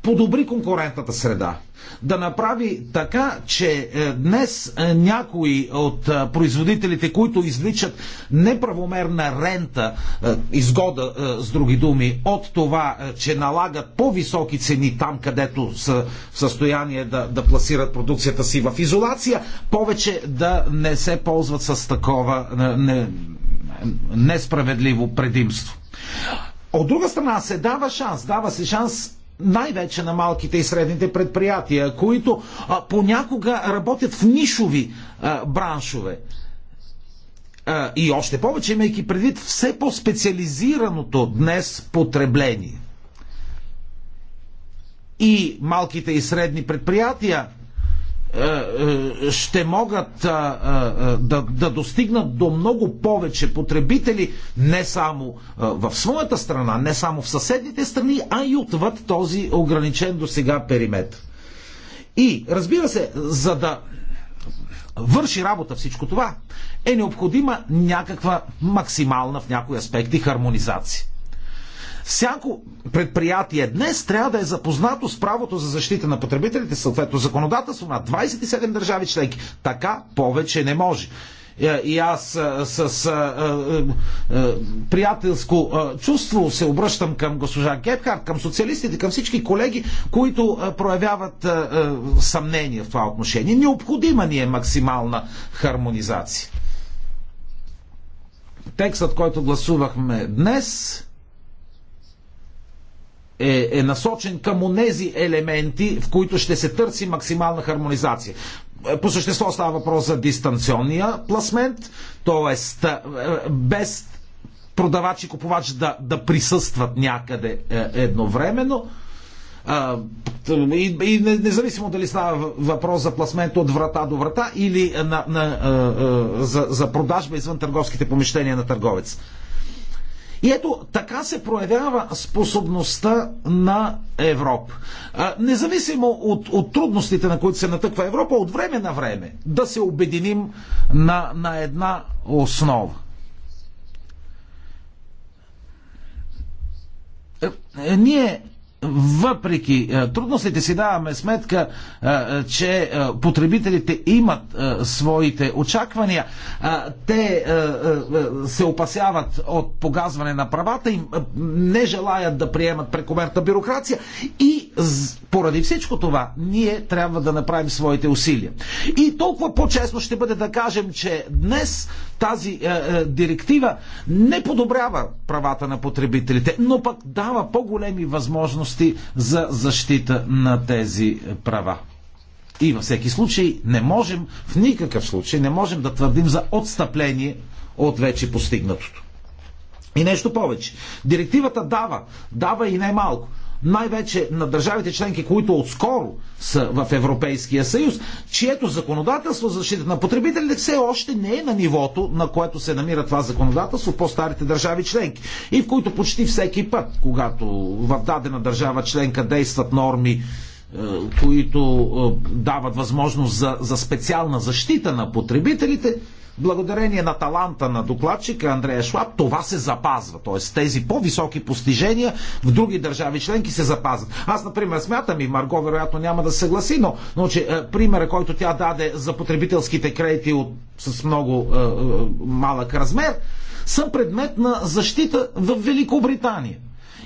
подобри конкурентната среда. Да направи така, че е, днес е, някои от е, производителите, които извличат неправомерна рента, изгода с други думи, от това, че налагат по-високи цени там, където са в състояние да, да пласират продукцията си в изолация, повече да не се ползват с такова не, несправедливо предимство. От друга страна се дава шанс, дава се шанс най-вече на малките и средните предприятия, които а, понякога работят в нишови а, браншове. А, и още повече, имайки предвид все по-специализираното днес потребление. И малките и средни предприятия е, е, ще могат е, да, да достигнат до много повече потребители, не само в своята страна, не само в съседните страни, а и отвъд този ограничен до сега периметр. И, разбира се, за да върши работа всичко това, е необходима някаква максимална в някои аспекти хармонизация. Всяко предприятие днес трябва да е запознато с правото за защита на потребителите, съответно законодателство на 27 държави членки. Така повече не може е, и аз е, с, с а, а, приятелско а, е, чувство се обръщам към госпожа Гепхард, към социалистите, към всички колеги, които а, проявяват а, а, съмнение в това отношение. Необходима ни е максимална хармонизация. Текстът, който гласувахме днес, е, е насочен към онези елементи, в които ще се търси максимална хармонизация. По същество става въпрос за дистанционния пласмент, т.е. без продавач и купувач да, да присъстват някъде е, едновременно. и, и независимо дали става въпрос за пласмент от врата до врата или на, на, е, е, за, за продажба извън търговските помещения на търговец. И ето така се проявява способността на Европа. Независимо от, от трудностите, на които се натъква Европа, от време на време да се обединим на, на една основа. Е, е, ние въпреки е, трудностите си даваме сметка, е, че е, потребителите имат своите очаквания. Те се опасяват от погазване на правата и не желаят да приемат прекомерна бюрокрация и поради всичко това ние трябва да направим своите усилия. И толкова по-честно ще бъде да кажем, че днес тази директива не подобрява правата на потребителите, но пък дава по-големи възможности възможности за защита на тези права. И във всеки случай не можем, в никакъв случай не можем да твърдим за отстъпление от вече постигнатото. И нещо повече. Директивата дава, дава и най-малко най-вече на държавите членки, които отскоро са в Европейския съюз, чието законодателство за защита на потребителите все още не е на нивото, на което се намира това законодателство в по-старите държави членки. И в които почти всеки път, когато в дадена държава членка действат норми, е, които е, дават възможност за, за специална защита на потребителите, Благодарение на таланта на докладчика Андрея Шлаб, това се запазва. Т.е. тези по-високи постижения в други държави членки се запазват. Аз, например, смятам и Марго вероятно няма да се съгласи, но, но че, е, примера, който тя даде за потребителските кредити от, с много е, е, малък размер, са предмет на защита в Великобритания.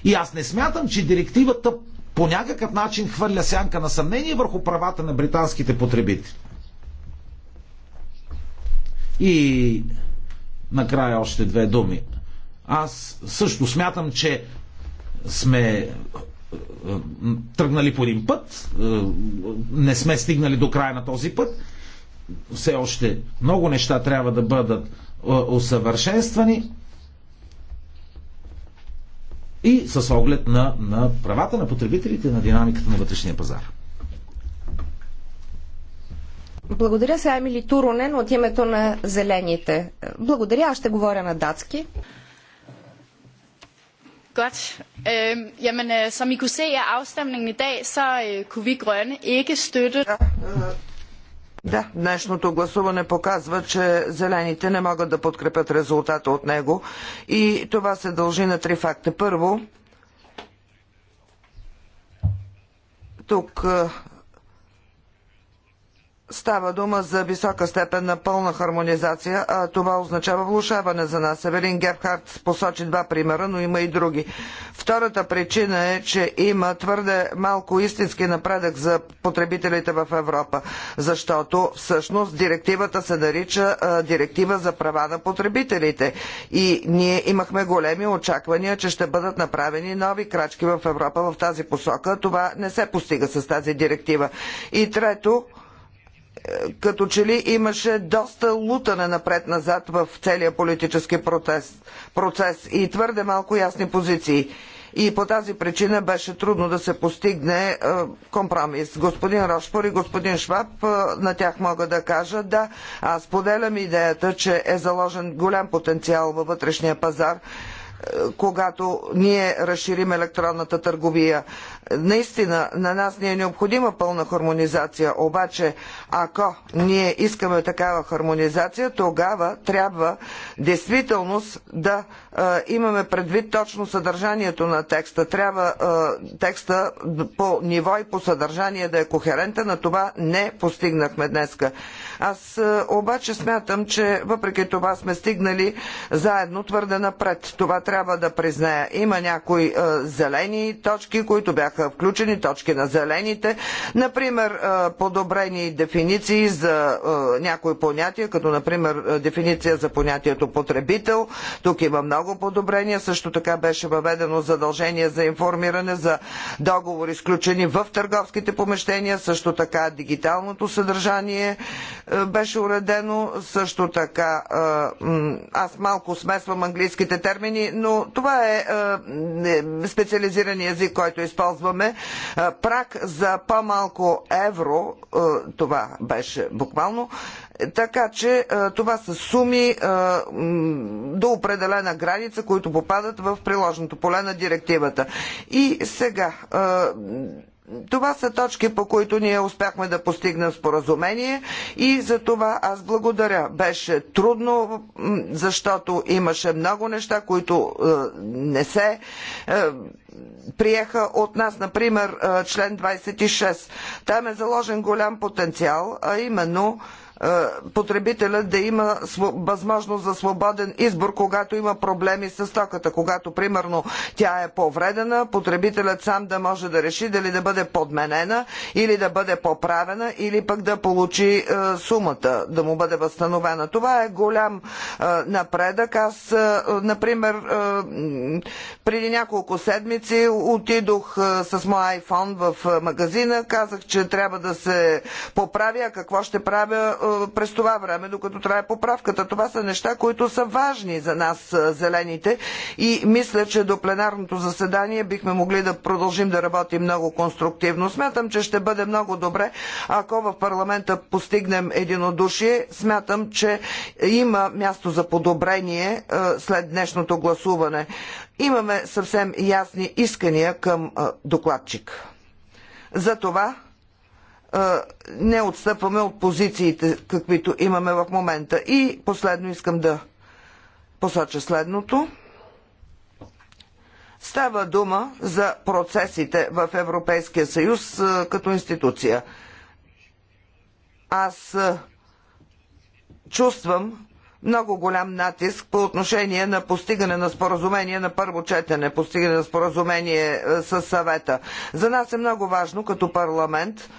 И аз не смятам, че директивата по някакъв начин хвърля сянка на съмнение върху правата на британските потребители. И накрая още две думи. Аз също смятам, че сме е, тръгнали по един път, е, не сме стигнали до края на този път. Все още много неща трябва да бъдат е, усъвършенствани и с оглед на, на правата на потребителите на динамиката на вътрешния пазар. Благодаря се, е Емили Турунен от името на Зелените. Благодаря, аз ще говоря на датски. Godt. jamen, øh, som I kunne se af afstemningen i dag, så øh, kunne vi grønne ikke støtte. Да, øh, днешното гласуване показва, че зелените не могат да подкрепят резултата от него и това се дължи на три факта. Първо, тук Става дума за висока степен на пълна хармонизация, а това означава влушаване за нас. Евелин Герхард посочи два примера, но има и други. Втората причина е, че има твърде малко истински напредък за потребителите в Европа, защото всъщност директивата се нарича а, директива за права на потребителите. И ние имахме големи очаквания, че ще бъдат направени нови крачки в Европа в тази посока. Това не се постига с тази директива. И трето, като че ли имаше доста лутане напред-назад в целия политически процес, процес и твърде малко ясни позиции. И по тази причина беше трудно да се постигне е, компромис. Господин Рошпор и господин Шваб, е, на тях мога да кажа, да, аз поделям идеята, че е заложен голям потенциал във вътрешния пазар, когато ние разширим електронната търговия. Наистина, на нас ни е необходима пълна хармонизация, обаче ако ние искаме такава хармонизация, тогава трябва действителност да е, имаме предвид точно съдържанието на текста. Трябва е, текста по ниво и по съдържание да е кохерентен, а това не постигнахме днеска. Аз е, обаче смятам, че въпреки това сме стигнали заедно твърде напред. Това трябва да призная. Има някои е, зелени точки, които бяха включени, точки на зелените. Например, е, подобрени дефиниции за е, някои понятия, като например е, дефиниция за понятието потребител. Тук има много подобрения. Също така беше въведено задължение за информиране за договори, изключени в търговските помещения, също така дигиталното съдържание, е, беше уредено. Също така, е, аз малко смесвам английските термини, но това е, е специализиран език, който използваме. Прак за по-малко евро, това беше буквално, така че това са суми до определена граница, които попадат в приложното поле на директивата. И сега това са точки, по които ние успяхме да постигнем споразумение и за това аз благодаря. Беше трудно, защото имаше много неща, които е, не се е, приеха от нас, например е, член 26. Там е заложен голям потенциал, а именно е, е, потребителят да има възможност за свободен избор, когато има проблеми с стоката. Когато, примерно, тя е повредена, потребителят сам да може да реши дали да бъде подменена или да бъде поправена или пък да получи е, сумата, да му бъде възстановена. Това е голям е, напредък. Аз, например, преди няколко седмици отидох с моя iPhone в магазина, казах, че трябва да се поправя, какво ще правя е, през това време, докато трябва поправката. Това са неща, които са важни за нас, е, зелените, и мисля, че до пленарното заседание бихме могли да продължим да работим много конструктивно. Смятам, че ще бъде много добре, ако в парламента постигнем единодушие. Смятам, че има място за подобрение е, след днешното гласуване. Имаме съвсем ясни искания към докладчик. За това не отстъпваме от позициите, каквито имаме в момента. И последно искам да посоча следното. Става дума за процесите в Европейския съюз като институция. Аз чувствам много голям натиск по отношение на постигане на споразумение на първо четене, постигане на споразумение с съвета. За нас е много важно като парламент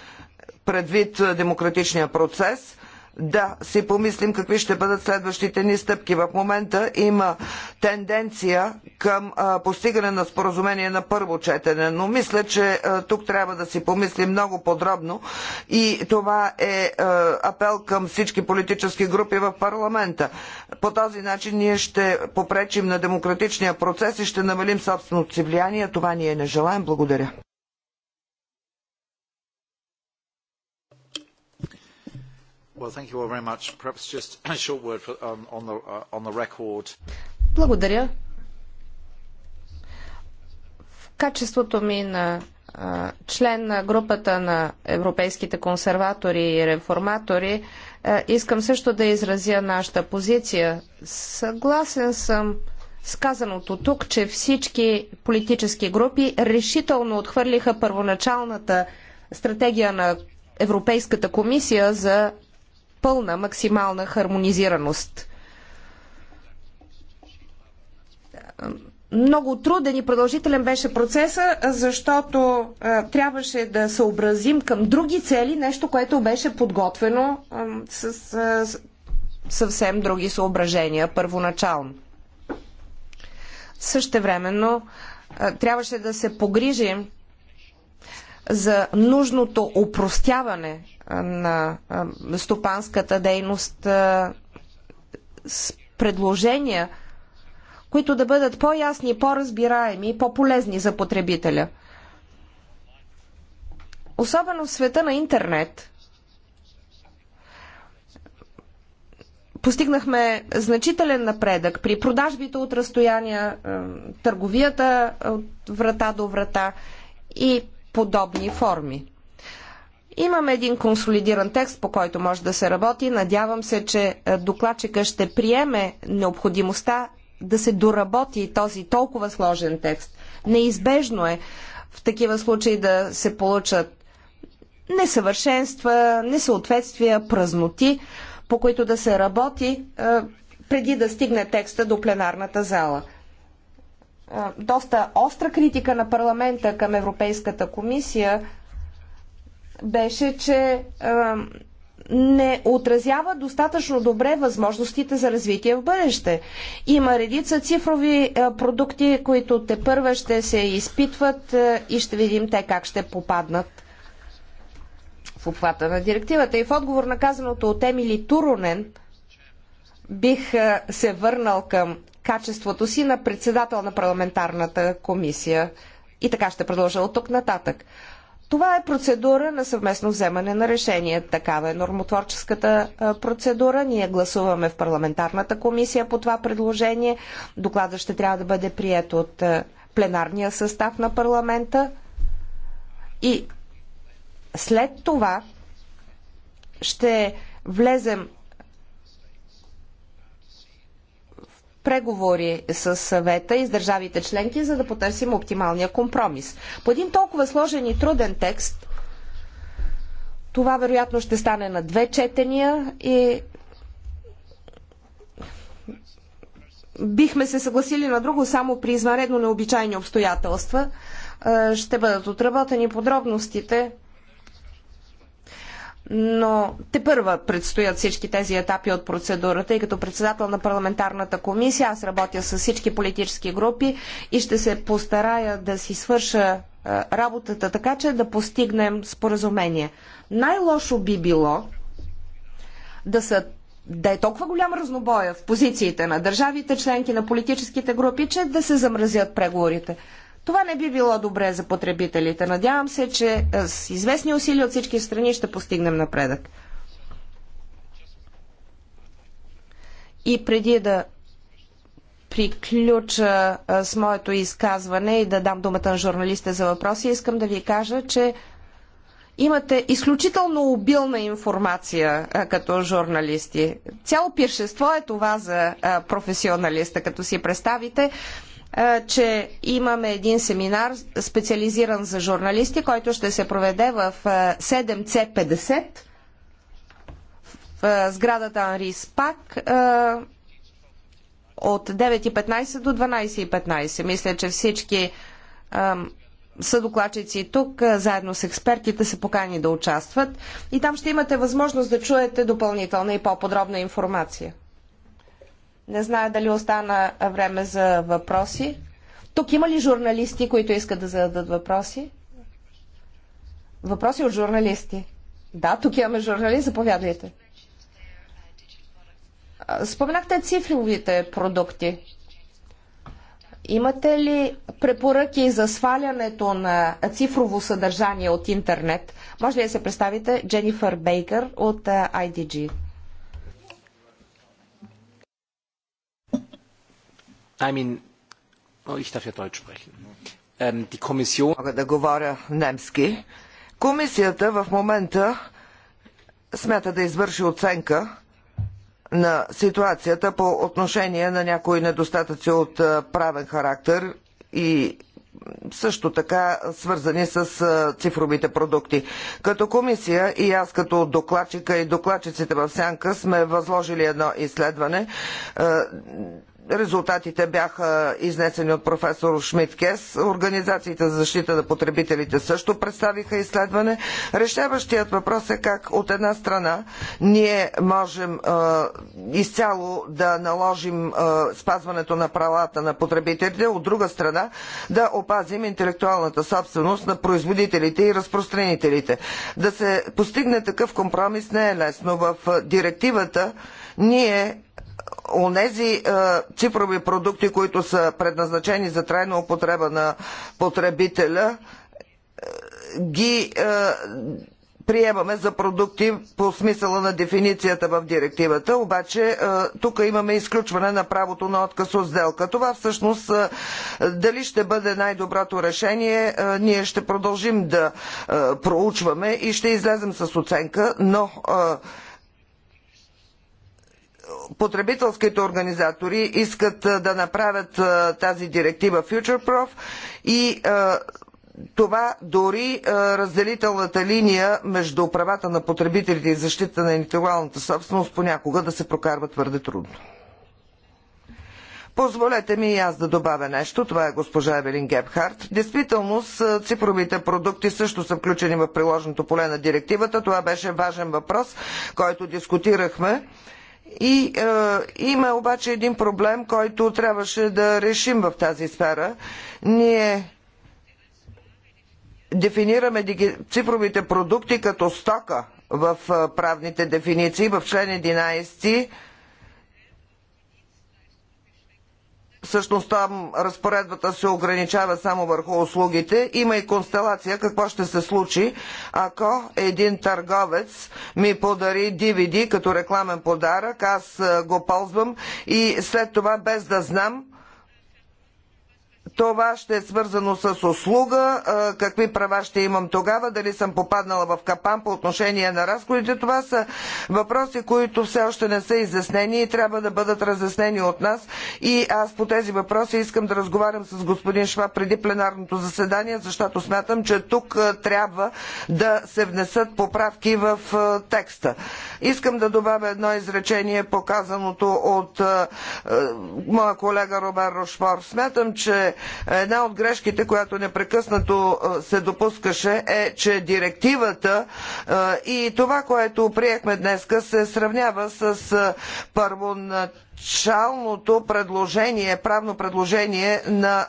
предвид демократичния процес, да си помислим какви ще бъдат следващите ни стъпки. В момента има тенденция към постигане на споразумение на първо четене, но мисля, че тук трябва да си помислим много подробно и това е апел към всички политически групи в парламента. По този начин ние ще попречим на демократичния процес и ще намалим собственото си влияние. Това ние не желаем. Благодаря. Um, uh, Благодаря. В качеството ми на член на групата на европейските консерватори и реформатори, искам също да изразя нашата позиция. Съгласен съм с казаното тук, че всички политически групи решително отхвърлиха първоначалната стратегия на Европейската комисия за пълна максимална хармонизираност. Много труден и продължителен беше процеса, защото а, трябваше да съобразим към други цели нещо, което беше подготвено а, с а, съвсем други съображения първоначално. Същевременно а, трябваше да се погрижим за нужното упростяване на стопанската дейност с предложения, които да бъдат по-ясни, по-разбираеми и по-полезни за потребителя. Особено в света на интернет постигнахме значителен напредък при продажбите от разстояния, търговията от врата до врата и подобни форми. Имаме един консолидиран текст, по който може да се работи. Надявам се, че е, докладчика ще приеме необходимостта да се доработи този толкова сложен текст. Неизбежно е в такива случаи да се получат несъвършенства, несъответствия, празноти, по които да се работи е, преди да стигне текста до пленарната зала. Е, доста остра критика на парламента към Европейската комисия беше, че не отразява достатъчно добре възможностите за развитие в бъдеще. Има редица цифрови продукти, които те първа ще се изпитват и ще видим те как ще попаднат в обхвата на директивата. И в отговор на казаното от Емили Туронен бих се върнал към качеството си на председател на парламентарната комисия. И така ще продължа от тук нататък. Това е процедура на съвместно вземане на решение. Такава е нормотворческата процедура. Ние гласуваме в парламентарната комисия по това предложение. Докладът ще трябва да бъде прият от пленарния състав на парламента. И след това ще влезем преговори с съвета и с държавите членки, за да потърсим оптималния компромис. По един толкова сложен и труден текст, това вероятно ще стане на две четения и бихме се съгласили на друго само при извънредно необичайни обстоятелства. Е, ще бъдат отработени подробностите но те първа предстоят всички тези етапи от процедурата и като председател на парламентарната комисия аз работя с всички политически групи и ще се постарая да си свърша е, работата така, че да постигнем споразумение. Най-лошо би било да са да е толкова голям разнобоя в позициите на държавите, членки на политическите групи, че да се замразят преговорите. Това не би било добре за потребителите. Надявам се, че е, с известни усилия от всички страни ще постигнем напредък. И преди да приключа е, с моето изказване и да дам думата на журналиста за въпроси, искам да ви кажа, че имате изключително обилна информация е, като журналисти. Цяло пиршество е това за професионалиста, като си представите че имаме един семинар специализиран за журналисти, който ще се проведе в 7C50 в сградата Анри Спак от 9.15 до 12.15. Мисля, че всички съдокладчици тук, заедно с експертите, са покани да участват и там ще имате възможност да чуете допълнителна и по-подробна информация. Не знае дали остана време за въпроси. Тук има ли журналисти, които искат да зададат въпроси? Въпроси от журналисти. Да, тук имаме журналист, заповядайте. Споменахте цифровите продукти. Имате ли препоръки за свалянето на цифрово съдържание от интернет? Може ли да се представите Дженифър Бейкър от IDG? I mean, oh, ich darf ja Deutsch sprechen. Ähm, die Kommission... Мога да говоря немски. Комисията в момента смята да извърши оценка на ситуацията по отношение на някои недостатъци от правен характер и също така свързани с цифровите продукти. Като комисия и аз като докладчика и докладчиците в Сянка сме възложили едно изследване Резултатите бяха изнесени от професор Шмидкес. Организациите за защита на потребителите също представиха изследване. Решаващият въпрос е как от една страна ние можем е, изцяло да наложим е, спазването на правата на потребителите, от друга страна да опазим интелектуалната собственост на производителите и разпространителите. Да се постигне такъв компромис не е лесно. В директивата ние онези е, цифрови продукти, които са предназначени за трайна употреба на потребителя, е, ги е, приемаме за продукти по смисъла на дефиницията в директивата, обаче е, тук имаме изключване на правото на отказ от сделка. Това всъщност е, дали ще бъде най-доброто решение, е, ние ще продължим да проучваме и ще излезем с оценка, но потребителските организатори искат да направят тази директива Proof и това дори разделителната линия между правата на потребителите и защита на интелектуалната собственост понякога да се прокарва твърде трудно. Позволете ми и аз да добавя нещо. Това е госпожа Евелин Гебхарт. Действително, цифровите продукти също са включени в приложеното поле на директивата. Това беше важен въпрос, който дискутирахме. И е, има обаче един проблем, който трябваше да решим в тази сфера. Ние дефинираме цифровите продукти като стока в е, правните дефиниции. В член 11 Всъщност там разпоредбата се ограничава само върху услугите. Има и констелация какво ще се случи, ако един търговец ми подари DVD като рекламен подарък, аз го ползвам и след това без да знам това ще е свързано с услуга, какви права ще имам тогава, дали съм попаднала в капан по отношение на разходите. Това са въпроси, които все още не са изяснени и трябва да бъдат разяснени от нас. И аз по тези въпроси искам да разговарям с господин Шва преди пленарното заседание, защото смятам, че тук трябва да се внесат поправки в текста. Искам да добавя едно изречение, показаното от моя колега Робер Рошфор. Смятам, че Една от грешките, която непрекъснато се допускаше е, че директивата и това, което приехме днес, се сравнява с първоначалната първоначалното предложение, правно предложение на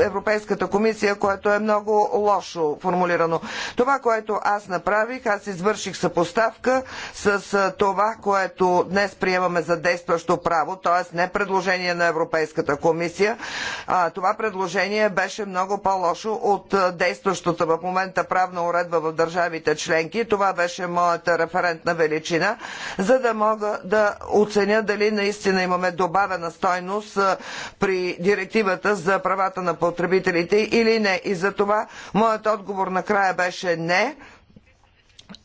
Европейската комисия, което е много лошо формулирано. Това, което аз направих, аз извърших съпоставка с това, което днес приемаме за действащо право, т.е. не предложение на Европейската комисия. А, това предложение беше много по-лошо от действащата в момента правна уредба в държавите членки. Това беше моята референтна величина, за да мога да оценя дали наистина има имаме добавена стойност при директивата за правата на потребителите или не. И за това моят отговор накрая беше не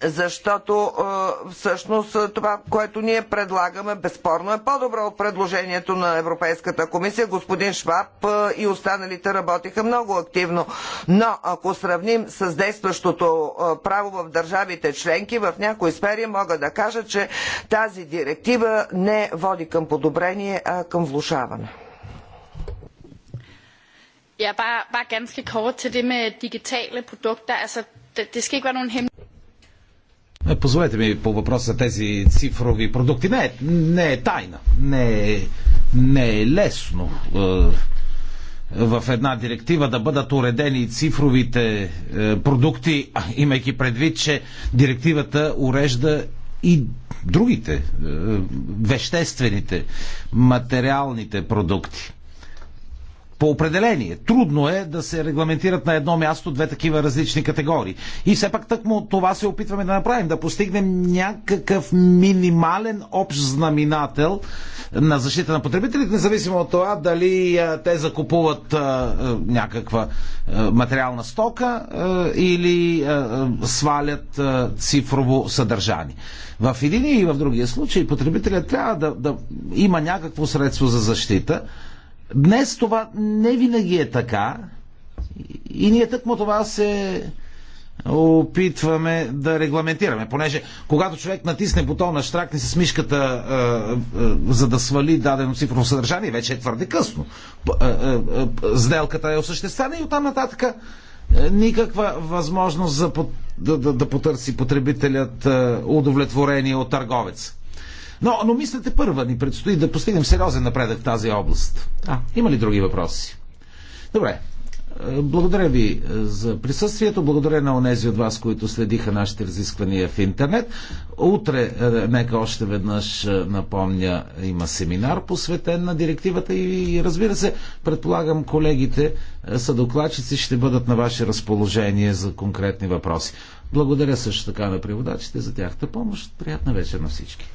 защото е, всъщност е, това, което ние предлагаме, безспорно е по-добро от предложението на Европейската комисия. Господин Шваб е, и останалите работиха много активно. Но ако сравним с действащото право в държавите членки, в някои сфери мога да кажа, че тази директива не води към подобрение, а към влушаване. ganske kort til det med digitale produkter. Altså, det, det skal ikke være nogen hemmelighed. Е, позволете ми по въпроса тези цифрови продукти. Не, не е тайна. Не е, не е лесно е, в една директива да бъдат уредени цифровите е, продукти, имайки предвид, че директивата урежда и другите, веществените, материалните продукти по определение. Трудно е да се регламентират на едно място две такива различни категории. И все пак тъкмо това се опитваме да направим, да постигнем някакъв минимален общ знаменател на защита на потребителите, независимо от това дали те закупуват някаква материална стока или свалят цифрово съдържание. В един и в другия случай потребителят трябва да, да има някакво средство за защита, Днес това не винаги е така и ние тъкмо това се опитваме да регламентираме, понеже когато човек натисне бутона, штракне се с мишката за да свали дадено цифрово съдържание, вече е твърде късно. сделката е осъществена и оттам нататък никаква възможност за, да, да, да потърси потребителят удовлетворение от търговец. Но, но мислите първа ни предстои да постигнем сериозен напредък в тази област. А, има ли други въпроси? Добре. Е, благодаря ви е, за присъствието. Благодаря на онези от вас, които следиха нашите разисквания в интернет. Утре, е, нека още веднъж напомня, има семинар посветен на директивата и разбира се, предполагам колегите са докладчици, ще бъдат на ваше разположение за конкретни въпроси. Благодаря също така на преводачите за тяхната помощ. Приятна вечер на всички.